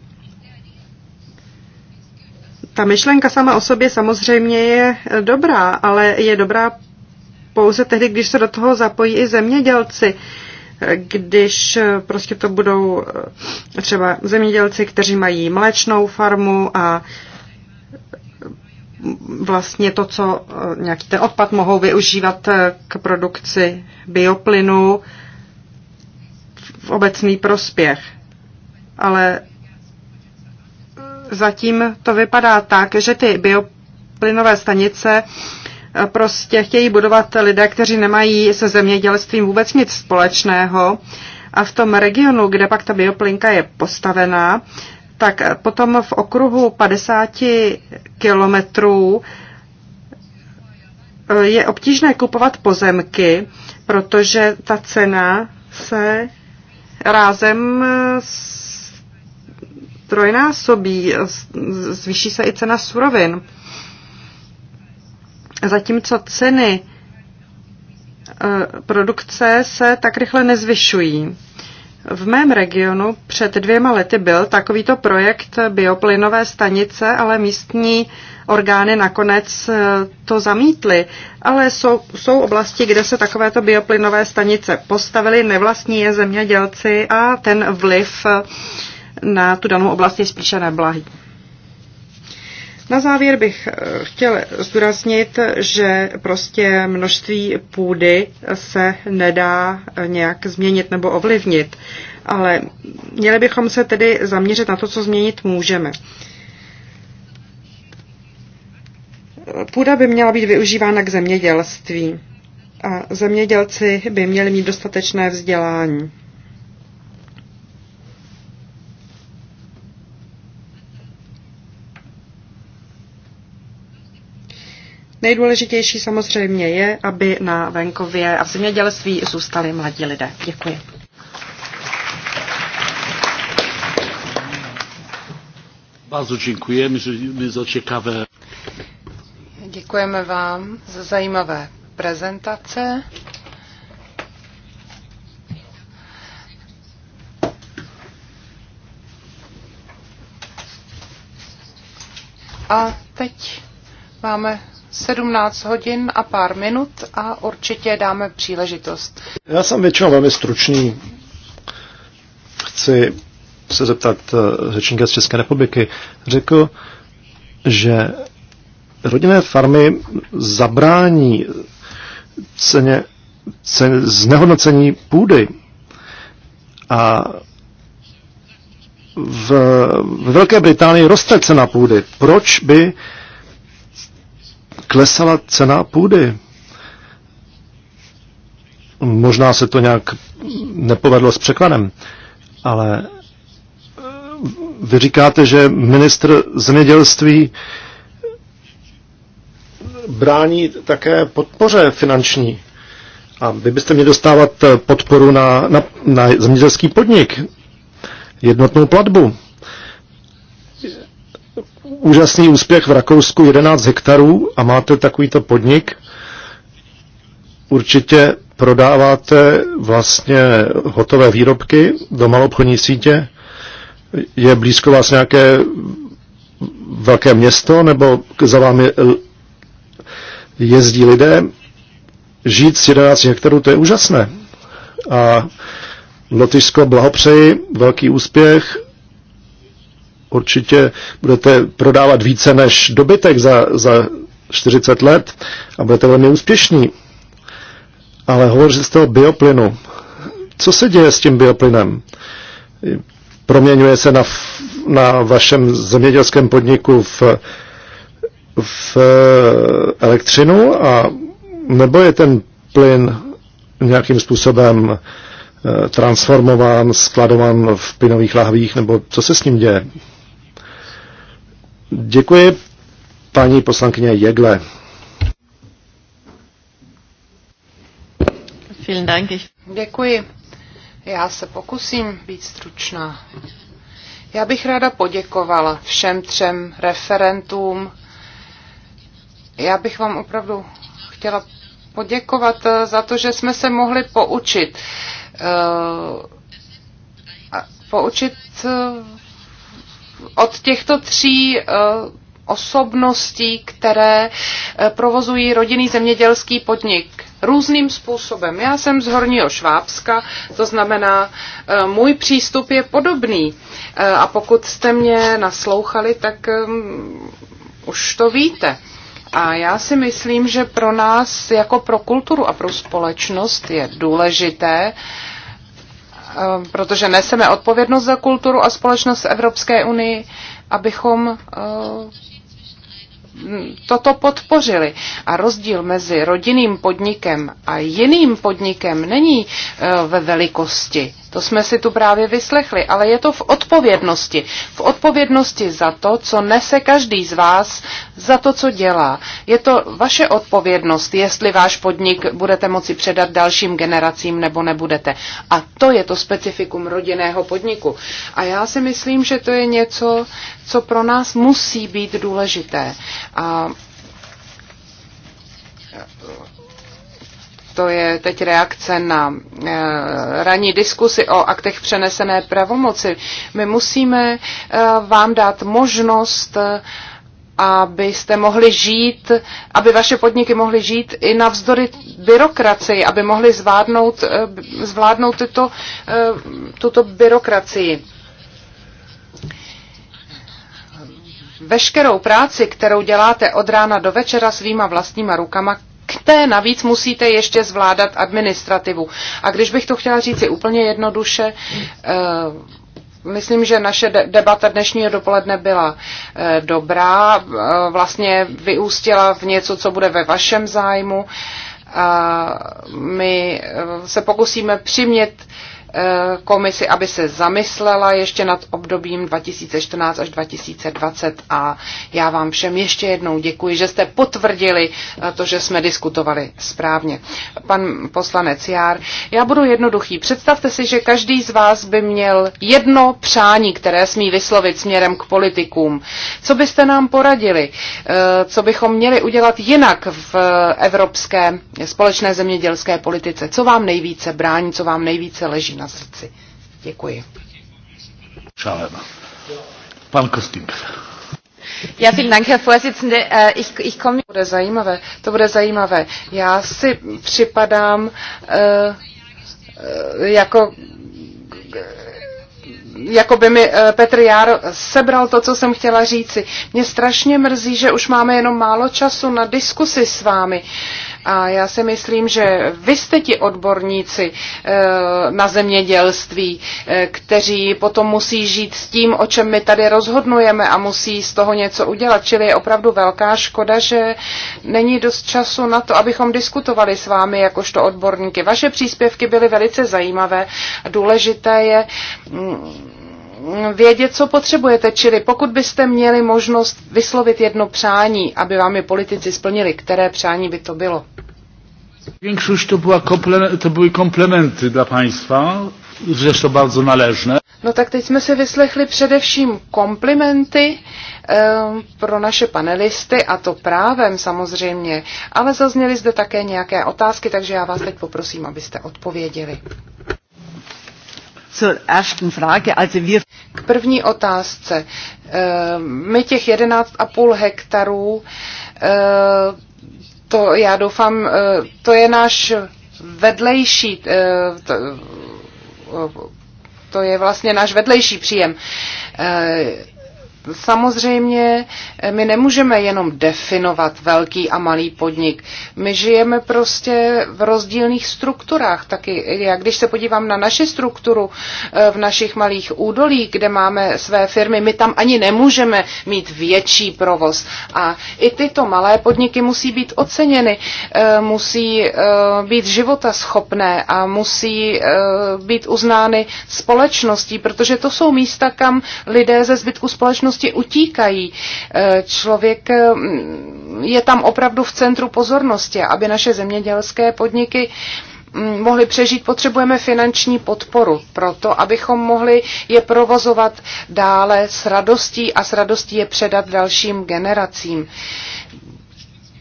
Ta myšlenka sama o sobě samozřejmě je dobrá, ale je dobrá pouze tehdy, když se do toho zapojí i zemědělci když eh, prostě to budou eh, třeba zemědělci, kteří mají mléčnou farmu a vlastně to, co eh, nějaký ten odpad mohou využívat eh, k produkci bioplynu v obecný prospěch. Ale zatím to vypadá tak, že ty bioplynové stanice eh, prostě chtějí budovat lidé, kteří nemají se zemědělstvím vůbec nic společného. A v tom regionu, kde pak ta bioplinka je postavená, tak eh, potom v okruhu 50 kilometrů eh, je obtížné kupovat pozemky, protože ta cena se rázem eh, trojnásobí, zvýší se i cena surovin. Zatímco ceny produkce se tak rychle nezvyšují. V mém regionu před dvěma lety byl takovýto projekt bioplynové stanice, ale místní orgány nakonec eh, to zamítly. Ale jsou, jsou oblasti, kde se takovéto bioplynové stanice postavily, nevlastní je zemědělci a ten vliv eh, na tu danou oblast je spíše neblahý. Na závěr bych eh, chtěl zdůraznit, že prostě množství půdy se nedá eh, nějak změnit nebo ovlivnit, ale měli bychom se tedy zaměřit na to, co změnit můžeme. Půda by měla být využívána k zemědělství a zemědělci by měli mít dostatečné vzdělání. Nejdůležitější samozřejmě je, aby na venkově a v zemědělství zůstali mladí lidé. Děkuji. Bardzo dziękujemy, dziękujemy za ciekawe. Děkujeme vám za zajímavé prezentace. A teď máme 17 hodin a pár minut a určitě dáme příležitost. Já jsem většinou velmi stručný. Chci se zeptat eh, řečníka z České republiky. Řekl, že rodinné farmy zabrání ceně, ceně znehodnocení půdy a v, v Velké Británii roste cena půdy. Proč by klesala cena půdy. Možná se to nějak nepovedlo s překladem, ale eh, vy říkáte, že ministr zemědělství brání také podpoře finanční. A vy byste měli dostávat podporu na, na, na zemědělský podnik, jednotnou platbu úžasný úspěch v Rakousku, 11 hektarů a máte takovýto podnik, určitě prodáváte vlastně hotové výrobky do malobchodní sítě. Je blízko vás nějaké velké město, nebo za vámi jezdí lidé. Žít z 11 hektarů, to je úžasné. A Lotyšsko blahopřeji, velký úspěch určitě budete prodávat více než dobytek za, za 40 let a budete velmi úspěšní. Ale hovořili jste o bioplynu. Co se děje s tím bioplynem? Proměňuje se na, na vašem zemědělském podniku v, v eh, elektřinu a nebo je ten plyn nějakým způsobem eh, transformován, skladován v plynových lahvích, nebo co se s ním děje? Děkuji, paní poslankyně Jegle. Děkuji. Já se pokusím být stručná. Já bych ráda poděkovala všem třem referentům. Já bych vám opravdu chtěla poděkovat eh, za to, že jsme se mohli poučit. Eh, poučit eh, od těchto tří eh, osobností, které eh, provozují rodinný zemědělský podnik různým způsobem. Já jsem z Horního Švábska, to znamená, eh, můj přístup je podobný. A pokud jste mě naslouchali, tak už to víte. A já si myslím, že pro nás jako pro kulturu a pro společnost je důležité uh, Ehm, protože neseme odpovědnost za kulturu a společnost Evropské unii, abychom ehm, toto podpořili. A rozdíl mezi rodinným podnikem a jiným podnikem není ehm, ve velikosti to jsme si tu právě vyslechli, ale je to v odpovědnosti. V odpovědnosti za to, co nese každý z vás, za to, co dělá. Je to vaše odpovědnost, jestli váš podnik budete moci předat dalším generacím nebo nebudete. A to je to specifikum rodinného podniku. A já si myslím, že to je něco, co pro nás musí být důležité. A to je teď reakce na eh, ranní diskusy o aktech přenesené pravomoci. My musíme eh, vám dát možnost eh, abyste mohli žít, aby vaše podniky mohly žít i navzdory byrokracii, aby mohly zvládnout, zvládnout tyto, tuto byrokracii. Veškerou práci, kterou děláte od rána do večera svýma vlastníma rukama, k té navíc musíte ještě zvládat administrativu. A když bych to chtěla říct si úplně jednoduše, eh, Myslím, že naše debata dnešního dopoledne byla eh, dobrá, eh, vlastně vyústila v něco, co bude ve vašem zájmu. A my se pokusíme přimět Eh, komisi, aby se zamyslela ještě nad obdobím 2014 až 2020 a já vám všem ještě jednou děkuji, že jste potvrdili eh, to, že jsme diskutovali správně. Pan poslanec Jár, já budu jednoduchý. Představte si, že každý z vás by měl jedno přání, které smí vyslovit směrem k politikům. Co byste nám poradili? Eh, co bychom měli udělat jinak v evropské společné zemědělské politice? Co vám nejvíce brání, co vám nejvíce leží na srdci. Děkuji. Schade. Pan Kostink. Ja, vielen Dank, Herr Vorsitzende. Äh, ich, ich komme... To bude zajímavé. To bude zajímavé. Já si připadám uh, jako jako by mi Petr Jár sebral to, co jsem chtěla říci. Mě strašně mrzí, že už máme jenom málo času na diskusi s vámi. A já si myslím, že vy jste ti odborníci eh, na zemědělství, eh, kteří potom musí žít s tím, o čem my tady rozhodnujeme a musí z toho něco udělat. Čili je opravdu velká škoda, že není dost času na to, abychom diskutovali s vámi jakožto odborníky. Vaše příspěvky byly velice zajímavé a důležité je mm, vědět, co potřebujete. Čili pokud byste měli možnost vyslovit jedno přání, aby vám je politici splnili, které přání by to bylo? Większość to, była komple- to były komplementy dla Państwa, zresztą bardzo należne. No tak teď jsme si vyslechli především komplimenty e, pro naše panelisty a to právem samozřejmě, ale zazněly zde také nějaké otázky, takže já vás teď poprosím, abyste odpověděli. K první otázce. E, my těch 11,5 hektarů e, to já doufám, eh, to je náš vedlejší, eh, eh, to je vlastně náš vedlejší příjem Samozřejmě eh, my nemůžeme jenom definovat velký a malý podnik. My žijeme prostě v rozdílných strukturách. Taky já když se podívám na naši strukturu eh, v našich malých údolí, kde máme své firmy, my tam ani nemůžeme mít větší provoz. A i tyto malé podniky musí být oceněny, eh, musí být života schopné a musí být uznány společností, protože to jsou místa, kam lidé ze zbytku společnosti prostě utíkají. E, člověk e, je tam opravdu v centru pozornosti, aby naše zemědělské podniky mm, mohli přežít, potřebujeme finanční podporu pro to, abychom mohli je provozovat dále s radostí a s radostí je předat dalším generacím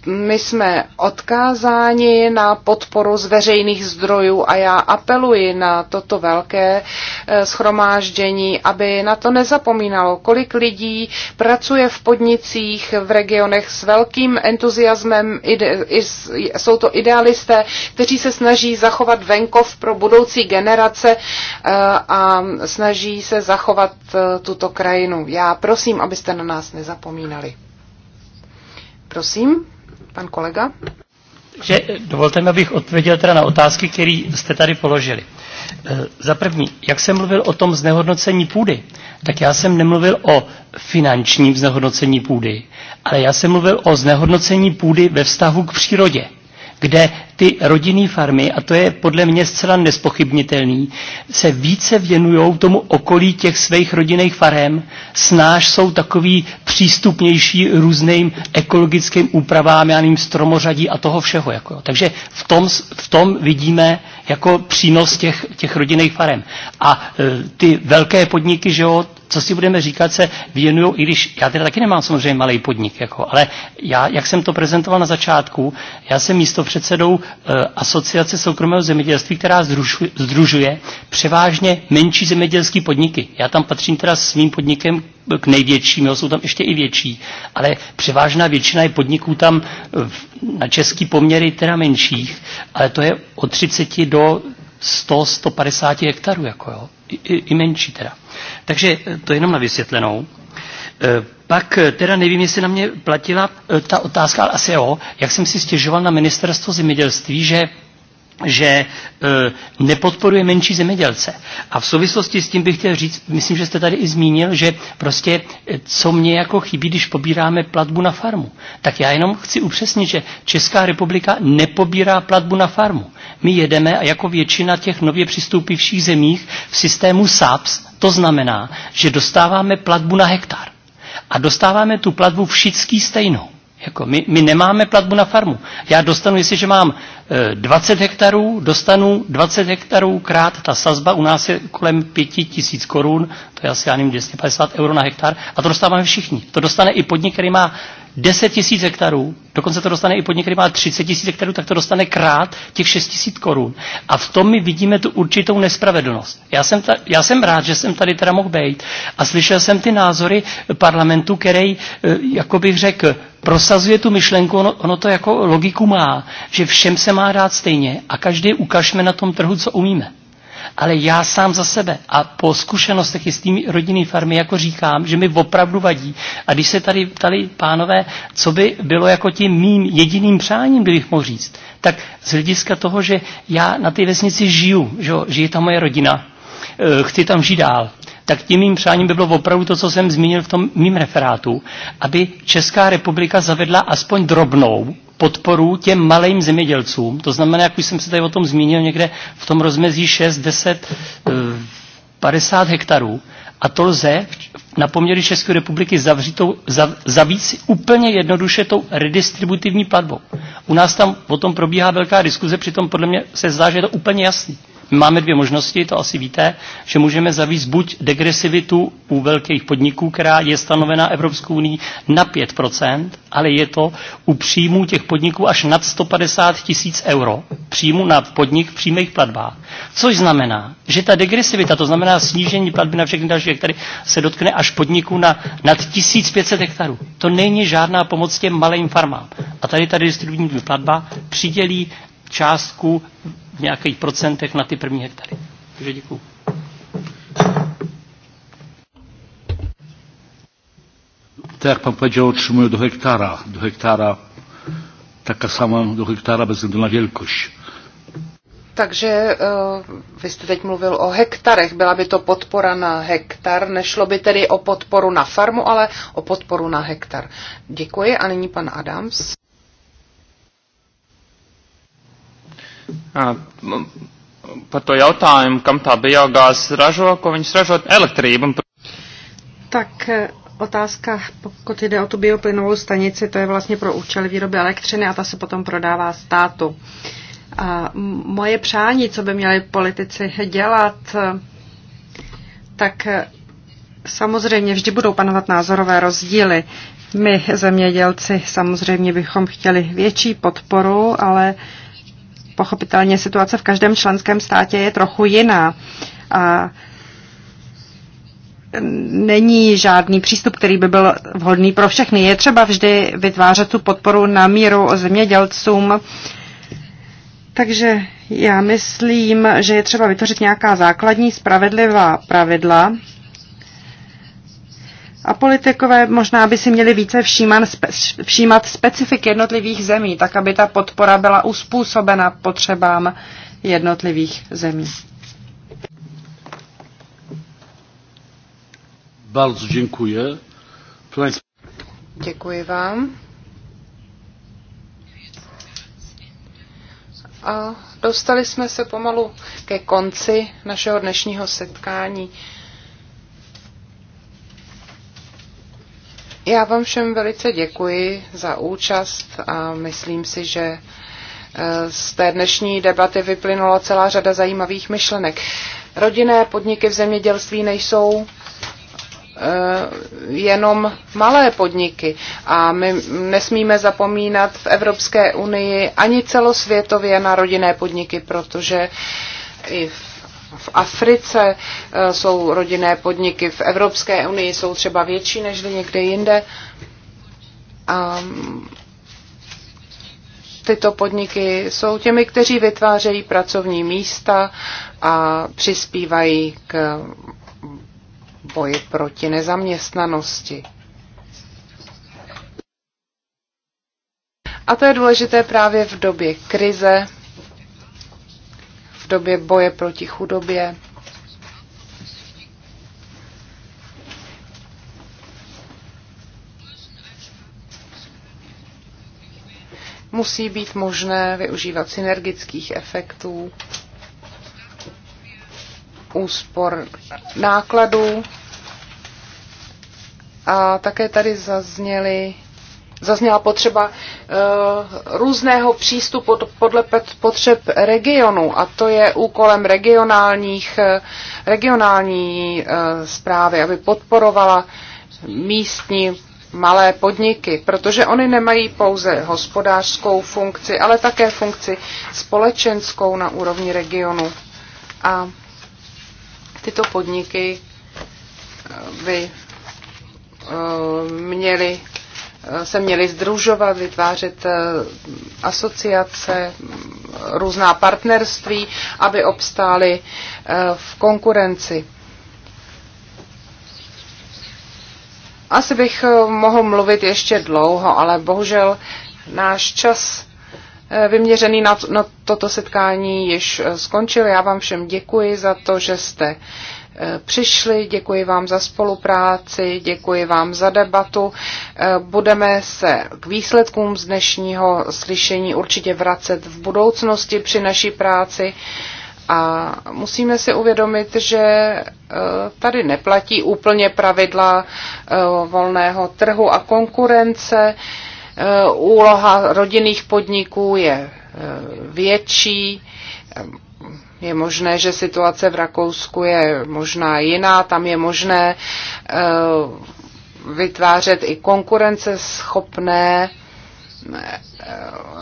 my jsme odkázáni na podporu z veřejných zdrojů a já apeluji na toto velké eh, schromáždění, aby na to nezapomínalo, kolik lidí pracuje v podnicích v regionech s velkým entuziasmem, jsou to idealisté, kteří se snaží zachovat venkov pro budoucí generace eh, a snaží se zachovat eh, tuto krajinu. Já prosím, abyste na nás nezapomínali. Prosím. Pan kolega? Že, dovolte mi, abych odpověděl teda na otázky, které jste tady položili. E, za první, jak jsem mluvil o tom znehodnocení půdy, tak já jsem nemluvil o finančním znehodnocení půdy, ale já jsem mluvil o znehodnocení půdy ve vztahu k přírodě kde ty rodinné farmy, a to je podle mě zcela nespochybnitelný, se více věnují tomu okolí těch svých rodinných farem, snáš jsou takový přístupnější různým ekologickým úpravám, já nevím, stromořadí a toho všeho. Jako. Takže v tom, v tom vidíme jako přínos těch, těch rodinných farem. A e, ty velké podniky, že jo, co si budeme říkat, se věnují, i když já teda taky nemám samozřejmě malý podnik, jako, ale já, jak jsem to prezentoval na začátku, já jsem místo předsedou e, Asociace soukromého zemědělství, která združuje, združuje převážně menší zemědělské podniky. Já tam patřím teda s svým podnikem, k největším, jo, jsou tam ještě i větší, ale převážná většina je podniků tam na český poměry teda menších, ale to je od 30 do 100, 150 hektarů, jako jo, i, i, i menší teda. Takže eh, to je jenom na vysvětlenou. Eh, pak eh, teda nevím, jestli na mě platila ta otázka, ale asi jo, jak jsem si stěžoval na ministerstvo zemědělství, že že e, nepodporuje menší zemědělce. A v souvislosti s tím bych chtěl říct, myslím, že jste tady i zmínil, že prostě e, co mě jako chybí, když pobíráme platbu na farmu. Tak já jenom chci upřesnit, že Česká republika nepobírá platbu na farmu. My jedeme a jako většina těch nově přistoupivších zemích v systému SAPS, to znamená, že dostáváme platbu na hektar. A dostáváme tu platbu všichni stejnou. Jako my, my nemáme platbu na farmu. Já dostanu, jestliže mám 20 e, hektarů, dostanu 20 hektarů krát ta sazba, u nás je kolem 5 tisíc korun, to je asi, já nevím, 250 euro na hektar, a to dostáváme všichni. To dostane i podnik, který má 10 tisíc hektarů, dokonce to dostane i podnik, který má 30 tisíc hektarů, tak to dostane krát těch 6 tisíc korun. A v tom my vidíme tu určitou nespravedlnost. Já jsem, ta, já jsem rád, že jsem tady teda mohl být a slyšel jsem ty názory parlamentu, který, eh, jako bych řekl, prosazuje tu myšlenku, ono, ono to jako logiku má, že všem se má dát stejně a každý ukažme na tom trhu, co umíme ale já sám za sebe a po zkušenostech i s tými rodinný farmy jako říkám, že mi opravdu vadí. A když se tady ptali pánové, co by bylo jako tím mým jediným přáním, bych mohl říct, tak z hlediska toho, že já na té vesnici žiju, že žije tam moje rodina, eh, chci tam žít dál, tak tím mým přáním by bylo opravdu to, co jsem zmínil v tom mým referátu, aby Česká republika zavedla aspoň drobnou podporu těm malým zemědělcům. To znamená, jak už jsem se tady o tom zmínil, někde v tom rozmezí 6, 10, 50 hektarů. A to lze na poměry České republiky zavřít zav, zavít úplně jednoduše tou redistributivní platbou. U nás tam o tom probíhá velká diskuze, přitom podle mě se zdá, že je to úplně jasný máme dvě možnosti, to asi víte, že můžeme zavíst buď degresivitu u velkých podniků, která je stanovena Evropskou unii na 5%, ale je to u příjmů těch podniků až nad 150 tisíc euro, příjmu na podnik v přímých platbách. Což znamená, že ta degresivita, to znamená snížení platby na všechny další hektary, se dotkne až podniků na, nad 1500 hektarů. To není žádná pomoc těm malým farmám. A tady ta distribuční platba přidělí částku v nějakých procentech na ty první hektary. Takže děkuji. Tak jak pan powiedział, otrzymują do hektara. Do hektara taka sama do hektara bez względu na wielkość. Takže e, vy jste teď mluvil o hektarech, byla by to podpora na hektar, nešlo by tedy o podporu na farmu, ale o podporu na hektar. Děkuji a nyní pan Adams. par to jautājumu, kam tā biogāze ražo, ko viņas ražo elektrību. Tak e, otázka, pokud jde o tu bioplynovou stanici, to je vlastně pro účely výroby elektřiny a ta se potom prodává státu. A moje přání, co by měli politici dělat, e, tak e, samozřejmě vždy budou panovat názorové rozdíly. My zemědělci samozřejmě bychom chtěli větší podporu, ale uh, Pochopitelně situace v každém členském státě je trochu jiná. A není žádný přístup, který by byl vhodný pro všechny. Je třeba vždy vytvářet tu podporu na míru zemědělcům. Takže já myslím, že je třeba vytvořit nějaká základní spravedlivá pravidla, a politikové možná by si měli více všímat, spe, všímat specifik jednotlivých zemí, tak aby ta podpora byla uspůsobena potřebám jednotlivých zemí. Bardzo dziękuję. Děkuji vám. A dostali jsme se pomalu ke konci našeho dnešního setkání. Já vám všem velice děkuji za účast a myslím si, že eh, z té dnešní debaty vyplynula celá řada zajímavých myšlenek. Rodinné podniky v zemědělství nejsou eh, jenom malé podniky. A my nesmíme zapomínat v Evropské unii ani celosvětově na rodinné podniky, protože i v v Africe, eh, jsou rodinné podniky v Evropské unii, jsou třeba větší než někde jinde. A mm, tyto podniky jsou těmi, kteří vytvářejí pracovní místa a přispívají k boji proti nezaměstnanosti. A to je důležité právě v době krize, v době boje proti chudobě. Musí být možné využívat synergických efektů, úspor nákladů a také tady zazněly zazněla potřeba eh, různého přístupu podle potřeb regionu a to je úkolem regionálních, eh, regionální zprávy, eh, aby podporovala místní malé podniky, protože oni nemají pouze hospodářskou funkci, ale také funkci společenskou na úrovni regionu. A tyto podniky by měly se měli združovat, vytvářet eh, asociace, různá partnerství, aby obstály eh, v konkurenci. Asi bych eh, mohl mluvit ještě dlouho, ale bohužel náš čas vyměřený na, na toto setkání již skončil. Já vám všem děkuji za to, že jste přišli, děkuji vám za spolupráci, děkuji vám za debatu. Eh, budeme se k výsledkům z dnešního slyšení určitě vracet v budoucnosti při naší práci. A musíme si uvědomit, že eh, tady neplatí úplně pravidla eh, volného trhu a konkurence. Úloha rodinných podniků je větší je možné, že situace v Rakousku je možná jiná, tam je možné eh, vytvářet i konkurenceschopné eh,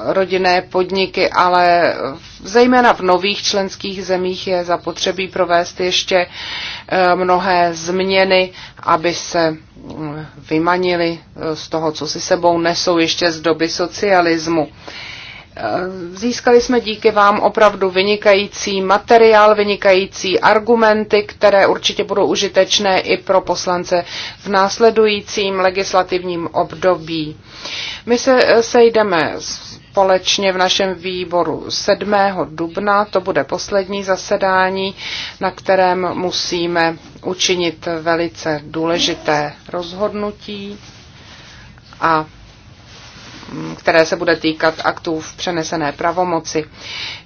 rodinné podniky, ale zejména v nových členských zemích je zapotřebí provést ještě eh, mnohé změny, aby se mm, vymanili z toho, co si sebou nesou ještě z doby socialismu. Eh, získali jsme díky vám opravdu vynikající materiál, vynikající argumenty, které určitě budou užitečné i pro poslance v následujícím legislativním období. My se eh, sejdeme společně v našem výboru 7. dubna. To bude poslední zasedání, na kterém musíme učinit velice důležité rozhodnutí a které se bude týkat aktů v přenesené pravomoci.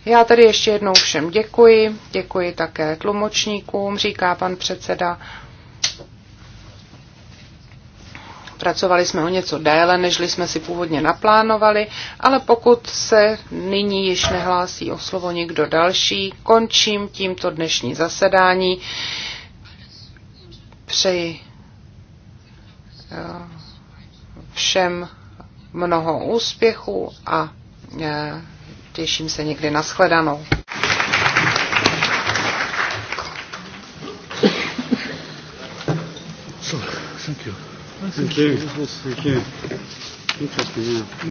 Já tady ještě jednou všem děkuji, děkuji také tlumočníkům, říká pan předseda. Pracovali jsme o něco déle, než jsme si původně naplánovali, ale pokud se nyní již nehlásí o slovo někdo další, končím tímto dnešní zasedání. Přeji eh, všem mnoho úspěchů a e, těším se někdy na shledanou. Thank you. thank you. Thank you. Thank you. Thank you.